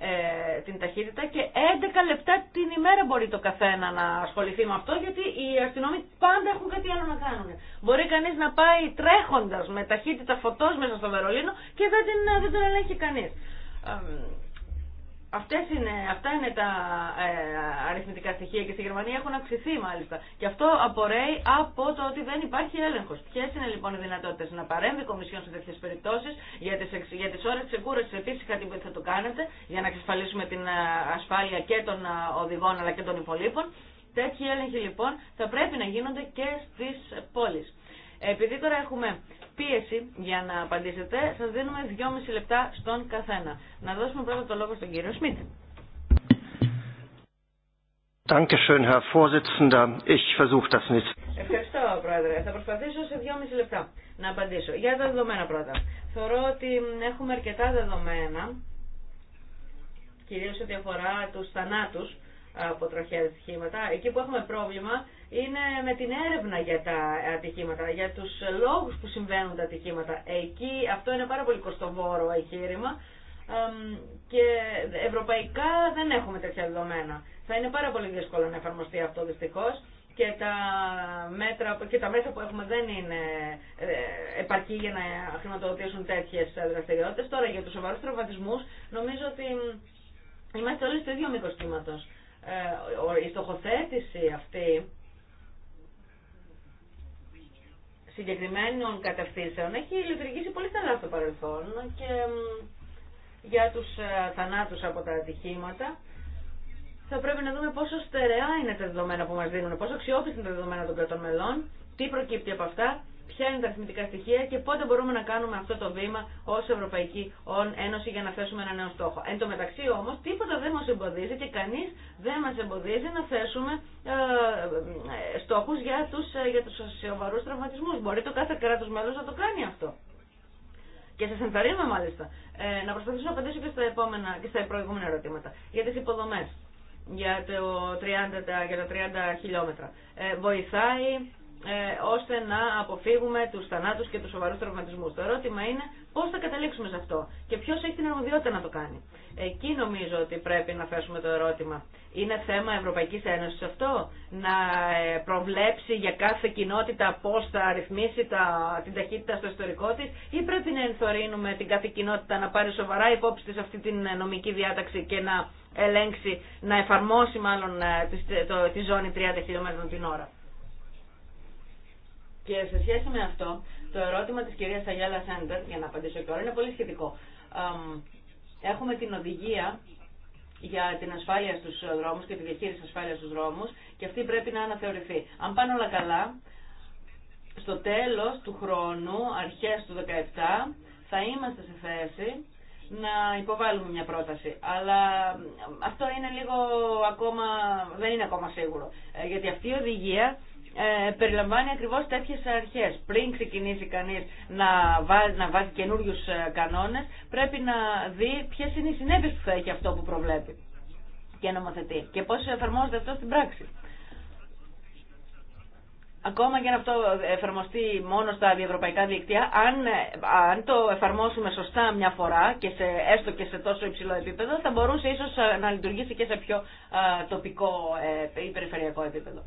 ε, την ταχύτητα και 11 λεπτά την ημέρα μπορεί το καθένα να ασχοληθεί με αυτό γιατί οι αστυνόμοι πάντα έχουν κάτι άλλο να κάνουν. Μπορεί κανείς να πάει τρέχοντας με ταχύτητα φωτός μέσα στο Βερολίνο και δεν, δεν τον ελέγχει κανείς. Αυτές είναι, αυτά είναι τα ε, αριθμητικά στοιχεία και στη Γερμανία έχουν αυξηθεί μάλιστα. Και αυτό απορρέει από το ότι δεν υπάρχει έλεγχο. Ποιε είναι λοιπόν οι δυνατότητε να παρέμβει η Κομισιόν σε τέτοιε περιπτώσει για τι για τις ώρες της επίση κάτι που θα το κάνετε, για να εξασφαλίσουμε την ε, ασφάλεια και των ε, οδηγών αλλά και των υπολείπων. Τέτοιοι έλεγχοι λοιπόν θα πρέπει να γίνονται και στι πόλει. Επειδή τώρα έχουμε πίεση για να απαντήσετε. Σας δίνουμε 2,5 λεπτά στον καθένα. Να δώσουμε πρώτα το λόγο στον κύριο Σμιτ. Ευχαριστώ, Πρόεδρε. Θα προσπαθήσω σε 2,5 λεπτά να απαντήσω. Για τα δεδομένα πρώτα. Θεωρώ ότι έχουμε αρκετά δεδομένα, κυρίως ό,τι αφορά τους θανάτους από τροχιά δυστυχήματα. Εκεί που έχουμε πρόβλημα είναι με την έρευνα για τα ατυχήματα, για τους λόγους που συμβαίνουν τα ατυχήματα. Εκεί αυτό είναι πάρα πολύ κοστοβόρο εγχείρημα και ευρωπαϊκά δεν έχουμε τέτοια δεδομένα. Θα είναι πάρα πολύ δύσκολο να εφαρμοστεί αυτό δυστυχώς και τα, μέτρα, και τα μέσα που έχουμε δεν είναι ε, επαρκή για να χρηματοδοτήσουν τέτοιες δραστηριότητες. Τώρα για τους σοβαρούς νομίζω ότι είμαστε όλοι στο ίδιο μήκος κύματος. Ε, η στοχοθέτηση αυτή συγκεκριμένων κατευθύνσεων έχει λειτουργήσει πολύ καλά στο παρελθόν και για τους ε, θανάτους από τα ατυχήματα θα πρέπει να δούμε πόσο στερεά είναι τα δεδομένα που μας δίνουν, πόσο αξιόπιστα είναι τα δεδομένα των κρατών μελών, τι προκύπτει από αυτά ποια είναι τα αριθμητικά στοιχεία και πότε μπορούμε να κάνουμε αυτό το βήμα ω Ευρωπαϊκή Ένωση για να θέσουμε ένα νέο στόχο. Εν τω μεταξύ όμω, τίποτα δεν μα εμποδίζει και κανεί δεν μα εμποδίζει να θέσουμε ε, ε στόχου για του ε, για σοβαρού τραυματισμού. Μπορεί το κάθε κράτο μέλο να το κάνει αυτό. Και σα ενθαρρύνω μάλιστα. Ε, να προσπαθήσω να απαντήσω και στα, επόμενα, και προηγούμενα ερωτήματα. Για τι υποδομέ για, το 30, για τα 30 χιλιόμετρα. Ε, βοηθάει ε, ώστε να αποφύγουμε τους θανάτους και τους σοβαρούς τραυματισμούς. Το ερώτημα είναι πώς θα καταλήξουμε σε αυτό και ποιος έχει την αρμοδιότητα να το κάνει. Εκεί νομίζω ότι πρέπει να θέσουμε το ερώτημα. Είναι θέμα Ευρωπαϊκής Ένωσης αυτό να ε, προβλέψει για κάθε κοινότητα πώς θα ρυθμίσει τα, την ταχύτητα στο ιστορικό της ή πρέπει να ενθορύνουμε την κάθε κοινότητα να πάρει σοβαρά υπόψη της αυτή την ε, νομική διάταξη και να ελέγξει, να εφαρμόσει μάλλον τη, τη ζώνη 30 χιλιόμετρων την ώρα. Και σε σχέση με αυτό, το ερώτημα της κυρία Αγιάλα Σέντερ, για να απαντήσω και όλα, είναι πολύ σχετικό. Έχουμε την οδηγία για την ασφάλεια στους δρόμους και τη διαχείριση ασφάλειας στους δρόμους και αυτή πρέπει να αναθεωρηθεί. Αν πάνε όλα καλά, στο τέλος του χρόνου, αρχές του 2017, θα είμαστε σε θέση να υποβάλουμε μια πρόταση. Αλλά αυτό είναι λίγο ακόμα, δεν είναι ακόμα σίγουρο. Ε, γιατί αυτή η οδηγία ε, περιλαμβάνει ακριβώς τέτοιες αρχές. Πριν ξεκινήσει κανείς να βάζει, να βάζει καινούριου ε, κανόνες, πρέπει να δει ποιες είναι οι συνέπειες που θα έχει αυτό που προβλέπει και νομοθετεί και πώς εφαρμόζεται αυτό στην πράξη. Ακόμα και αν αυτό εφαρμοστεί μόνο στα διευρωπαϊκά δίκτυα, αν, ε, αν το εφαρμόσουμε σωστά μια φορά και σε, έστω και σε τόσο υψηλό επίπεδο, θα μπορούσε ίσως να λειτουργήσει και σε πιο α, τοπικό ή περιφερειακό επίπεδο.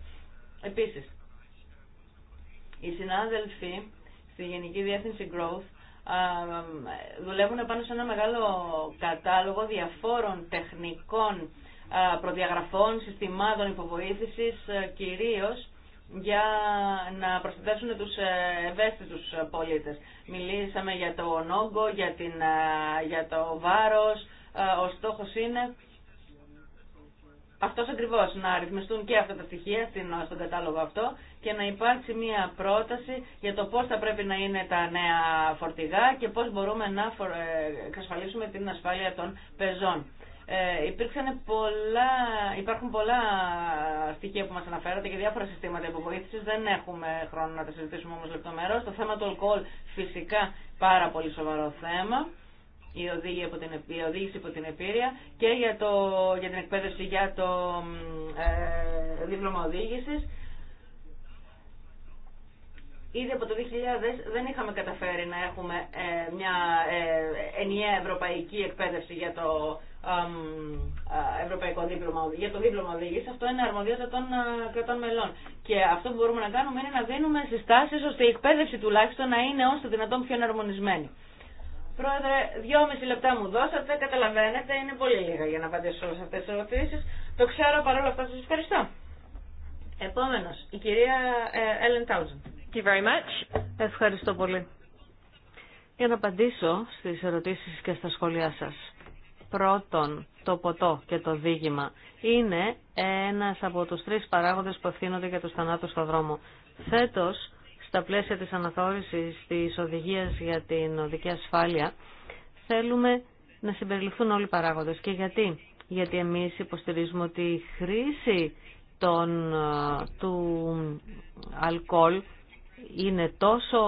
Επίσης, οι συνάδελφοι στη Γενική Διεύθυνση Growth δουλεύουν πάνω σε ένα μεγάλο κατάλογο διαφόρων τεχνικών προδιαγραφών, συστημάτων υποβοήθησης, ε, κυρίως για να προστατεύσουν τους ε, ευαίσθητους πολίτες. Μιλήσαμε για το όγκο, για, την, για το βάρος. Ο στόχος είναι αυτό ακριβώ να αριθμιστούν και αυτά τα στοιχεία στον κατάλογο αυτό και να υπάρξει μια πρόταση για το πώς θα πρέπει να είναι τα νέα φορτηγά και πώς μπορούμε να ε, εξασφαλίσουμε την ασφάλεια των πεζών. Ε, πολλά, υπάρχουν πολλά στοιχεία που μας αναφέρατε και διάφορα συστήματα υποβοήθησης. Δεν έχουμε χρόνο να τα συζητήσουμε όμως λεπτομερώς. Το θέμα του αλκοόλ φυσικά πάρα πολύ σοβαρό θέμα η οδήγηση υπό την επίρρεια και για, το, για την εκπαίδευση για το ε, δίπλωμα οδήγηση. Ήδη από το 2000 δεν είχαμε καταφέρει να έχουμε ε, μια ε, ενιαία ευρωπαϊκή εκπαίδευση για το ευρωπαϊκό δίπλωμα, για το δίπλωμα οδήγηση. Αυτό είναι αρμοδιότητα των κρατών μελών. Και αυτό που μπορούμε να κάνουμε είναι να δίνουμε συστάσεις ώστε η εκπαίδευση τουλάχιστον να είναι όσο δυνατόν πιο εναρμονισμένη. Πρόεδρε, δυόμιση λεπτά μου δώσατε, καταλαβαίνετε, είναι πολύ λίγα για να απαντήσω σε αυτέ αυτές τις ερωτήσεις. Το ξέρω, παρόλα αυτά σας ευχαριστώ. Επόμενος, η κυρία Έλεν Τάουζεν. Ευχαριστώ πολύ. Για να απαντήσω στις ερωτήσεις και στα σχόλιά σας. Πρώτον, το ποτό και το δίγημα είναι ένας από τους τρεις παράγοντες που ευθύνονται για τους θανάτους στο δρόμο στα πλαίσια της αναθεώρησης της οδηγίας για την οδική ασφάλεια θέλουμε να συμπεριληφθούν όλοι οι παράγοντες. Και γιατί. Γιατί εμείς υποστηρίζουμε ότι η χρήση των, του αλκοόλ είναι τόσο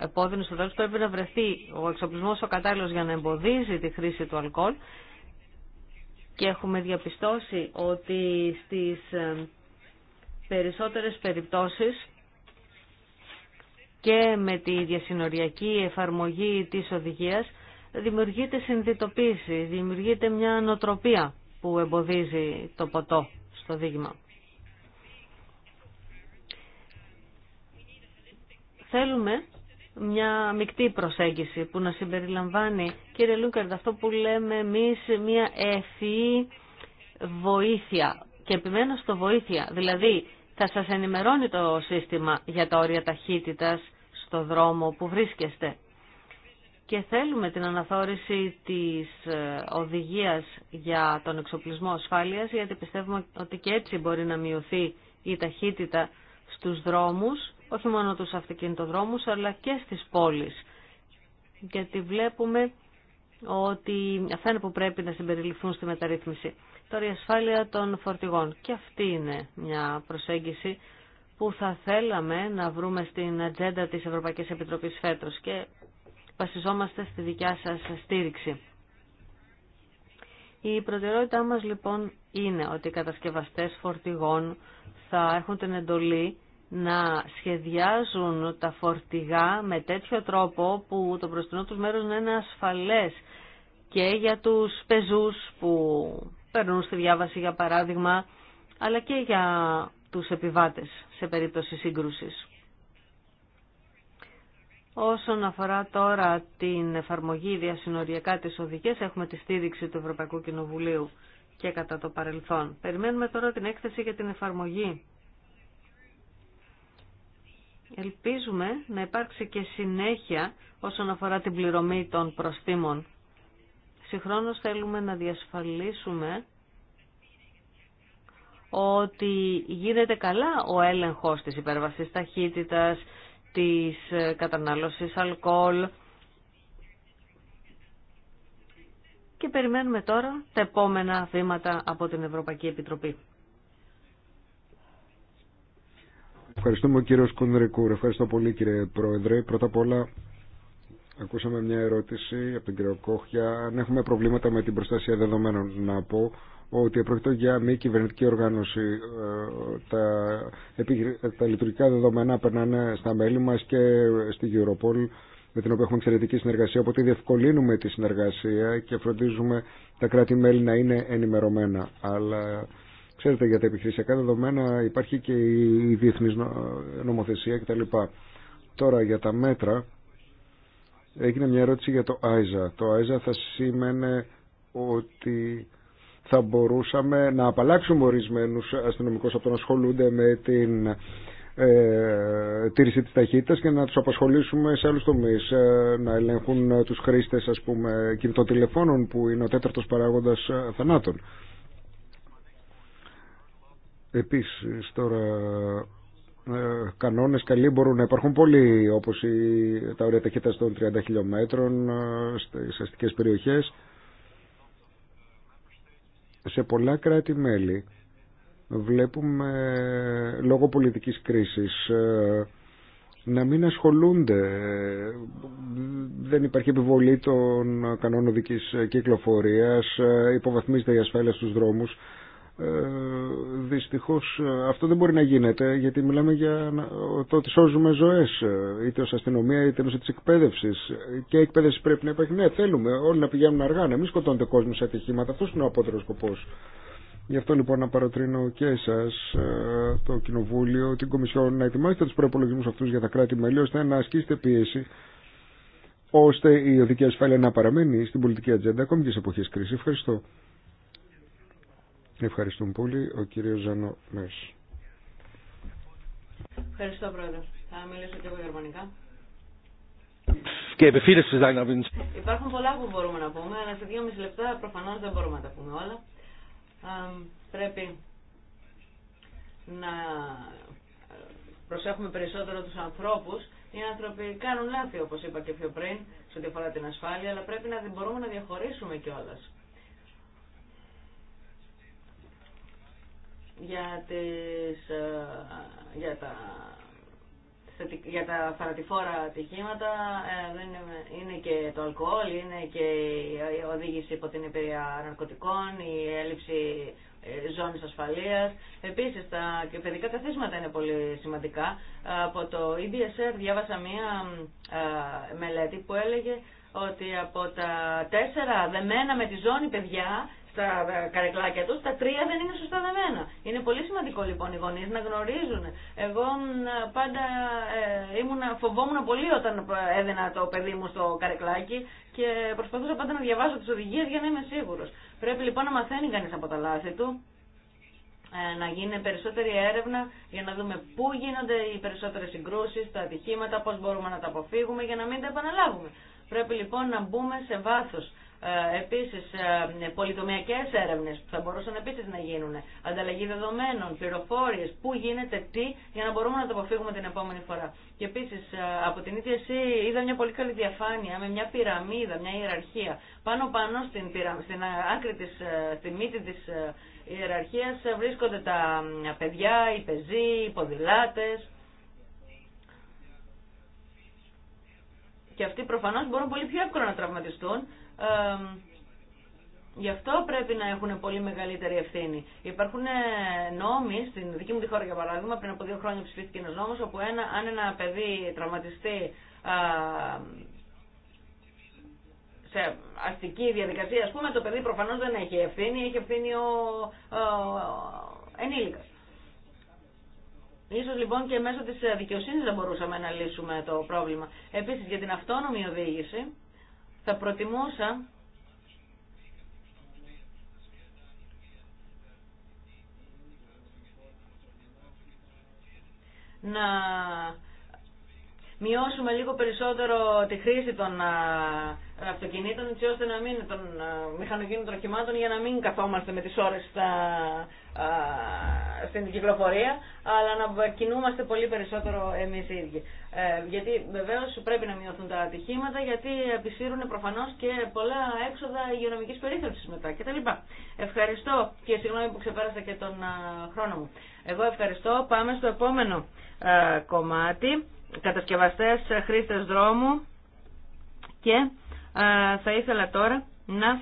επώδυνο στο τέλος πρέπει να βρεθεί ο εξοπλισμός ο κατάλληλος για να εμποδίζει τη χρήση του αλκοόλ και έχουμε διαπιστώσει ότι στις ε, περισσότερες περιπτώσεις και με τη διασυνοριακή εφαρμογή της οδηγίας δημιουργείται συνδυτοποίηση, δημιουργείται μια νοτροπία που εμποδίζει το ποτό στο δείγμα. Θέλουμε μια μεικτή προσέγγιση που να συμπεριλαμβάνει, κύριε Λούκαρντ, αυτό που λέμε εμείς μια ευφυή βοήθεια και επιμένω στο βοήθεια. Δηλαδή θα σας ενημερώνει το σύστημα για τα όρια ταχύτητας, στο δρόμο που βρίσκεστε. Και θέλουμε την αναθόρηση της ε, οδηγίας για τον εξοπλισμό ασφάλειας, γιατί πιστεύουμε ότι και έτσι μπορεί να μειωθεί η ταχύτητα στους δρόμους, όχι μόνο τους αυτοκινητοδρόμους, αλλά και στις πόλεις. Γιατί βλέπουμε ότι αυτά είναι που πρέπει να συμπεριληφθούν στη μεταρρύθμιση. Τώρα η ασφάλεια των φορτηγών. Και αυτή είναι μια προσέγγιση που θα θέλαμε να βρούμε στην ατζέντα της Ευρωπαϊκής Επιτροπής φέτος και βασιζόμαστε στη δικιά σας στήριξη. Η προτεραιότητά μας λοιπόν είναι ότι οι κατασκευαστές φορτηγών θα έχουν την εντολή να σχεδιάζουν τα φορτηγά με τέτοιο τρόπο που το προστινό τους μέρος να είναι ασφαλές και για τους πεζούς που περνούν στη διάβαση για παράδειγμα αλλά και για τους επιβάτες σε περίπτωση σύγκρουσης. Όσον αφορά τώρα την εφαρμογή διασυνοριακά της οδικές, έχουμε τη στήριξη του Ευρωπαϊκού Κοινοβουλίου και κατά το παρελθόν. Περιμένουμε τώρα την έκθεση για την εφαρμογή. Ελπίζουμε να υπάρξει και συνέχεια όσον αφορά την πληρωμή των προστήμων. Συγχρόνως θέλουμε να διασφαλίσουμε ότι γίνεται καλά ο έλεγχος της υπέρβασης ταχύτητας, της ε, κατανάλωσης αλκοόλ. Και περιμένουμε τώρα τα επόμενα βήματα από την Ευρωπαϊκή Επιτροπή.
Ευχαριστούμε κύριο Σκουνδρικούρ. Ευχαριστώ πολύ κύριε Πρόεδρε. Πρώτα απ' όλα ακούσαμε μια ερώτηση από τον κύριο Κόχια. Αν έχουμε προβλήματα με την προστασία δεδομένων να πω ότι προκειμένου για μη κυβερνητική οργάνωση. Ε, τα, τα λειτουργικά δεδομένα περνάνε στα μέλη μας και στη Europol με την οποία έχουμε εξαιρετική συνεργασία, οπότε διευκολύνουμε τη συνεργασία και φροντίζουμε τα κράτη-μέλη να είναι ενημερωμένα. Αλλά ξέρετε για τα επιχειρησιακά δεδομένα υπάρχει και η διεθνής νομοθεσία κτλ. Τώρα για τα μέτρα έγινε μια ερώτηση για το ΆΙΖΑ. Το ΆΙΖΑ θα σήμαινε ότι θα μπορούσαμε να απαλλάξουμε ορισμένους αστυνομικού από το να ασχολούνται με την ε, τήρηση της ταχύτητας και να τους απασχολήσουμε σε άλλους τομείς ε, να ελέγχουν ε, τους χρήστε, ας πούμε κινητών τηλεφώνων που είναι ο τέταρτο παράγοντα ε, θανάτων Επίσης τώρα κανόνες καλοί μπορούν να υπάρχουν πολλοί όπως η, τα όρια ταχύτητα των 30 χιλιόμετρων στις αστικές περιοχές σε πολλά κράτη-μέλη βλέπουμε λόγω πολιτικής κρίσης ε, να μην ασχολούνται. Δεν υπάρχει επιβολή των κανόνων δικής κυκλοφορίας, ε, υποβαθμίζεται η ασφάλεια στους δρόμους. Ε, δυστυχώς ε, αυτό δεν μπορεί να γίνεται γιατί μιλάμε για το ότι σώζουμε ζωές ε, είτε ως αστυνομία είτε ως της εκπαίδευσης και η εκπαίδευση πρέπει να υπάρχει ναι θέλουμε όλοι να πηγαίνουν αργά να μην σκοτώνται κόσμο σε ατυχήματα αυτός είναι ο απότερος σκοπός Γι' αυτό λοιπόν να παροτρύνω και εσά, το Κοινοβούλιο, την Κομισιόν, να ετοιμάσετε του προπολογισμού αυτού για τα κράτη-μέλη, ώστε να ασκήσετε πίεση, ώστε η οδική ασφάλεια να παραμένει στην πολιτική ατζέντα ακόμη και σε εποχέ κρίση. Ευχαριστώ. Ευχαριστούμε πολύ. Ο κύριος Ζανό Μέρς.
Ευχαριστώ πρόεδρε. Θα μιλήσω και εγώ γερμανικά. Υπάρχουν πολλά που μπορούμε να πούμε, αλλά σε δύο μισή λεπτά προφανώ δεν μπορούμε να τα πούμε όλα. πρέπει να προσέχουμε περισσότερο του ανθρώπου, Οι άνθρωποι κάνουν λάθη, όπω είπα και πιο πριν, σε ό,τι αφορά την ασφάλεια, αλλά πρέπει να μπορούμε να διαχωρίσουμε κιόλα. για, τις, ε, για τα για τα θανατηφόρα ατυχήματα ε, είναι και το αλκοόλ, είναι και η οδήγηση υπό την υπηρεία ναρκωτικών, η έλλειψη ε, ζώνης ασφαλείας. Επίσης τα παιδικά καθίσματα είναι πολύ σημαντικά. Από το EBSR διάβασα μία μελέτη που έλεγε ότι από τα τέσσερα δεμένα με τη ζώνη παιδιά στα ε, καρεκλάκια τους, τα τρία δεν είναι σωστά δεμένα. Είναι πολύ σημαντικό λοιπόν οι γονείς να γνωρίζουν. Εγώ ε, πάντα ε, ήμουν, φοβόμουν πολύ όταν ε, έδαινα το παιδί μου στο καρεκλάκι και προσπαθούσα πάντα να διαβάζω τις οδηγίες για να είμαι σίγουρος. Πρέπει λοιπόν να μαθαίνει κανείς από τα λάθη του να γίνει περισσότερη έρευνα για να δούμε πού γίνονται οι περισσότερες συγκρούσεις, τα ατυχήματα, πώς μπορούμε να τα αποφύγουμε για να μην τα επαναλάβουμε. Πρέπει λοιπόν να μπούμε σε βάθο. Ε, επίσης ε, πολυτομιακές έρευνες που θα μπορούσαν επίσης να γίνουν, ανταλλαγή δεδομένων, πληροφορίες, πού γίνεται τι για να μπορούμε να το αποφύγουμε την επόμενη φορά. Και επίσης ε, από την ίδια εσύ είδα μια πολύ καλή διαφάνεια με μια πυραμίδα, μια ιεραρχία. Πάνω πάνω στην, στην άκρη της, στη μύτη της ιεραρχίας βρίσκονται τα παιδιά, οι πεζοί, οι ποδηλάτες. Και αυτοί προφανώς μπορούν πολύ πιο εύκολα να τραυματιστούν Γι' αυτό πρέπει να έχουν πολύ μεγαλύτερη ευθύνη. Υπάρχουν ε, νόμοι, στην δική μου τη χώρα για παράδειγμα, πριν από δύο χρόνια ψηφίστηκε ένα νόμο, όπου ένα, αν ένα παιδί τραυματιστεί σε αστική διαδικασία, α πούμε, το παιδί προφανώ δεν έχει ευθύνη, έχει ευθύνη ο, ο, ο ενήλικα. Ίσως λοιπόν και μέσω της δικαιοσύνης δεν μπορούσαμε να λύσουμε το πρόβλημα. Επίσης για την αυτόνομη οδήγηση, θα προτιμούσα να μειώσουμε λίγο περισσότερο τη χρήση των αυτοκινήτων έτσι ώστε να μην των μηχανοκίνητων τροχημάτων για να μην καθόμαστε με τις ώρες στα, στην κυκλοφορία αλλά να κινούμαστε πολύ περισσότερο εμείς οι ίδιοι. Ε, γιατί βεβαίως πρέπει να μειωθούν τα ατυχήματα γιατί επισύρουν προφανώς και πολλά έξοδα υγειονομικής περίθαλψης μετά κτλ. Ευχαριστώ και συγγνώμη που ξεπέρασα και τον χρόνο μου. Εγώ ευχαριστώ. Πάμε στο επόμενο κομμάτι. Κατασκευαστές, ε, χρήστες δρόμου και θα ήθελα τώρα να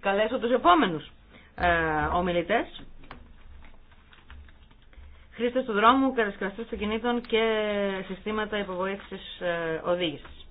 καλέσω τους επόμενους ε, ομιλητές. Χρήστες του δρόμου, κατασκευαστές κινήτων και συστήματα υποβοήθησης ε, οδήγησης.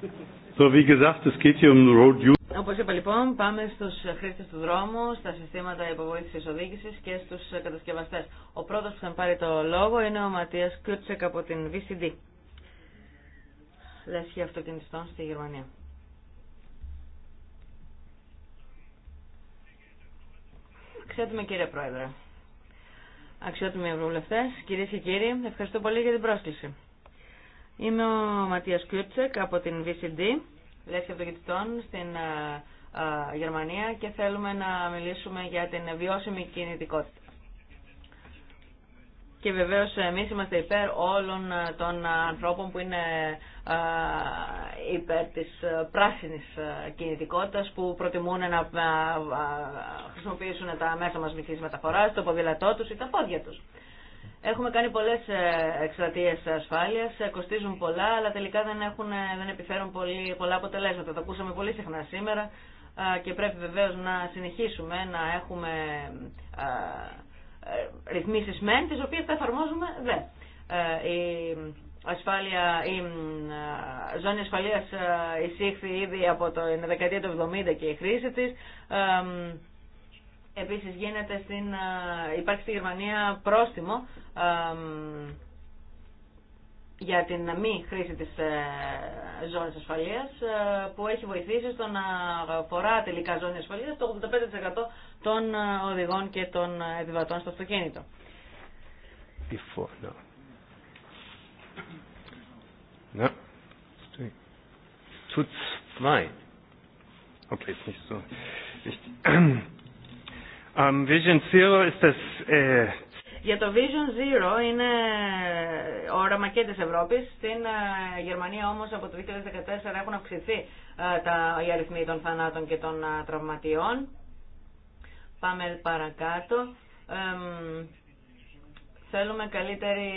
So, um
Όπως είπα λοιπόν, πάμε στους χρήστες του δρόμου, στα συστήματα υποβοήθησης οδήγησης και στους κατασκευαστές. Ο πρώτος που θα πάρει το λόγο είναι ο Ματίας Κούτσεκ από την VCD. Λέσχη αυτοκινηστών στη Γερμανία. Αξιότιμη κύριε Πρόεδρε, αξιότιμοι ευρωβουλευτές, κυρίες και κύριοι, ευχαριστώ πολύ για την πρόσκληση. Είμαι ο Ματίας Κιούτσεκ από την VCD, Λέσχη Αυτοκινητών, στην ε, ε, Γερμανία και θέλουμε να μιλήσουμε για την βιώσιμη κινητικότητα. Και βεβαίως εμείς είμαστε υπέρ όλων ε, των ανθρώπων που είναι υπέρ της πράσινης κινητικότητας που προτιμούν να χρησιμοποιήσουν τα μέσα μας μικρής μεταφοράς, το ποδήλατό τους ή τα πόδια τους. Έχουμε κάνει πολλέ ε, εκστρατείε ασφάλειας, ε, κοστίζουν πολλά, αλλά τελικά δεν, έχουν, ε, δεν επιφέρουν πολύ, πολλά αποτελέσματα. Το ακούσαμε πολύ συχνά σήμερα και πρέπει βεβαίως να συνεχίσουμε να έχουμε ρυθμίσει μεν, τις οποίες θα εφαρμόζουμε δε. Η ασφάλεια, η ζώνη ασφάλεια εισήχθη ήδη από το, την δεκαετία του 70 και η χρήση τη. Επίσης γίνεται στην, υπάρχει στη Γερμανία πρόστιμο για την μη χρήση της ε, ζώνης ασφαλείας ε, που έχει βοηθήσει στο να φορά τελικά ζώνη ασφαλείας το 85% των ε, οδηγών και των επιβατών στο αυτοκίνητο. Ναι. Okay, nicht so Um, uh, Για το Vision Zero είναι όραμα και της Ευρώπης. Στην ε, Γερμανία όμως από το 2014 έχουν αυξηθεί ε, τα, οι αριθμοί των θανάτων και των ε, τραυματιών. Πάμε παρακάτω. Θέλουμε καλύτερη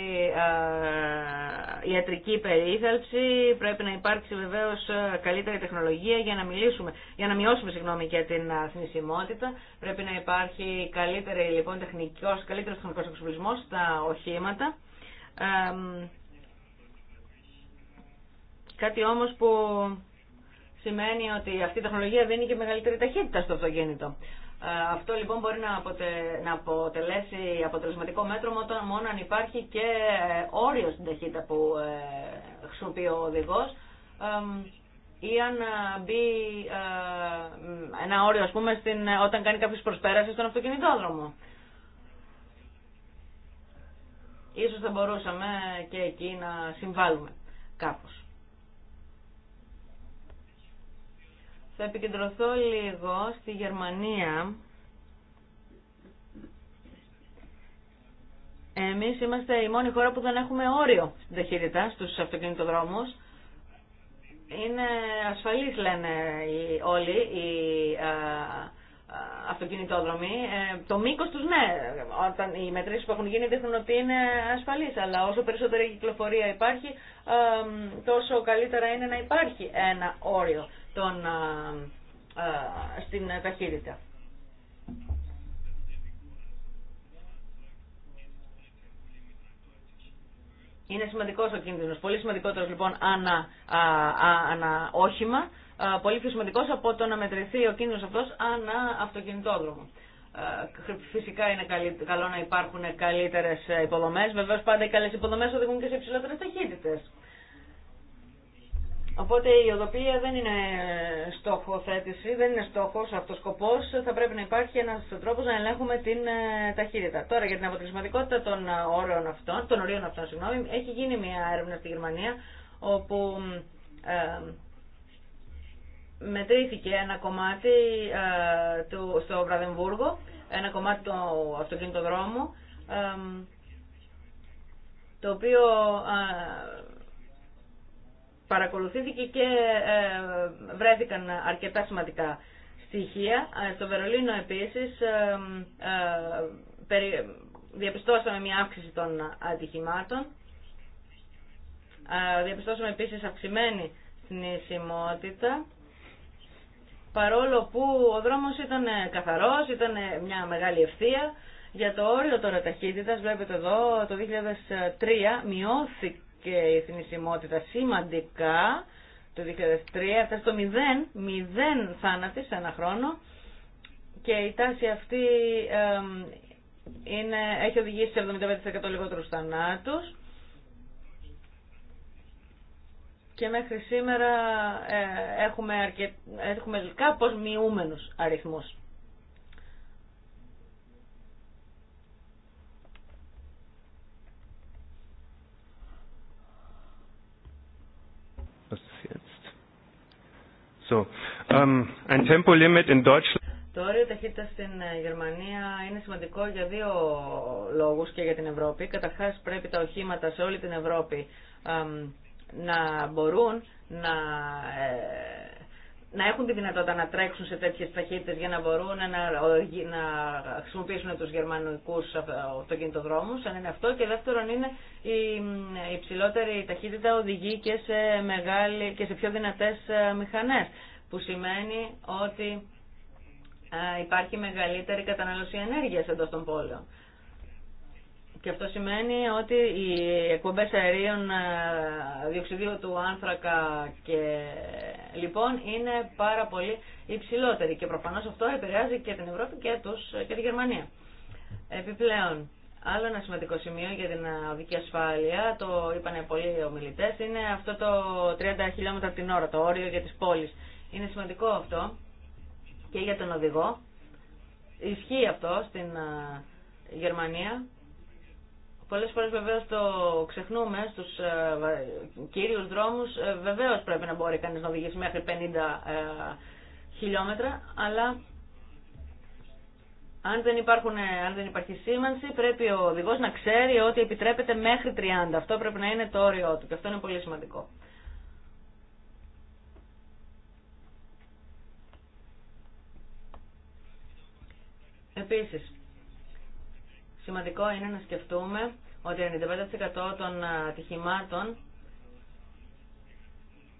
ε, ιατρική περίθαλψη. Πρέπει να υπάρξει βεβαίως ε, καλύτερη τεχνολογία για να, μιλήσουμε, για να μειώσουμε συγγνώμη, και την ε, θνησιμότητα. Πρέπει να υπάρχει καλύτερη, λοιπόν, τεχνικός, καλύτερος τεχνικός εξοπλισμός στα οχήματα. Κάτι όμως που σημαίνει ότι αυτή η τεχνολογία δίνει και μεγαλύτερη ταχύτητα στο αυτοκίνητο. Ε, αυτό λοιπόν μπορεί να, να αποτελέσει αποτελεσματικό μέτρο μόνο αν υπάρχει και ε, όριο στην ταχύτητα που ε, χρησιμοποιεί ο οδηγό, ή αν μπει ένα όριο ας πούμε στην... όταν κάνει κάποιο προσπέραση στον αυτοκινητόδρομο. Ίσως θα μπορούσαμε και εκεί να συμβάλλουμε κάπως. Θα επικεντρωθώ λίγο στη Γερμανία. Εμείς είμαστε η μόνη χώρα που δεν έχουμε όριο στην ταχύτητα στους αυτοκινητοδρόμους. Είναι ασφαλής λένε όλοι οι ε, ε, αυτοκινητόδρομοι. Ε, το μήκος τους ναι, όταν οι μετρήσεις που έχουν γίνει δείχνουν ότι είναι ασφαλής, αλλά όσο περισσότερη κυκλοφορία υπάρχει, τόσο καλύτερα είναι να υπάρχει ένα όριο τον, στην ταχύτητα. Είναι σημαντικό ο κίνδυνο. Πολύ σημαντικότερο λοιπόν ανά, ανά όχημα. πολύ πιο σημαντικό από το να μετρηθεί ο κίνδυνο αυτό ανά αυτοκινητόδρομο. φυσικά είναι καλό να υπάρχουν καλύτερε υποδομέ. Βεβαίω πάντα οι καλέ υποδομέ οδηγούν και σε υψηλότερε ταχύτητε. Οπότε η οδοπία δεν είναι στόχο θέτηση, δεν είναι στόχος αυτοσκοπός, θα πρέπει να υπάρχει ένας τρόπος να ελέγχουμε την ε, ταχύτητα. Τώρα για την αποτελεσματικότητα των ε, όριων αυτών, των ορίων αυτών, συγγνώμη, έχει γίνει μια έρευνα στη Γερμανία όπου ε, μετρήθηκε ένα κομμάτι ε, του, στο Βραδεμβούργο, ένα κομμάτι του αυτοκινητοδρόμου, το οποίο παρακολουθήθηκε και ε, βρέθηκαν αρκετά σημαντικά στοιχεία. Ε, στο Βερολίνο επίσης ε, διαπιστώσαμε μια αύξηση των ατυχημάτων. Διαπιστώσαμε επίσης αυξημένη θνησιμότητα. Παρόλο που ο δρόμος ήταν καθαρός, ήταν μια μεγάλη ευθεία, για το όριο τώρα ταχύτητας, βλέπετε εδώ, το 2003 μειώθηκε και η θνησιμότητα σημαντικά το 2003, αυτά στο 0, 0 θάνατοι σε ένα χρόνο και η τάση αυτή είναι, έχει οδηγήσει σε 75% λιγότερους θανάτους και μέχρι σήμερα ε, έχουμε, αρκε... έχουμε κάπως μειούμενους αριθμούς. Ähm, ein Tempolimit in Deutschland. Το όριο ταχύτητα στην ε, Γερμανία είναι σημαντικό για δύο λόγους και για την Ευρώπη. Καταρχάς πρέπει τα οχήματα σε όλη την Ευρώπη να μπορούν να ε, να έχουν τη δυνατότητα να τρέξουν σε τέτοιες ταχύτητες για να μπορούν να, να χρησιμοποιήσουν τους γερμανικούς αυτοκινητοδρόμους, αν είναι αυτό. Και δεύτερον είναι η υψηλότερη ταχύτητα οδηγεί και σε, μεγάλη, και σε πιο δυνατές ε, μηχανές, που σημαίνει ότι ε, υπάρχει μεγαλύτερη κατανάλωση ενέργειας εντός των πόλεων. Και αυτό σημαίνει ότι οι εκπομπές αερίων ε, διοξιδίου του άνθρακα και λοιπόν είναι πάρα πολύ υψηλότεροι και προφανώ αυτό επηρεάζει και την Ευρώπη και, τους, ε, και τη Γερμανία. Επιπλέον, Άλλο ένα σημαντικό σημείο για την οδική ασφάλεια, το είπαν πολλοί ομιλητέ, είναι αυτό το 30 χιλιόμετρα την ώρα, το όριο για τι πόλει. Είναι σημαντικό αυτό και για τον οδηγό. Ισχύει αυτό στην ε, Γερμανία. Πολλέ φορέ βεβαίω το ξεχνούμε στου ε, κύριους δρόμους. Ε, βεβαίως πρέπει να μπορεί κανεί να οδηγήσει μέχρι 50 ε, χιλιόμετρα, αλλά αν δεν, υπάρχουν, ε, αν δεν υπάρχει σήμανση, πρέπει ο οδηγό να ξέρει ότι επιτρέπεται μέχρι 30. Αυτό πρέπει να είναι το όριό του και αυτό είναι πολύ σημαντικό. Επίσης, Σημαντικό είναι να σκεφτούμε ότι 95% των ατυχημάτων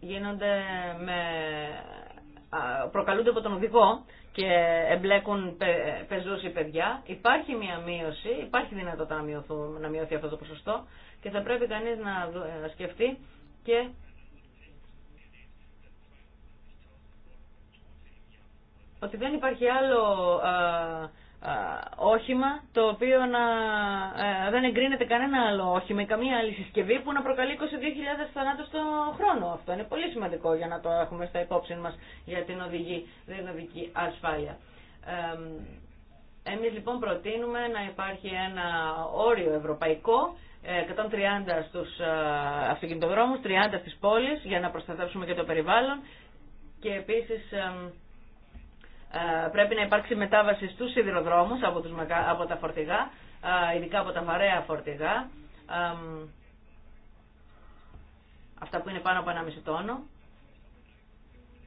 γίνονται με, προκαλούνται από τον οδηγό και εμπλέκουν πεζούς ή παιδιά. Υπάρχει μια μείωση, υπάρχει δυνατότητα να, μειωθούν, να μειωθεί αυτό το ποσοστό και θα πρέπει κανείς να σκεφτεί και ότι δεν υπάρχει άλλο όχημα το οποίο να, ε, δεν εγκρίνεται κανένα άλλο όχημα ή καμία άλλη συσκευή που να προκαλεί 22.000 θανάτους το χρόνο. Αυτό είναι πολύ σημαντικό για να το έχουμε στα υπόψη μας για την οδηγή, την ασφάλεια. Εμείς λοιπόν προτείνουμε να υπάρχει ένα όριο ευρωπαϊκό 130 ε, στους ε, αυτοκινητοδρόμους, 30 στις πόλεις για να προστατεύσουμε και το περιβάλλον και επίσης ε, πρέπει να υπάρξει μετάβαση στους σιδηροδρόμους από, τους, από τα φορτηγά, ε, ειδικά από τα βαρέα φορτηγά, ε, αυτά που είναι πάνω από 1,5 τόνο.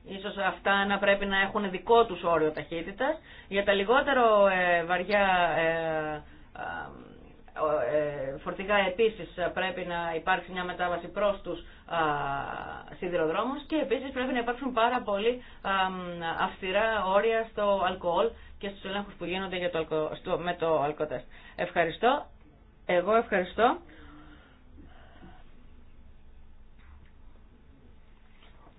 Ίσως αυτά να πρέπει να έχουν δικό τους όριο ταχύτητας. Για τα λιγότερο βαριά ε, φορτηγά επίσης πρέπει να υπάρξει μια μετάβαση προς τους σιδηροδρόμους και επίσης πρέπει να υπάρξουν πάρα πολύ αυστηρά όρια στο αλκοόλ και στους ελέγχους που γίνονται για το στο, με το αλκοτέστ. Ευχαριστώ. Εγώ ευχαριστώ.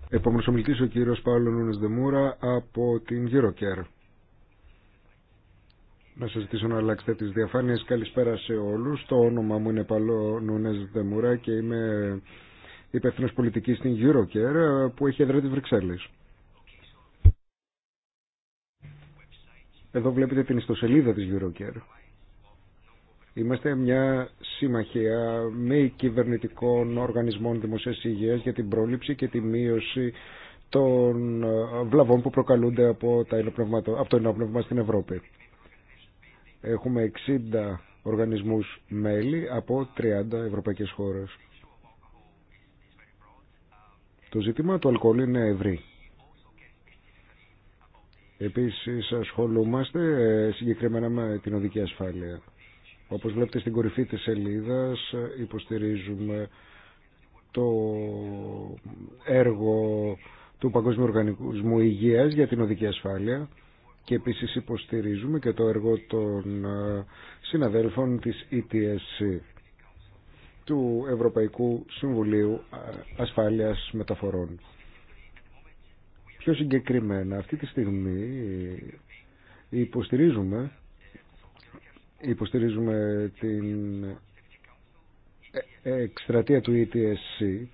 Επόμενος ομιλητής ο κύριος Παύλο Νούνες Δεμούρα από την Γιροκέρ. Να σας ζητήσω να αλλάξετε τις διαφάνειες. Καλησπέρα σε όλους. Το όνομα μου είναι Παλό Νούνες Δεμουρά και είμαι υπεύθυνος πολιτικής στην Eurocare που έχει έδρα τη Βρυξέλλης. Εδώ βλέπετε την ιστοσελίδα της Eurocare. Είμαστε μια συμμαχία με κυβερνητικών οργανισμών δημοσίας υγείας για την πρόληψη και τη μείωση των βλαβών που προκαλούνται από, από το ενόπνευμα στην Ευρώπη. Έχουμε 60 οργανισμούς μέλη από 30 ευρωπαϊκές χώρες. Το ζήτημα του αλκοόλ είναι ευρύ. Επίσης ασχολούμαστε ε, συγκεκριμένα με την οδική ασφάλεια. Όπως βλέπετε στην κορυφή της σελίδας ε, υποστηρίζουμε το έργο του Παγκόσμιου Οργανισμού Υγείας για την οδική ασφάλεια και επίσης υποστηρίζουμε και το έργο των ε, συναδέλφων της ETSC του Ευρωπαϊκού Συμβουλίου ε, Ασφάλειας Μεταφορών. Πιο συγκεκριμένα, αυτή τη στιγμή ε, υποστηρίζουμε, υποστηρίζουμε την εκστρατεία του ETSC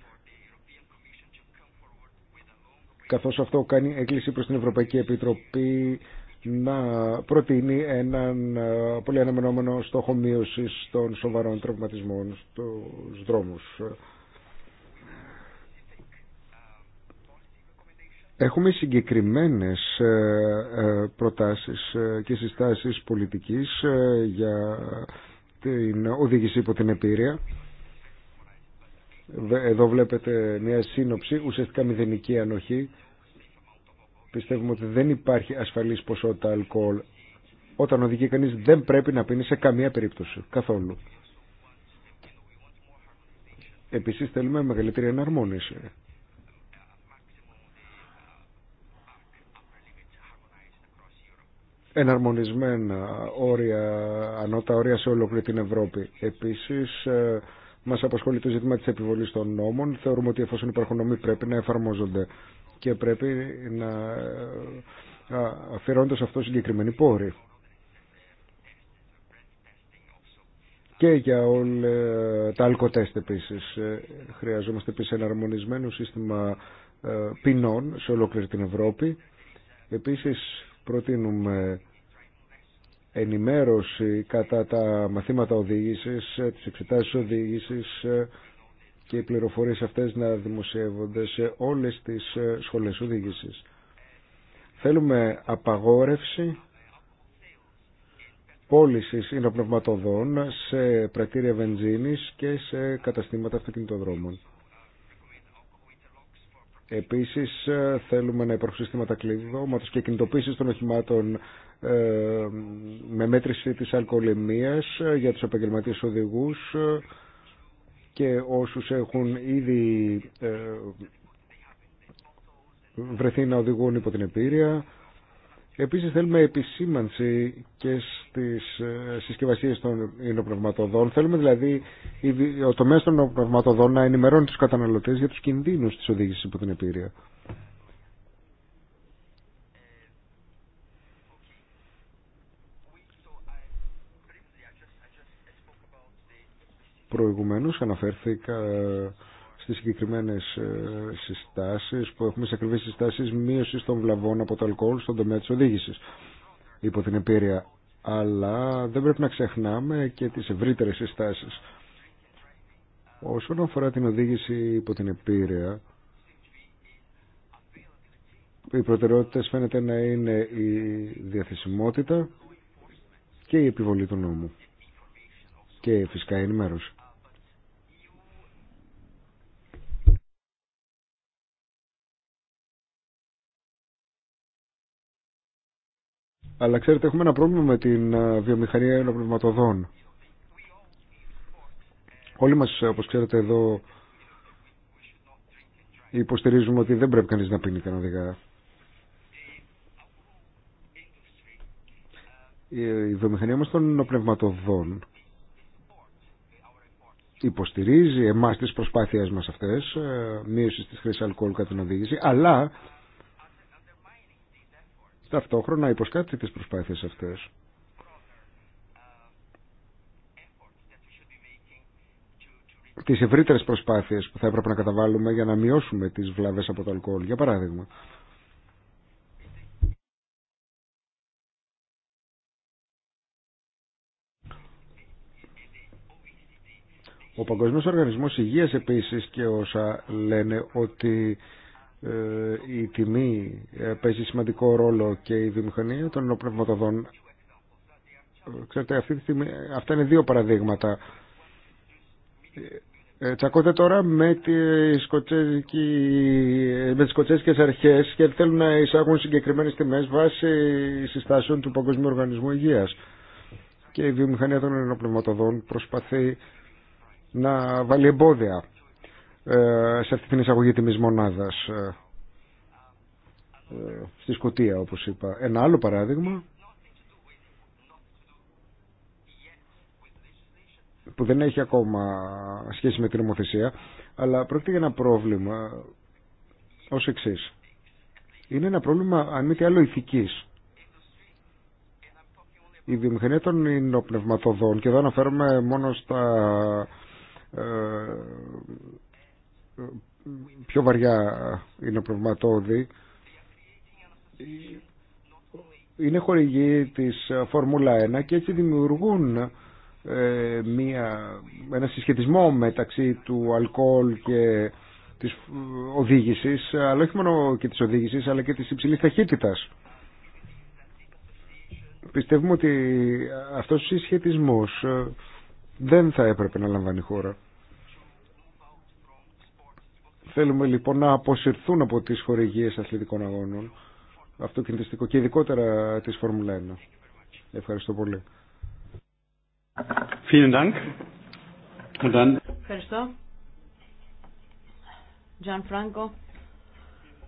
καθώς αυτό κάνει έκκληση προς την Ευρωπαϊκή Επιτροπή να προτείνει έναν ε, πολύ αναμενόμενο στόχο μείωσης των σοβαρών τραυματισμών στους δρόμους. Έχουμε συγκεκριμένες ε, ε, προτάσεις και συστάσεις πολιτικής για την οδήγηση υπό την επίρρεια. Εδώ βλέπετε μια σύνοψη, ουσιαστικά μηδενική ανοχή Πιστεύουμε ότι δεν υπάρχει ασφαλής ποσότητα αλκοόλ. Όταν οδηγεί κανείς δεν πρέπει να πίνει σε καμία περίπτωση, καθόλου. Επίσης θέλουμε μεγαλύτερη εναρμόνιση. εναρμονισμένα όρια, ανώτα όρια σε ολόκληρη την Ευρώπη. Επίσης, ε, μας απασχολεί το ζήτημα της επιβολής των νόμων. Θεωρούμε ότι εφόσον υπάρχουν νόμοι πρέπει να εφαρμόζονται και πρέπει να ε, αφιερώνονται σε αυτό συγκεκριμένοι πόροι. Και για όλα τα αλκοτέστ επίσης. Ε, χρειαζόμαστε επίσης ένα αρμονισμένο σύστημα ε, ποινών σε ολόκληρη την Ευρώπη. Επίσης προτείνουμε ενημέρωση κατά τα μαθήματα οδήγησης, ε, τις εξετάσεις οδήγησης ε, και οι πληροφορίες αυτές να δημοσιεύονται σε όλες τις ε, σχολές οδήγησης. Θέλουμε απαγόρευση πώληση υνοπνευματοδών σε πρακτήρια βενζίνης και σε καταστήματα αυτοκινητοδρόμων. Επίσης ε, θέλουμε να υπάρχουν συστήματα κλειδώματο και κινητοποίηση των οχημάτων ε, με μέτρηση της αλκοολεμία ε, για τους επαγγελματίε οδηγού, και όσους έχουν ήδη βρεθεί να οδηγούν υπό την επίρρεια Επίσης θέλουμε επισήμανση και στις ε, συσκευασίες των υλοπνευματοδών. Θέλουμε δηλαδή ο τομέας των υλοπνευματοδών να ενημερώνει τους καταναλωτές για τους κινδύνους της οδήγησης υπό την επίρρεια. Προηγουμένως αναφέρθηκα ε, στις συγκεκριμένες ε, συστάσεις που έχουμε σε ακριβές συστάσεις μείωση των βλαβών από το αλκοόλ στον τομέα της οδήγησης υπό την επίρρεια. Αλλά δεν πρέπει να ξεχνάμε και τις ευρύτερες συστάσεις. Όσον αφορά την οδήγηση υπό την επίρρεια, οι προτεραιότητες φαίνεται να είναι η διαθεσιμότητα και η επιβολή του νόμου και φυσικά η ενημέρωση. Αλλά ξέρετε έχουμε ένα πρόβλημα με την ε, βιομηχανία ενοπνευματοδών. Όλοι μας ε, όπως ξέρετε εδώ υποστηρίζουμε ότι δεν πρέπει κανείς να πίνει κανονικά. Ε, η βιομηχανία μας των πνευματοδών υποστηρίζει εμάς τις προσπάθειές μας αυτές, μείωση της χρήσης αλκοόλ κατά την οδήγηση, αλλά ταυτόχρονα υποσκάπτει τις προσπάθειες αυτές. Τις ευρύτερε προσπάθειες που θα έπρεπε να καταβάλουμε για να μειώσουμε τις βλάβες από το αλκοόλ, για παράδειγμα. Ο Παγκοσμίος Οργανισμός Υγείας επίσης και όσα λένε ότι ε, η τιμή ε, παίζει σημαντικό ρόλο και η βιομηχανία των πνευματοδών. Ε, ξέρετε, αυτά είναι δύο παραδείγματα. Τσακώνται τώρα με τις, με τις σκοτσέζικες αρχές και θέλουν να εισάγουν συγκεκριμένες τιμές βάσει συστάσεων του Παγκοσμίου Οργανισμού Υγείας. Και η βιομηχανία των ενοπνευματοδών προσπαθεί να βάλει εμπόδια ε, σε αυτή την εισαγωγή τιμής μονάδας ε, ε, στη Σκωτία όπως είπα. Ένα άλλο παράδειγμα που δεν έχει ακόμα σχέση με την νομοθεσία αλλά πρόκειται για ένα πρόβλημα ως εξή. Είναι ένα πρόβλημα αν μη τι άλλο ηθικής. Η βιομηχανία των υνοπνευματοδών και εδώ αναφέρομαι μόνο στα πιο βαριά είναι προβληματόδη είναι χορηγοί της Φόρμουλα 1 και έτσι δημιουργούν ε, μία, ένα συσχετισμό μεταξύ του αλκοόλ και της οδήγησης αλλά όχι μόνο και της οδήγησης αλλά και της υψηλής ταχύτητας πιστεύουμε ότι αυτός ο συσχετισμός ε, δεν θα έπρεπε να λαμβάνει χώρα Θέλουμε λοιπόν να αποσυρθούν από τις χορηγίες αθλητικών αγώνων αυτοκινητιστικό και ειδικότερα της Φόρμουλα 1. Ευχαριστώ πολύ.
Ευχαριστώ. Gian Franco.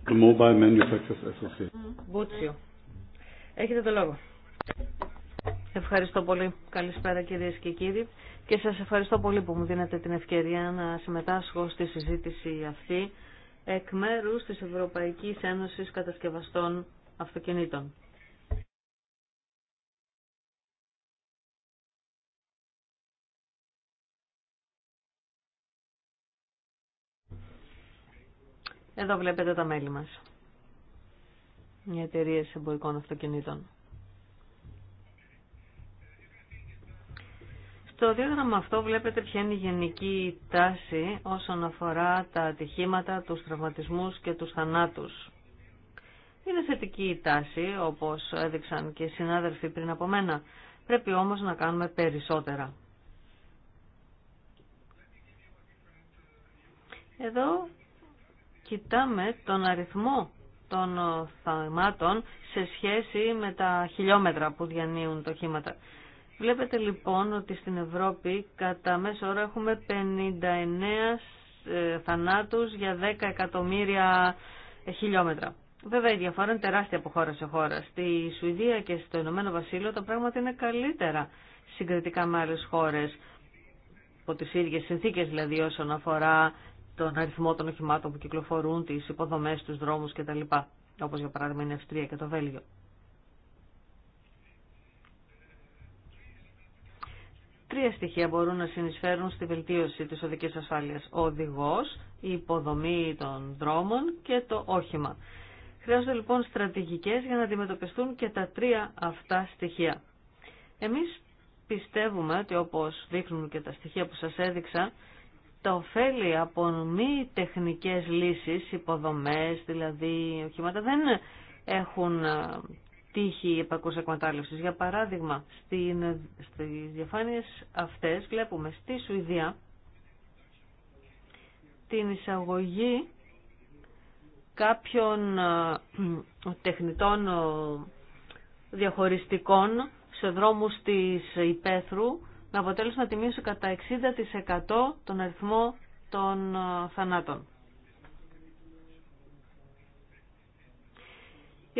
The Mobile Manufacturers Association.
Μπούτσιο. Έχετε το λόγο. Ευχαριστώ πολύ. Καλησπέρα κυρίε και κύριοι. Και σας ευχαριστώ πολύ που μου δίνετε την ευκαιρία να συμμετάσχω στη συζήτηση αυτή εκ μέρου της Ευρωπαϊκής Ένωσης Κατασκευαστών Αυτοκινήτων. Εδώ βλέπετε τα μέλη μας. Μια εταιρείε εμπορικών αυτοκινήτων. Στο διάγραμμα αυτό βλέπετε ποια είναι η γενική τάση όσον αφορά τα ατυχήματα, τους τραυματισμούς και τους θανάτους. Είναι θετική η τάση, όπως έδειξαν και οι συνάδελφοι πριν από μένα. Πρέπει όμως να κάνουμε περισσότερα. Εδώ κοιτάμε τον αριθμό των θανάτων σε σχέση με τα χιλιόμετρα που διανύουν το χήματα. Βλέπετε λοιπόν ότι στην Ευρώπη κατά μέσο όρο έχουμε 59 ε, θανάτους για 10 εκατομμύρια χιλιόμετρα. Βέβαια η διαφορά είναι τεράστια από χώρα σε χώρα. Στη Σουηδία και στο Ηνωμένο Βασίλειο τα πράγματα είναι καλύτερα συγκριτικά με άλλες χώρες από τις ίδιες συνθήκες δηλαδή όσον αφορά τον αριθμό των οχημάτων που κυκλοφορούν, τις υποδομές, τους δρόμους κτλ. Όπως για παράδειγμα είναι η Αυστρία και το Βέλγιο. Τρία στοιχεία μπορούν να συνεισφέρουν στη βελτίωση της οδικής ασφάλειας. Ο οδηγός, η υποδομή των δρόμων και το όχημα. Χρειάζονται λοιπόν στρατηγικές για να αντιμετωπιστούν και τα τρία αυτά στοιχεία. Εμείς πιστεύουμε ότι όπως δείχνουν και τα στοιχεία που σας έδειξα, τα ωφέλη από μη τεχνικές λύσεις, υποδομές δηλαδή οχήματα, δεν έχουν τύχη επακούς εκμετάλλευσης. Για παράδειγμα, στην, στις διαφάνειες αυτές βλέπουμε στη Σουηδία την εισαγωγή κάποιων τεχνητών διαχωριστικών σε δρόμους της Υπέθρου να αποτέλεσμα να τιμήσει κατά 60% τον αριθμό των θανάτων.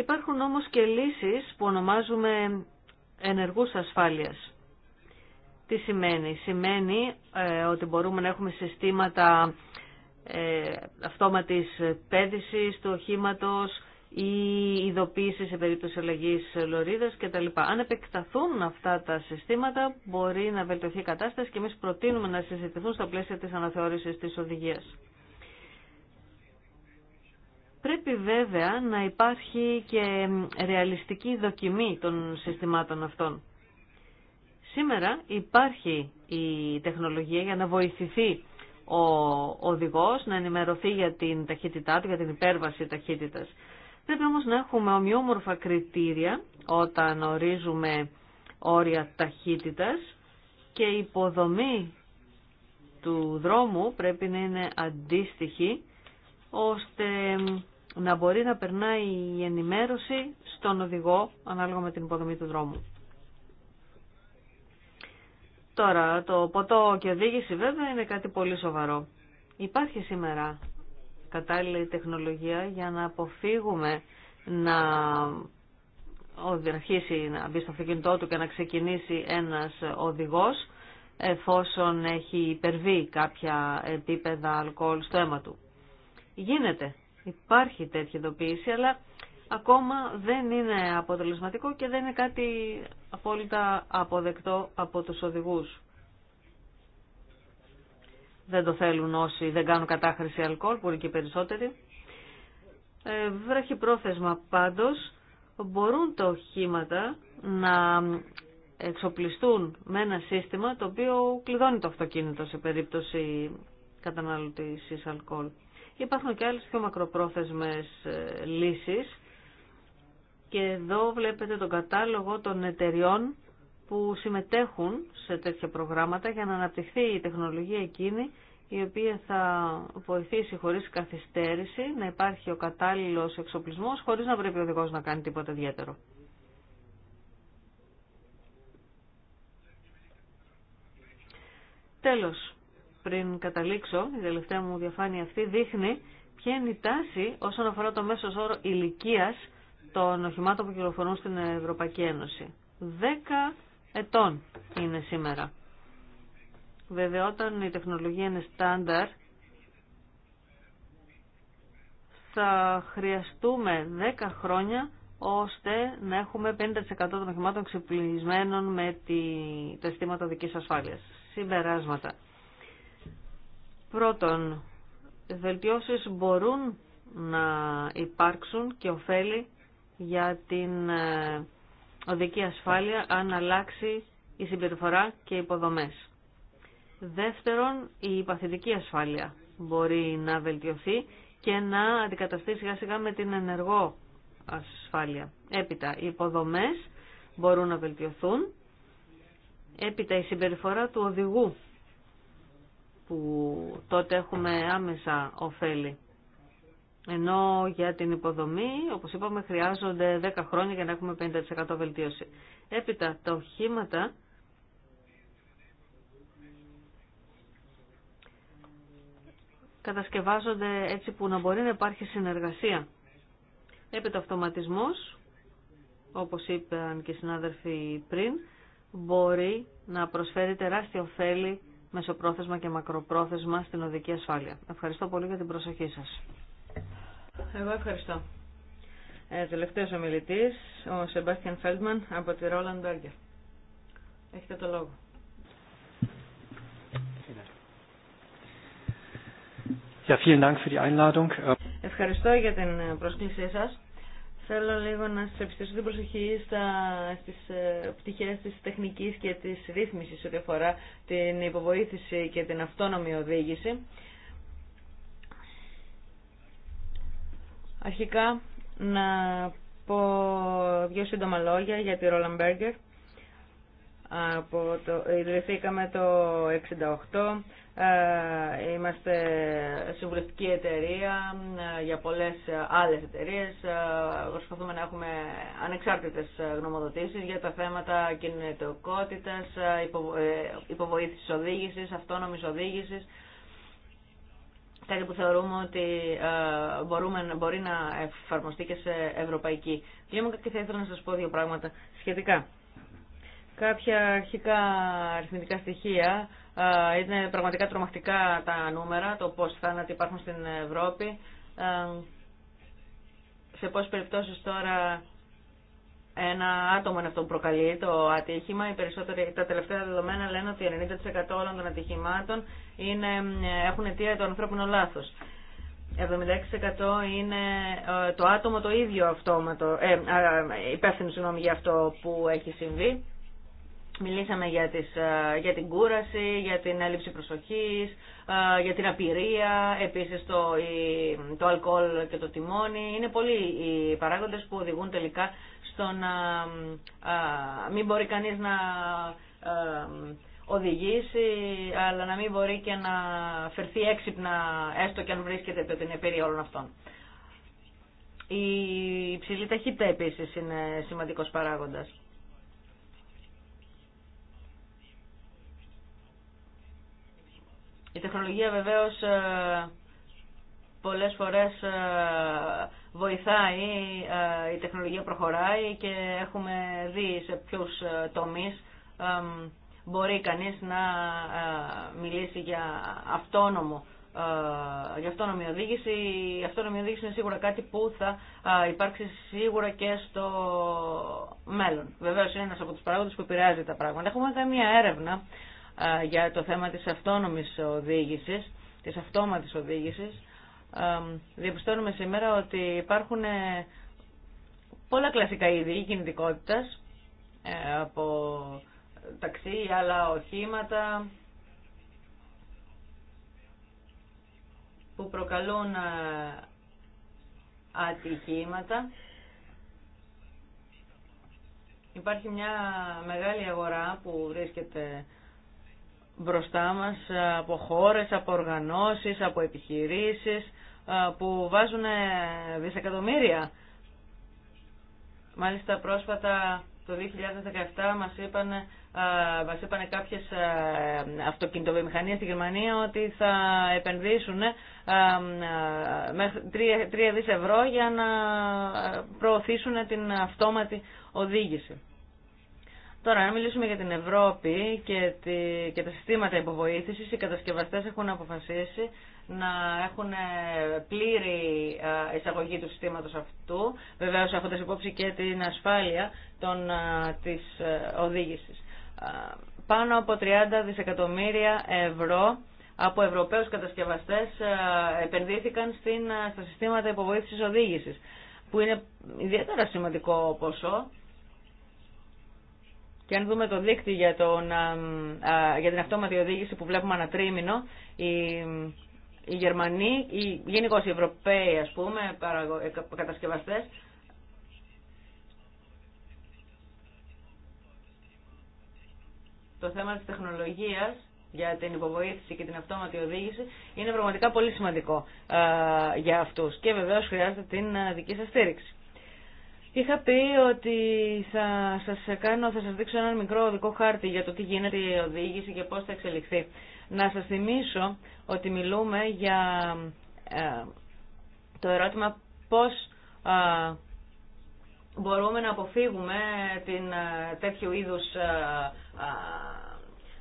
Υπάρχουν όμως και λύσεις που ονομάζουμε ενεργούς ασφάλειας. Τι σημαίνει. Σημαίνει ε, ότι μπορούμε να έχουμε συστήματα ε, αυτόματης πέδησης του οχήματος ή ειδοποίηση σε περίπτωση αλλαγή λωρίδας κτλ. Αν επεκταθούν αυτά τα συστήματα μπορεί να βελτιωθεί η κατάσταση και εμείς προτείνουμε να συζητηθούν στα πλαίσια της αναθεώρησης της οδηγίας. Πρέπει βέβαια να υπάρχει και ρεαλιστική δοκιμή των συστημάτων αυτών. Σήμερα υπάρχει η τεχνολογία για να βοηθηθεί ο οδηγός να ενημερωθεί για την ταχύτητά του, για την υπέρβαση ταχύτητας. Πρέπει όμως να έχουμε ομοιόμορφα κριτήρια όταν ορίζουμε όρια ταχύτητας και η υποδομή του δρόμου πρέπει να είναι αντίστοιχη ώστε να μπορεί να περνάει η ενημέρωση στον οδηγό ανάλογα με την υποδομή του δρόμου. Τώρα, το ποτό και οδήγηση βέβαια είναι κάτι πολύ σοβαρό. Υπάρχει σήμερα κατάλληλη τεχνολογία για να αποφύγουμε να αρχίσει να μπει στο αυτοκίνητό του και να ξεκινήσει ένας οδηγός εφόσον έχει υπερβεί κάποια επίπεδα αλκοόλ στο αίμα του. Γίνεται, υπάρχει τέτοια ειδοποίηση, αλλά ακόμα δεν είναι αποτελεσματικό και δεν είναι κάτι απόλυτα αποδεκτό από τους οδηγούς. Δεν το θέλουν όσοι δεν κάνουν κατάχρηση αλκοόλ, που είναι και περισσότεροι. Ε, βρέχει πρόθεσμα πάντως, μπορούν τα οχήματα να εξοπλιστούν με ένα σύστημα το οποίο κλειδώνει το αυτοκίνητο σε περίπτωση κατανάλωτης αλκοόλ. Υπάρχουν και άλλες πιο μακροπρόθεσμες ε, λύσεις και εδώ βλέπετε τον κατάλογο των εταιριών που συμμετέχουν σε τέτοια προγράμματα για να αναπτυχθεί η τεχνολογία εκείνη η οποία θα βοηθήσει χωρίς καθυστέρηση να υπάρχει ο κατάλληλος εξοπλισμός χωρίς να πρέπει ο οδηγός να κάνει τίποτα ιδιαίτερο. Τέλος, πριν καταλήξω, η τελευταία μου διαφάνεια αυτή δείχνει ποια είναι η τάση όσον αφορά το μέσο όρο ηλικία των οχημάτων που κυκλοφορούν στην Ευρωπαϊκή Ένωση. 10 ετών είναι σήμερα. Βέβαια, όταν η τεχνολογία είναι στάνταρ, θα χρειαστούμε 10 χρόνια ώστε να έχουμε 50% των οχημάτων ξεπλυσμένων με τη... τα αισθήματα δικής ασφάλειας. Συμπεράσματα. Πρώτον, βελτιώσεις μπορούν να υπάρξουν και ωφέλη για την ε, οδική ασφάλεια αν αλλάξει η συμπεριφορά και οι υποδομές. Δεύτερον, η παθητική ασφάλεια μπορεί να βελτιωθεί και να αντικαταστεί σιγά σιγά με την ενεργό ασφάλεια. Έπειτα, οι υποδομές μπορούν να βελτιωθούν. Έπειτα, η συμπεριφορά του οδηγού που τότε έχουμε άμεσα ωφέλη. Ενώ για την υποδομή, όπως είπαμε, χρειάζονται 10 χρόνια για να έχουμε 50% βελτίωση. Έπειτα, τα οχήματα κατασκευάζονται έτσι που να μπορεί να υπάρχει συνεργασία. Έπειτα, ο αυτοματισμός, όπως είπαν και οι συνάδελφοι πριν, μπορεί να προσφέρει τεράστια ωφέλη μεσοπρόθεσμα και μακροπρόθεσμα στην οδική ασφάλεια. Ευχαριστώ πολύ για την προσοχή σας. Εγώ ευχαριστώ. Ε, τελευταίος ομιλητής, ο Σεμπάστιαν Φέλτμαν από τη Ρόλαντ Μπέργκερ. Έχετε το λόγο. Ευχαριστώ για την πρόσκλησή σας. Θέλω λίγο να σα επιστήσω την προσοχή στα, στις ε, πτυχές της τεχνικής και της ρύθμισης ό,τι αφορά την υποβοήθηση και την αυτόνομη οδήγηση. Αρχικά να πω δύο σύντομα λόγια για τη Roland Berger από το, ιδρυθήκαμε το 68, ε, είμαστε συμβουλευτική εταιρεία ε, για πολλές άλλες εταιρείες. Ε, προσπαθούμε να έχουμε ανεξάρτητες γνωμοδοτήσεις για τα θέματα κινητοκότητας, υποβο, υποβοήθησης οδήγησης, αυτόνομης οδήγησης. Κάτι που θεωρούμε ότι μπορούμε, μπορεί να εφαρμοστεί και σε ευρωπαϊκή πλήμμα και θα ήθελα να σας πω δύο πράγματα σχετικά κάποια αρχικά αριθμητικά στοιχεία. Είναι πραγματικά τρομακτικά τα νούμερα, το πώς θάνατοι υπάρχουν στην Ευρώπη. Σε πόσες περιπτώσεις τώρα ένα άτομο είναι αυτό που προκαλεί το ατύχημα. Οι τα τελευταία δεδομένα λένε ότι 90% όλων των ατυχημάτων είναι, έχουν αιτία το ανθρώπινο λάθος. 76% είναι ε, το άτομο το ίδιο αυτόματο, ε, υπεύθυνο για αυτό που έχει συμβεί. Μιλήσαμε για, ε, για την κούραση, για την έλλειψη προσοχής, ε, για την απειρία, επίσης το, το αλκοόλ και το τιμόνι. Είναι πολλοί οι παράγοντες που οδηγούν τελικά στο να ε, μην μπορεί κανείς να οδηγήσει, αλλά να μην μπορεί και να φερθεί έξυπνα, έστω και αν βρίσκεται επί την επίρρεια όλων αυτών. Η ψηλή ταχύτητα επίσης είναι σημαντικός παράγοντας. Η τεχνολογία βεβαίως ε, πολλές φορές ε, βοηθάει, ε, η τεχνολογία προχωράει και έχουμε δει σε ποιους τομείς μπορεί κανείς να μιλήσει για αυτόνομο για αυτόνομη οδήγηση. Η αυτόνομη οδήγηση είναι σίγουρα κάτι που θα υπάρξει σίγουρα και στο μέλλον. Βεβαίως είναι ένας από τους παράγοντες που επηρεάζει τα πράγματα. Έχουμε κάνει μια έρευνα για το θέμα της αυτόνομης οδήγησης, της αυτόματης οδήγησης, διαπιστώνουμε σήμερα ότι υπάρχουν ε, πολλά κλασικά είδη κινητικότητας ε, από ταξί ή άλλα οχήματα που προκαλούν ε, ατυχήματα. Υπάρχει μια μεγάλη αγορά που βρίσκεται μπροστά μας ε, από χώρες, από οργανώσεις, από επιχειρήσεις ε, που βάζουν ε, δισεκατομμύρια. Μάλιστα πρόσφατα το 2017 μας είπαν, μας είπανε κάποιες αυτοκινητοβιομηχανίες στη Γερμανία ότι θα επενδύσουν 3 δις ευρώ για να προωθήσουν την αυτόματη οδήγηση. Τώρα, αν μιλήσουμε για την Ευρώπη και, τη, και τα συστήματα υποβοήθησης, οι κατασκευαστές έχουν αποφασίσει να έχουν ε, πλήρη ε, εισαγωγή του συστήματος αυτού, βεβαίως έχοντας υπόψη και την ασφάλεια των, ε, της οδήγησης. Πάνω από 30 δισεκατομμύρια ευρώ από Ευρωπαίους κατασκευαστές επενδύθηκαν στην, στα συστήματα υποβοήθησης οδήγησης, που είναι ιδιαίτερα σημαντικό ποσό και αν δούμε το δίκτυο για, τον, για την αυτόματη οδήγηση που βλέπουμε ανά τρίμηνο, οι, οι Γερμανοί, οι, γενικώ οι Ευρωπαίοι ας πούμε, ε, κατασκευαστές, το θέμα της τεχνολογίας για την υποβοήθηση και την αυτόματη οδήγηση είναι πραγματικά πολύ σημαντικό για αυτούς και βεβαίως χρειάζεται την δική σας στήριξη. Είχα πει ότι θα σας, κάνω, θα σας δείξω έναν μικρό οδικό χάρτη για το τι γίνεται η οδήγηση και πώς θα εξελιχθεί. Να σας θυμίσω ότι μιλούμε για ε, το ερώτημα πώς ε, μπορούμε να αποφύγουμε την, ε, τέτοιου είδους ε,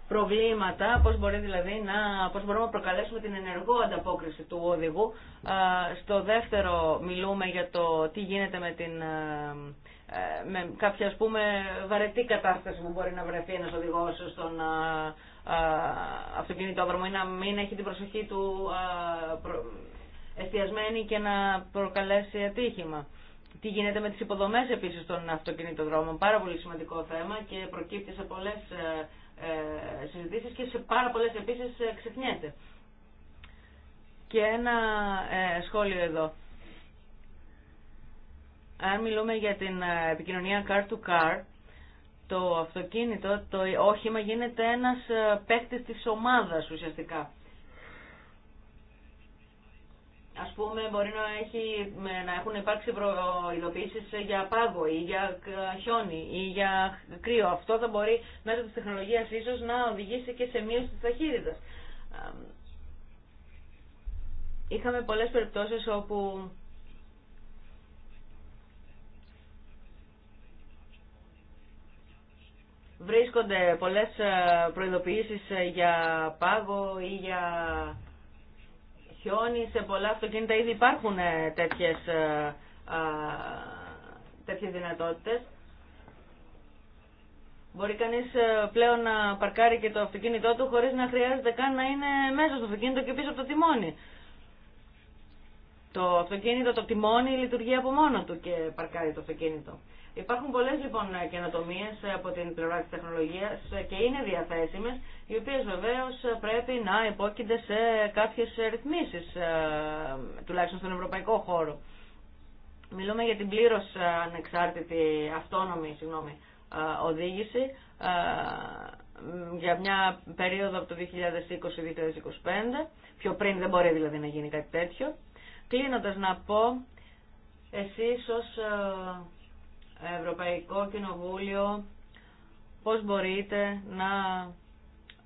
προβλήματα, πώς, μπορεί δηλαδή να, πώς μπορούμε να προκαλέσουμε την ενεργό ανταπόκριση του οδηγού. Στο δεύτερο μιλούμε για το τι γίνεται με, την, ε, με κάποια πούμε βαρετή κατάσταση που μπορεί να βρεθεί ένας οδηγός στον αυτοκινητόδρομο ή να μην έχει την προσοχή του εστιασμένη και να προκαλέσει ατύχημα. Τι γίνεται με τις υποδομές επίσης των αυτοκινητοδρόμων, πάρα πολύ σημαντικό θέμα και προκύπτει σε πολλές ε, ε, συζητήσεις και σε πάρα πολλές επίσης ε, ξεχνιέται. Και ένα ε, σχόλιο εδώ. Αν μιλούμε για την ε, επικοινωνία car to car, το αυτοκίνητο, το όχημα γίνεται ένας παίκτη της ομάδας ουσιαστικά. Α πούμε μπορεί να, έχει, να έχουν υπάρξει προειδοποίησει για πάγο ή για χιόνι ή για κρύο. Αυτό θα μπορεί μέσω τη τεχνολογία ίσω να οδηγήσει και σε μείωση τη ταχύτητα. Είχαμε πολλές περιπτώσει όπου βρίσκονται πολλές ε, προειδοποιήσεις ε, για πάγο ή για χιόνι, σε πολλά αυτοκίνητα ήδη υπάρχουν ε, τέτοιες, ε, τέτοιες δυνατότητες. Μπορεί κανείς ε, πλέον να παρκάρει και το αυτοκίνητό του χωρίς να χρειάζεται καν να είναι μέσα στο αυτοκίνητο και πίσω από το τιμόνι. Το αυτοκίνητο, το τιμόνι λειτουργεί από μόνο του και παρκάρει το αυτοκίνητο. Υπάρχουν πολλέ λοιπόν καινοτομίε ε, από την πλευρά τη τεχνολογία ε, και είναι διαθέσιμε, οι οποίε βεβαίω ε, πρέπει να υπόκεινται σε κάποιε ρυθμίσει, τουλάχιστον στον ευρωπαϊκό χώρο. Μιλούμε για την πλήρω ανεξάρτητη, αυτόνομη συγγνώμη, οδήγηση για μια περίοδο από το 2020-2025, πιο πριν δεν μπορεί δηλαδή να γίνει κάτι τέτοιο. Κλείνοντας να πω, εσείς ως Ευρωπαϊκό Κοινοβούλιο πώς μπορείτε να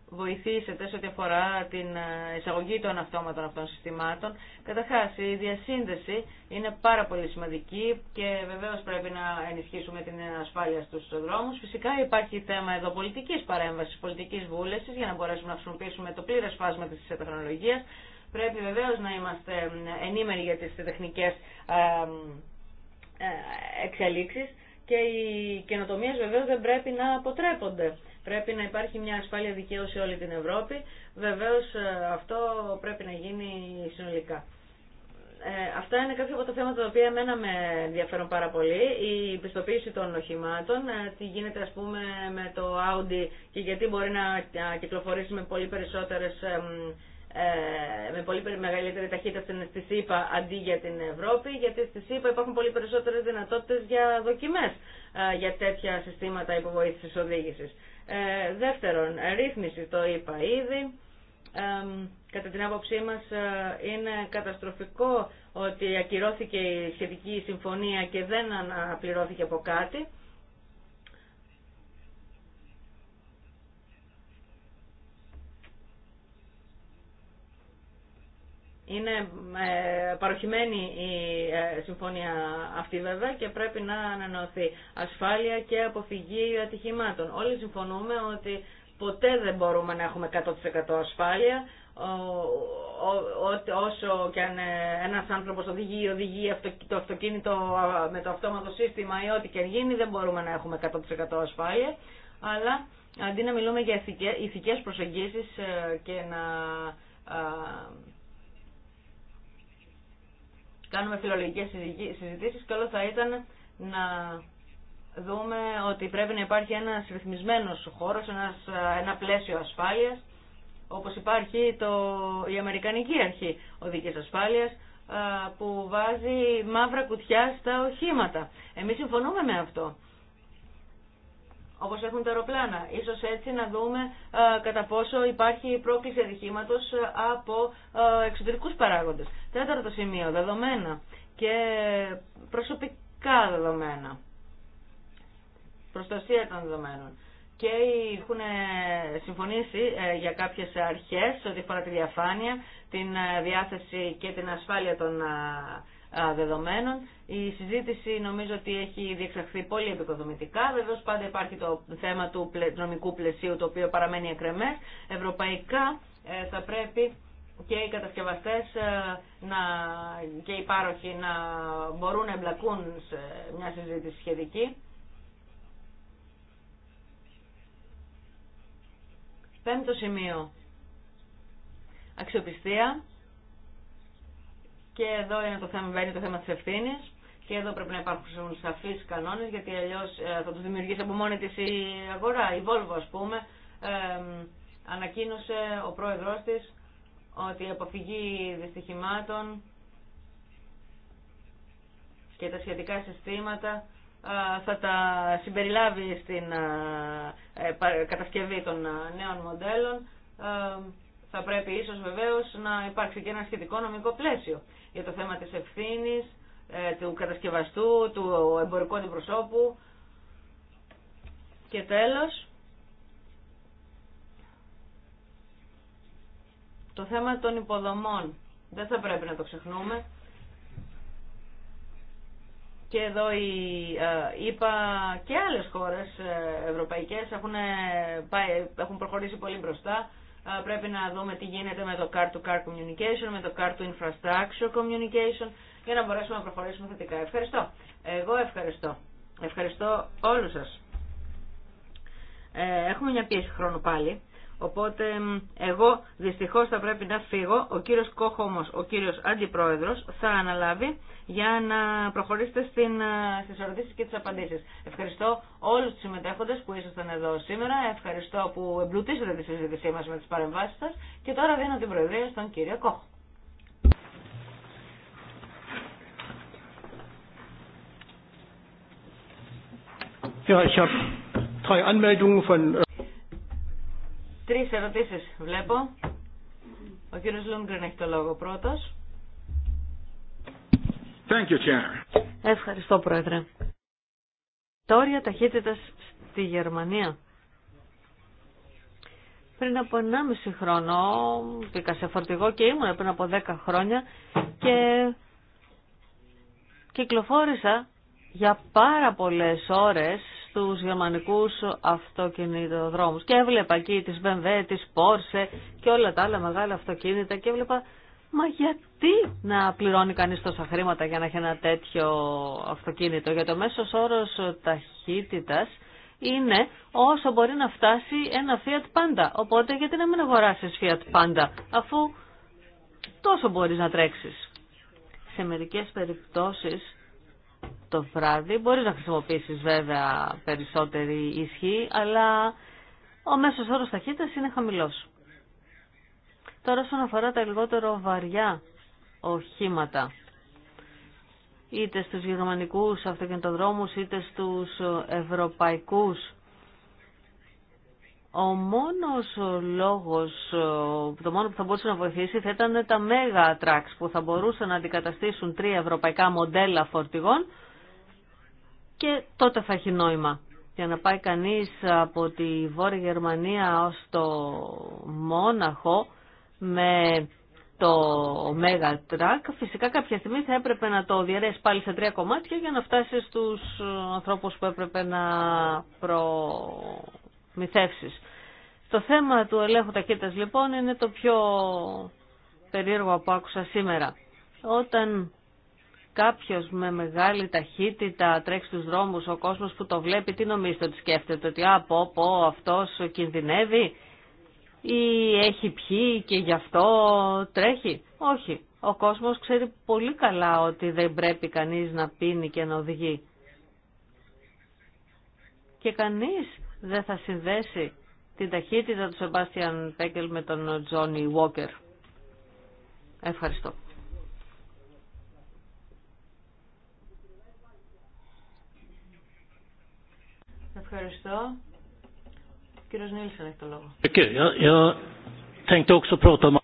βοηθήσετε σε ό,τι αφορά την ε, εισαγωγή των αυτόματων αυτών συστημάτων. Καταρχά, η διασύνδεση είναι πάρα πολύ σημαντική και βεβαίω πρέπει να ενισχύσουμε την ασφάλεια στους δρόμους. Φυσικά υπάρχει θέμα εδώ πολιτική παρέμβαση, πολιτική βούλεση για να μπορέσουμε να χρησιμοποιήσουμε το πλήρε φάσμα της τεχνολογίας. Πρέπει βεβαίω να είμαστε ε, ενήμεροι για τι τεχνικέ ε, εξελίξει και οι καινοτομίε βεβαίω δεν πρέπει να αποτρέπονται. Πρέπει να υπάρχει μια ασφάλεια δικαίωση σε όλη την Ευρώπη. Βεβαίω ε, αυτό πρέπει να γίνει συνολικά. Ε, αυτά είναι κάποια από τα θέματα τα οποία εμένα με ενδιαφέρουν πάρα πολύ. Η πιστοποίηση των οχημάτων, ε, τι γίνεται ας πούμε με το Audi και γιατί μπορεί να κυκλοφορήσει με πολύ περισσότερες ε, με πολύ μεγαλύτερη ταχύτητα την ΣΥΠΑ αντί για την Ευρώπη, γιατί στη ΣΥΠΑ υπάρχουν πολύ περισσότερες δυνατότητες για δοκιμές ε, για τέτοια συστήματα υποβοήθησης οδήγησης. Ε, δεύτερον, ρύθμιση, το είπα ήδη. Ε, κατά την άποψή μας ε, είναι καταστροφικό ότι ακυρώθηκε η σχετική συμφωνία και δεν αναπληρώθηκε από κάτι. Είναι ε, παροχημένη η ε, συμφωνία αυτή βέβαια και πρέπει να ανανοηθεί ασφάλεια και αποφυγή ατυχημάτων. Όλοι συμφωνούμε ότι ποτέ δεν μπορούμε να έχουμε 100% ασφάλεια όσο και αν ε, ένας άνθρωπος οδηγεί ή οδηγεί το αυτοκίνητο με το αυτόματο σύστημα ή ό,τι και γίνει δεν μπορούμε να έχουμε 100% ασφάλεια αλλά αντί να μιλούμε για ηθικές προσεγγίσεις και να κάνουμε φιλολογικές συζητήσεις και όλο θα ήταν να δούμε ότι πρέπει να υπάρχει ένας ρυθμισμένος χώρος, ένα πλαίσιο ασφάλειας, όπως υπάρχει το, η Αμερικανική Αρχή Οδικής Ασφάλειας, που βάζει μαύρα κουτιά στα οχήματα. Εμείς συμφωνούμε με αυτό όπως έχουν τα αεροπλάνα. Ίσως έτσι να δούμε ε, κατά πόσο υπάρχει πρόκληση ατυχήματο ε, από ε, εξωτερικούς παράγοντες. Τέταρτο σημείο, δεδομένα και προσωπικά δεδομένα. Προστασία των δεδομένων και έχουν συμφωνήσει για κάποιες αρχές ό,τι αφορά τη διαφάνεια, την διάθεση και την ασφάλεια των δεδομένων. Η συζήτηση νομίζω ότι έχει διεξαχθεί πολύ επικοδομητικά. Βεβαίω πάντα υπάρχει το θέμα του νομικού πλαισίου το οποίο παραμένει εκρεμέ. Ευρωπαϊκά ε, θα πρέπει και οι κατασκευαστέ ε, και οι πάροχοι να μπορούν να εμπλακούν σε μια συζήτηση σχετική. Πέμπτο σημείο. Αξιοπιστία. Και εδώ είναι το θέμα, μπαίνει το θέμα της ευθύνη. Και εδώ πρέπει να υπάρχουν σαφεί κανόνε, γιατί αλλιώς ε, θα του δημιουργήσει από μόνη τη η αγορά. Η Volvo, α πούμε, ανακοίνωσε ο πρόεδρο τη ότι η αποφυγή δυστυχημάτων και τα σχετικά συστήματα ε, θα τα συμπεριλάβει στην ε, κατασκευή των νέων μοντέλων. Θα πρέπει ίσως βεβαίως να υπάρξει και ένα σχετικό νομικό πλαίσιο για το θέμα της ευθύνης, ε, του κατασκευαστού, του εμπορικού αντιπροσώπου. Και τέλος, το θέμα των υποδομών. Δεν θα πρέπει να το ξεχνούμε. Και εδώ ε, είπα και άλλες χώρες ε, ευρωπαϊκές έχουν, έχουν προχωρήσει πολύ μπροστά πρέπει να δούμε τι γίνεται με το car-to-car communication, με το car-to-infrastructure communication, για να μπορέσουμε να προχωρήσουμε θετικά. Ευχαριστώ. Εγώ ευχαριστώ. Ευχαριστώ όλους σας. Ε, έχουμε μια πίεση χρόνου πάλι, οπότε εγώ δυστυχώς θα πρέπει να φύγω. Ο κύριος Κόχ ο κύριος Αντιπρόεδρος, θα αναλάβει για να προχωρήσετε στην, ε, στις ερωτήσεις και τις απαντήσεις. Ευχαριστώ όλους τους συμμετέχοντες που ήσασταν εδώ σήμερα. Ευχαριστώ που εμπλουτίσατε τη συζήτησή μας με τις παρεμβάσεις σας. Και τώρα δίνω την προεδρία στον κύριο Κόχ. Äh, Τρεις ερωτήσεις βλέπω. Ο κύριος Λούγκριν έχει το λόγο πρώτος.
Thank you, Chair.
Ευχαριστώ, Πρόεδρε. Τώρα ταχύτητας στη Γερμανία. Πριν από 1,5 χρόνο πήγα σε φορτηγό και ήμουν πριν από 10 χρόνια και κυκλοφόρησα για πάρα πολλές ώρες στους γερμανικούς αυτοκινητοδρόμους και έβλεπα εκεί τις BMW, τις Porsche και όλα τα άλλα μεγάλα αυτοκίνητα και έβλεπα Μα γιατί να πληρώνει κανεί τόσα χρήματα για να έχει ένα τέτοιο αυτοκίνητο. Για το μέσο όρος ταχύτητας είναι όσο μπορεί να φτάσει ένα Fiat Panda. Οπότε γιατί να μην αγοράσει Fiat Panda αφού τόσο μπορείς να τρέξεις. Σε μερικέ περιπτώσεις το βράδυ μπορείς να χρησιμοποιήσεις βέβαια περισσότερη ισχύ αλλά ο μέσος όρος ταχύτητας είναι χαμηλός. Τώρα όσον αφορά τα λιγότερο βαριά οχήματα, είτε στους γερμανικούς αυτοκινητοδρόμους, είτε στους ευρωπαϊκούς, ο μόνος λόγος, το μόνο που θα μπορούσε να βοηθήσει θα ήταν τα μέγα τραξ που θα μπορούσαν να αντικαταστήσουν τρία ευρωπαϊκά μοντέλα φορτηγών και τότε θα έχει νόημα. Για να πάει κανείς από τη Βόρεια Γερμανία ως το Μόναχο με το Omega Track, φυσικά κάποια στιγμή θα έπρεπε να το διαρρέσει πάλι σε τρία κομμάτια για να φτάσει στους ανθρώπους που έπρεπε να προμηθεύσεις. Το θέμα του ελέγχου ταχύτητας λοιπόν είναι το πιο περίεργο που άκουσα σήμερα. Όταν κάποιος με μεγάλη ταχύτητα τρέχει στους δρόμους, ο κόσμος που το βλέπει, τι νομίζετε ότι σκέφτεται, ότι α, πω, αυτός κινδυνεύει ή έχει πιει και γι' αυτό τρέχει. Όχι. Ο κόσμος ξέρει πολύ καλά ότι δεν πρέπει κανείς να πίνει και να οδηγεί. Και κανείς δεν θα συνδέσει την ταχύτητα του Σεμπάστιαν Πέκελ με τον Τζόνι Βόκερ. Ευχαριστώ. Ευχαριστώ. Ε,
ε,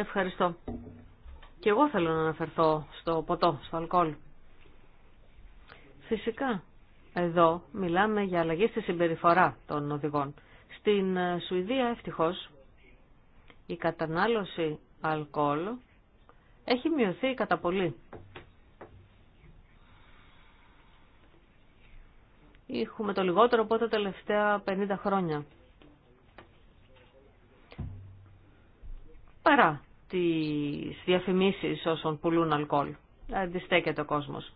Ευχαριστώ. Και εγώ θέλω να αναφερθώ στο ποτό, στο αλκοόλ. Φυσικά, εδώ μιλάμε για αλλαγή στη συμπεριφορά των οδηγών. Στην ε, Σουηδία, ευτυχώς, η κατανάλωση αλκοόλ έχει μειωθεί κατά πολύ. Έχουμε το λιγότερο από τα τελευταία 50 χρόνια. παρά τις διαφημίσεις όσων πουλούν αλκοόλ. Αντιστέκεται ο κόσμος.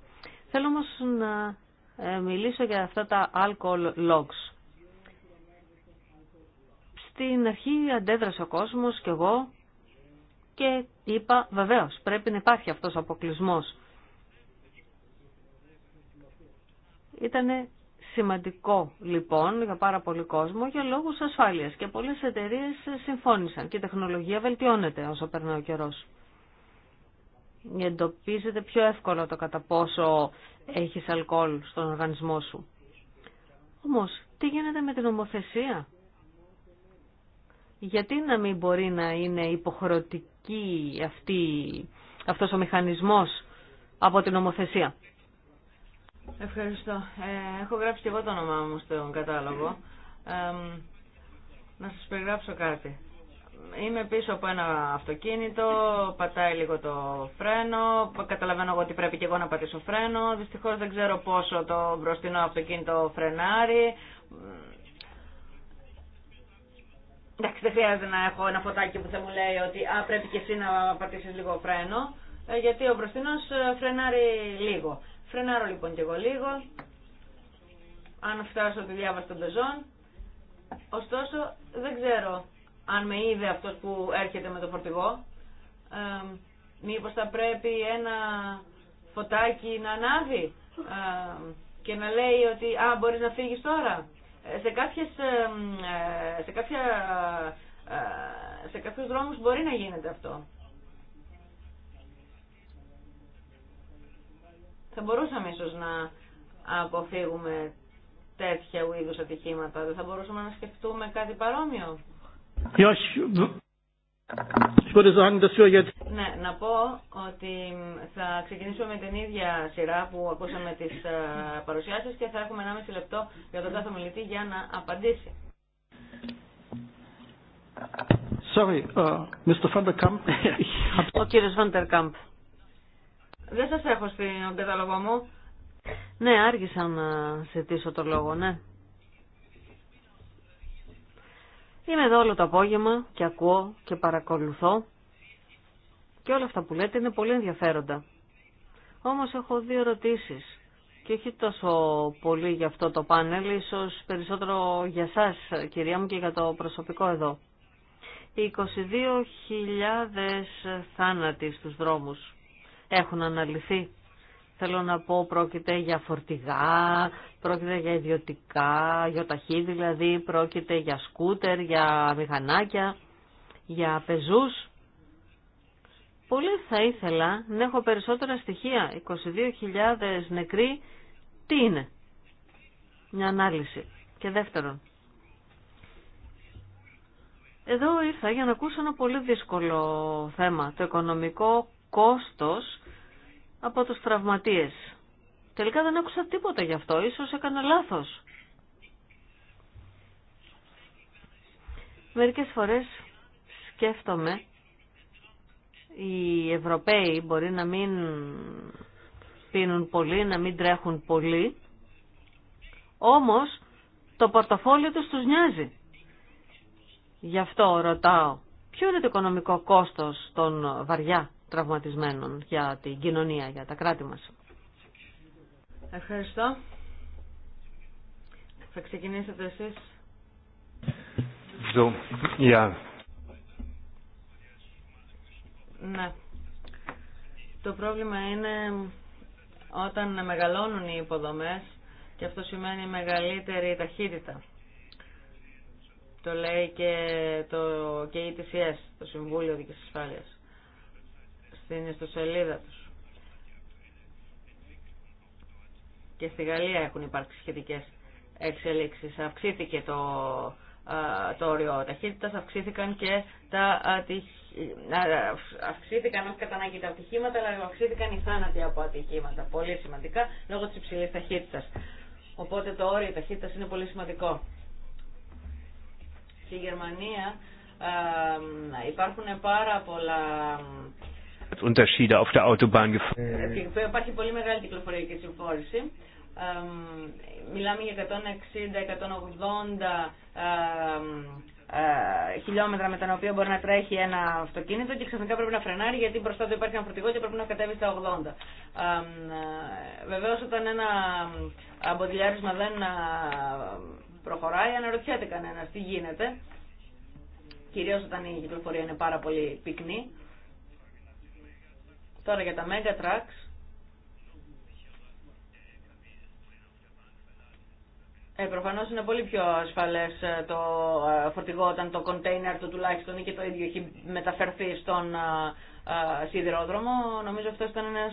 Θέλω όμως να ε, μιλήσω για αυτά τα alcohol logs. Στην αρχή αντέδρασε ο κόσμος και εγώ και είπα βεβαίως πρέπει να υπάρχει αυτός ο αποκλεισμός. Ήτανε σημαντικό λοιπόν για πάρα πολύ κόσμο για λόγους ασφάλειας και πολλές εταιρείες συμφώνησαν και η τεχνολογία βελτιώνεται όσο περνάει ο καιρός. Εντοπίζεται πιο εύκολα το κατά πόσο έχεις αλκοόλ στον οργανισμό σου. Όμως, τι γίνεται με την ομοθεσία. Γιατί να μην μπορεί να είναι υποχρεωτική αυτή, αυτός ο μηχανισμός από την ομοθεσία. Ευχαριστώ. Ε, έχω γράψει και εγώ το όνομά μου στον κατάλογο. να σας περιγράψω κάτι. Είμαι πίσω από ένα αυτοκίνητο, πατάει λίγο το φρένο, καταλαβαίνω εγώ ότι πρέπει και εγώ να πατήσω φρένο, δυστυχώς δεν ξέρω πόσο το μπροστινό αυτοκίνητο φρενάρει. Εντάξει, δεν χρειάζεται να έχω ένα φωτάκι που θα μου λέει ότι α, πρέπει και εσύ να πατήσεις λίγο φρένο, ε, γιατί ο μπροστινός ε, φρενάρει λίγο. Φρενάρω λοιπόν και εγώ λίγο. Αν φτάσω τη διάβαση των πεζών. Ωστόσο, δεν ξέρω αν με είδε αυτός που έρχεται με το φορτηγό. Ε, μήπως θα πρέπει ένα φωτάκι να ανάβει και να λέει ότι «Α, μπορείς να φύγεις τώρα». Ε, σε, κάποιες, ε, σε, κάποια, ε, σε κάποιους δρόμους μπορεί να γίνεται αυτό. θα μπορούσαμε ίσως να αποφύγουμε τέτοια είδου ατυχήματα. Δεν θα μπορούσαμε να σκεφτούμε κάτι παρόμοιο. Ναι, να πω ότι θα ξεκινήσουμε με την ίδια σειρά που ακούσαμε τις ε, παρουσιάσεις και θα έχουμε ένα μισή λεπτό για τον κάθε μιλητή για να απαντήσει.
Sorry, ε, Mr. Van der Kamp.
Ο κύριος Van δεν σας έχω στην κατάλογο μου. Ναι, άργησα να ζητήσω το λόγο, ναι. Είμαι εδώ όλο το απόγευμα και ακούω και παρακολουθώ. Και όλα αυτά που λέτε είναι πολύ ενδιαφέροντα. Όμως έχω δύο ερωτήσεις. Και όχι τόσο πολύ για αυτό το πάνελ, ίσως περισσότερο για σας, κυρία μου, και για το προσωπικό εδώ. Οι 22.000 θάνατοι στους δρόμους έχουν αναλυθεί. Θέλω να πω πρόκειται για φορτηγά, πρόκειται για ιδιωτικά, ταχύ δηλαδή, πρόκειται για σκούτερ, για μηχανάκια, για πεζούς. Πολύ θα ήθελα να έχω περισσότερα στοιχεία. 22.000 νεκροί, τι είναι. Μια ανάλυση. Και δεύτερον, εδώ ήρθα για να ακούσω ένα πολύ δύσκολο θέμα, το οικονομικό κόστος από τους τραυματίες. Τελικά δεν άκουσα τίποτα γι' αυτό, ίσως έκανα λάθος. Μερικές φορές σκέφτομαι οι Ευρωπαίοι μπορεί να μην πίνουν πολύ, να μην τρέχουν πολύ, όμως το πορτοφόλι τους τους νοιάζει. Γι' αυτό ρωτάω, ποιο είναι το οικονομικό κόστος των βαριά τραυματισμένων για την κοινωνία, για τα κράτη μας. Ευχαριστώ. Θα ξεκινήσετε εσείς. Ναι. Το πρόβλημα είναι όταν μεγαλώνουν οι υποδομές και αυτό σημαίνει μεγαλύτερη ταχύτητα. Το λέει και το και η TCS, το Συμβούλιο Δικής Ασφάλειας στην ιστοσελίδα τους. Και στη Γαλλία έχουν υπάρξει σχετικές εξελίξεις. Αυξήθηκε το, το όριο ταχύτητας, αυξήθηκαν και τα αυξήθηκαν όχι κατά ανάγκη τα ατυχήματα, αλλά αυξήθηκαν οι θάνατοι από ατυχήματα. Πολύ σημαντικά, λόγω της υψηλής ταχύτητας. Οπότε το όριο ταχύτητας είναι πολύ σημαντικό. Στη Γερμανία υπάρχουν πάρα πολλά Υπάρχει πολύ μεγάλη κυκλοφορία και συμφόρηση. μιλάμε για 160-180 ε, χιλιόμετρα με τα οποία μπορεί να τρέχει ένα αυτοκίνητο και ξαφνικά πρέπει να φρενάρει γιατί μπροστά του υπάρχει ένα φορτηγό και πρέπει να κατέβει στα 80. Ε, Βεβαίω όταν ένα μποτιλιάρισμα δεν ε, προχωράει αναρωτιέται κανένα τι γίνεται κυρίως όταν η κυκλοφορία είναι πάρα πολύ πυκνή. Τώρα για τα mega trucks, Ε, Προφανώ είναι πολύ πιο ασφαλέ ε, το ε, φορτηγό όταν το κοντέινερ του τουλάχιστον ή και το ίδιο έχει μεταφερθεί στον ε, σιδηρόδρομο. Νομίζω αυτό ήταν ένα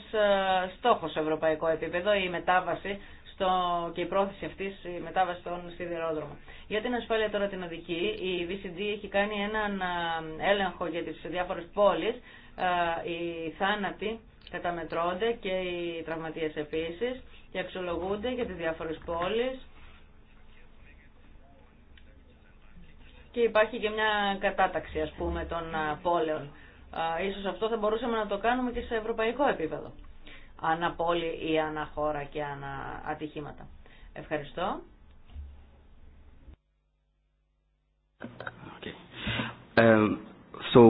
στόχο σε ευρωπαϊκό επίπεδο, η μετάβαση στο, και η πρόθεση αυτή, η μετάβαση στον σιδηρόδρομο. Για την ασφάλεια τώρα την οδική, η VCD έχει κάνει έναν έλεγχο για τι διάφορε πόλει ε, οι θάνατοι καταμετρώνται και οι τραυματίες επίσης και αξιολογούνται για τις διάφορες πόλεις και υπάρχει και μια κατάταξη ας πούμε των ε, πόλεων. Ε, ίσως αυτό θα μπορούσαμε να το κάνουμε και σε ευρωπαϊκό επίπεδο. Ανά πόλη ή ανά χώρα και ανά ατυχήματα. Ευχαριστώ.
Okay. Um, so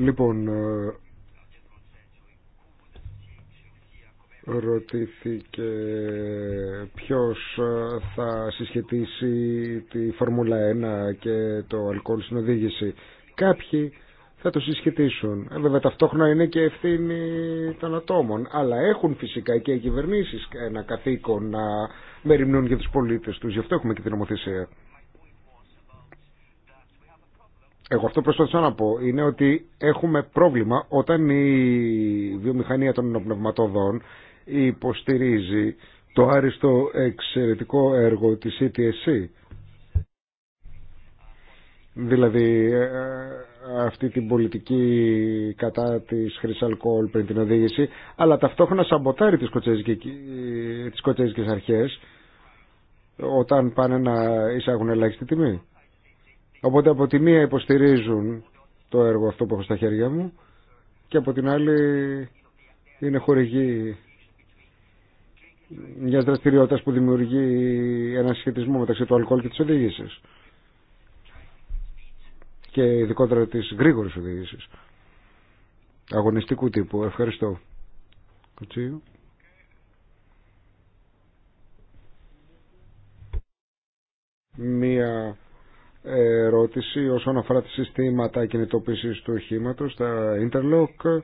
Λοιπόν, ε, ρωτήθηκε ποιος ε, θα συσχετήσει τη Φόρμουλα 1 και το αλκοόλ στην οδήγηση. Κάποιοι θα το συσχετήσουν. Ε, βέβαια ταυτόχρονα είναι και ευθύνη των ατόμων. Αλλά έχουν φυσικά και οι κυβερνήσεις ένα καθήκον να μεριμνούν για τους πολίτες τους. Γι' αυτό έχουμε και την νομοθεσία. Εγώ αυτό προσπαθώ να πω είναι ότι έχουμε πρόβλημα όταν η βιομηχανία των ενοπνευματοδών υποστηρίζει το άριστο εξαιρετικό έργο της ETSC. Δηλαδή ε, ε, αυτή την πολιτική κατά της χρυσαλκόλ πριν την οδήγηση, αλλά ταυτόχρονα σαμποτάρει τις κοτσέζικες ε, αρχές όταν πάνε να εισάγουν ελάχιστη τιμή. Οπότε από τη μία υποστηρίζουν το έργο αυτό που έχω στα χέρια μου και από την άλλη είναι χορηγή μιας δραστηριότητα που δημιουργεί ένα σχετισμό μεταξύ του αλκοόλ και της οδηγήση. και ειδικότερα της γρήγορης οδηγήση. αγωνιστικού τύπου. Ευχαριστώ. Κατσίου. Μία ερώτηση όσον αφορά τα συστήματα κινητοποίησης του οχήματος, τα interlock.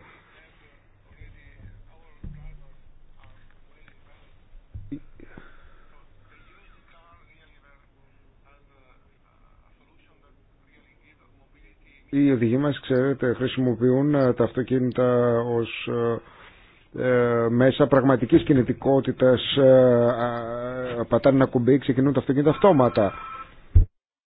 Οι οδηγοί μας, ξέρετε, χρησιμοποιούν ε, τα αυτοκίνητα ως ε, μέσα πραγματικής κινητικότητας ε, πατάνε ένα κουμπί, ξεκινούν τα αυτοκίνητα αυτόματα.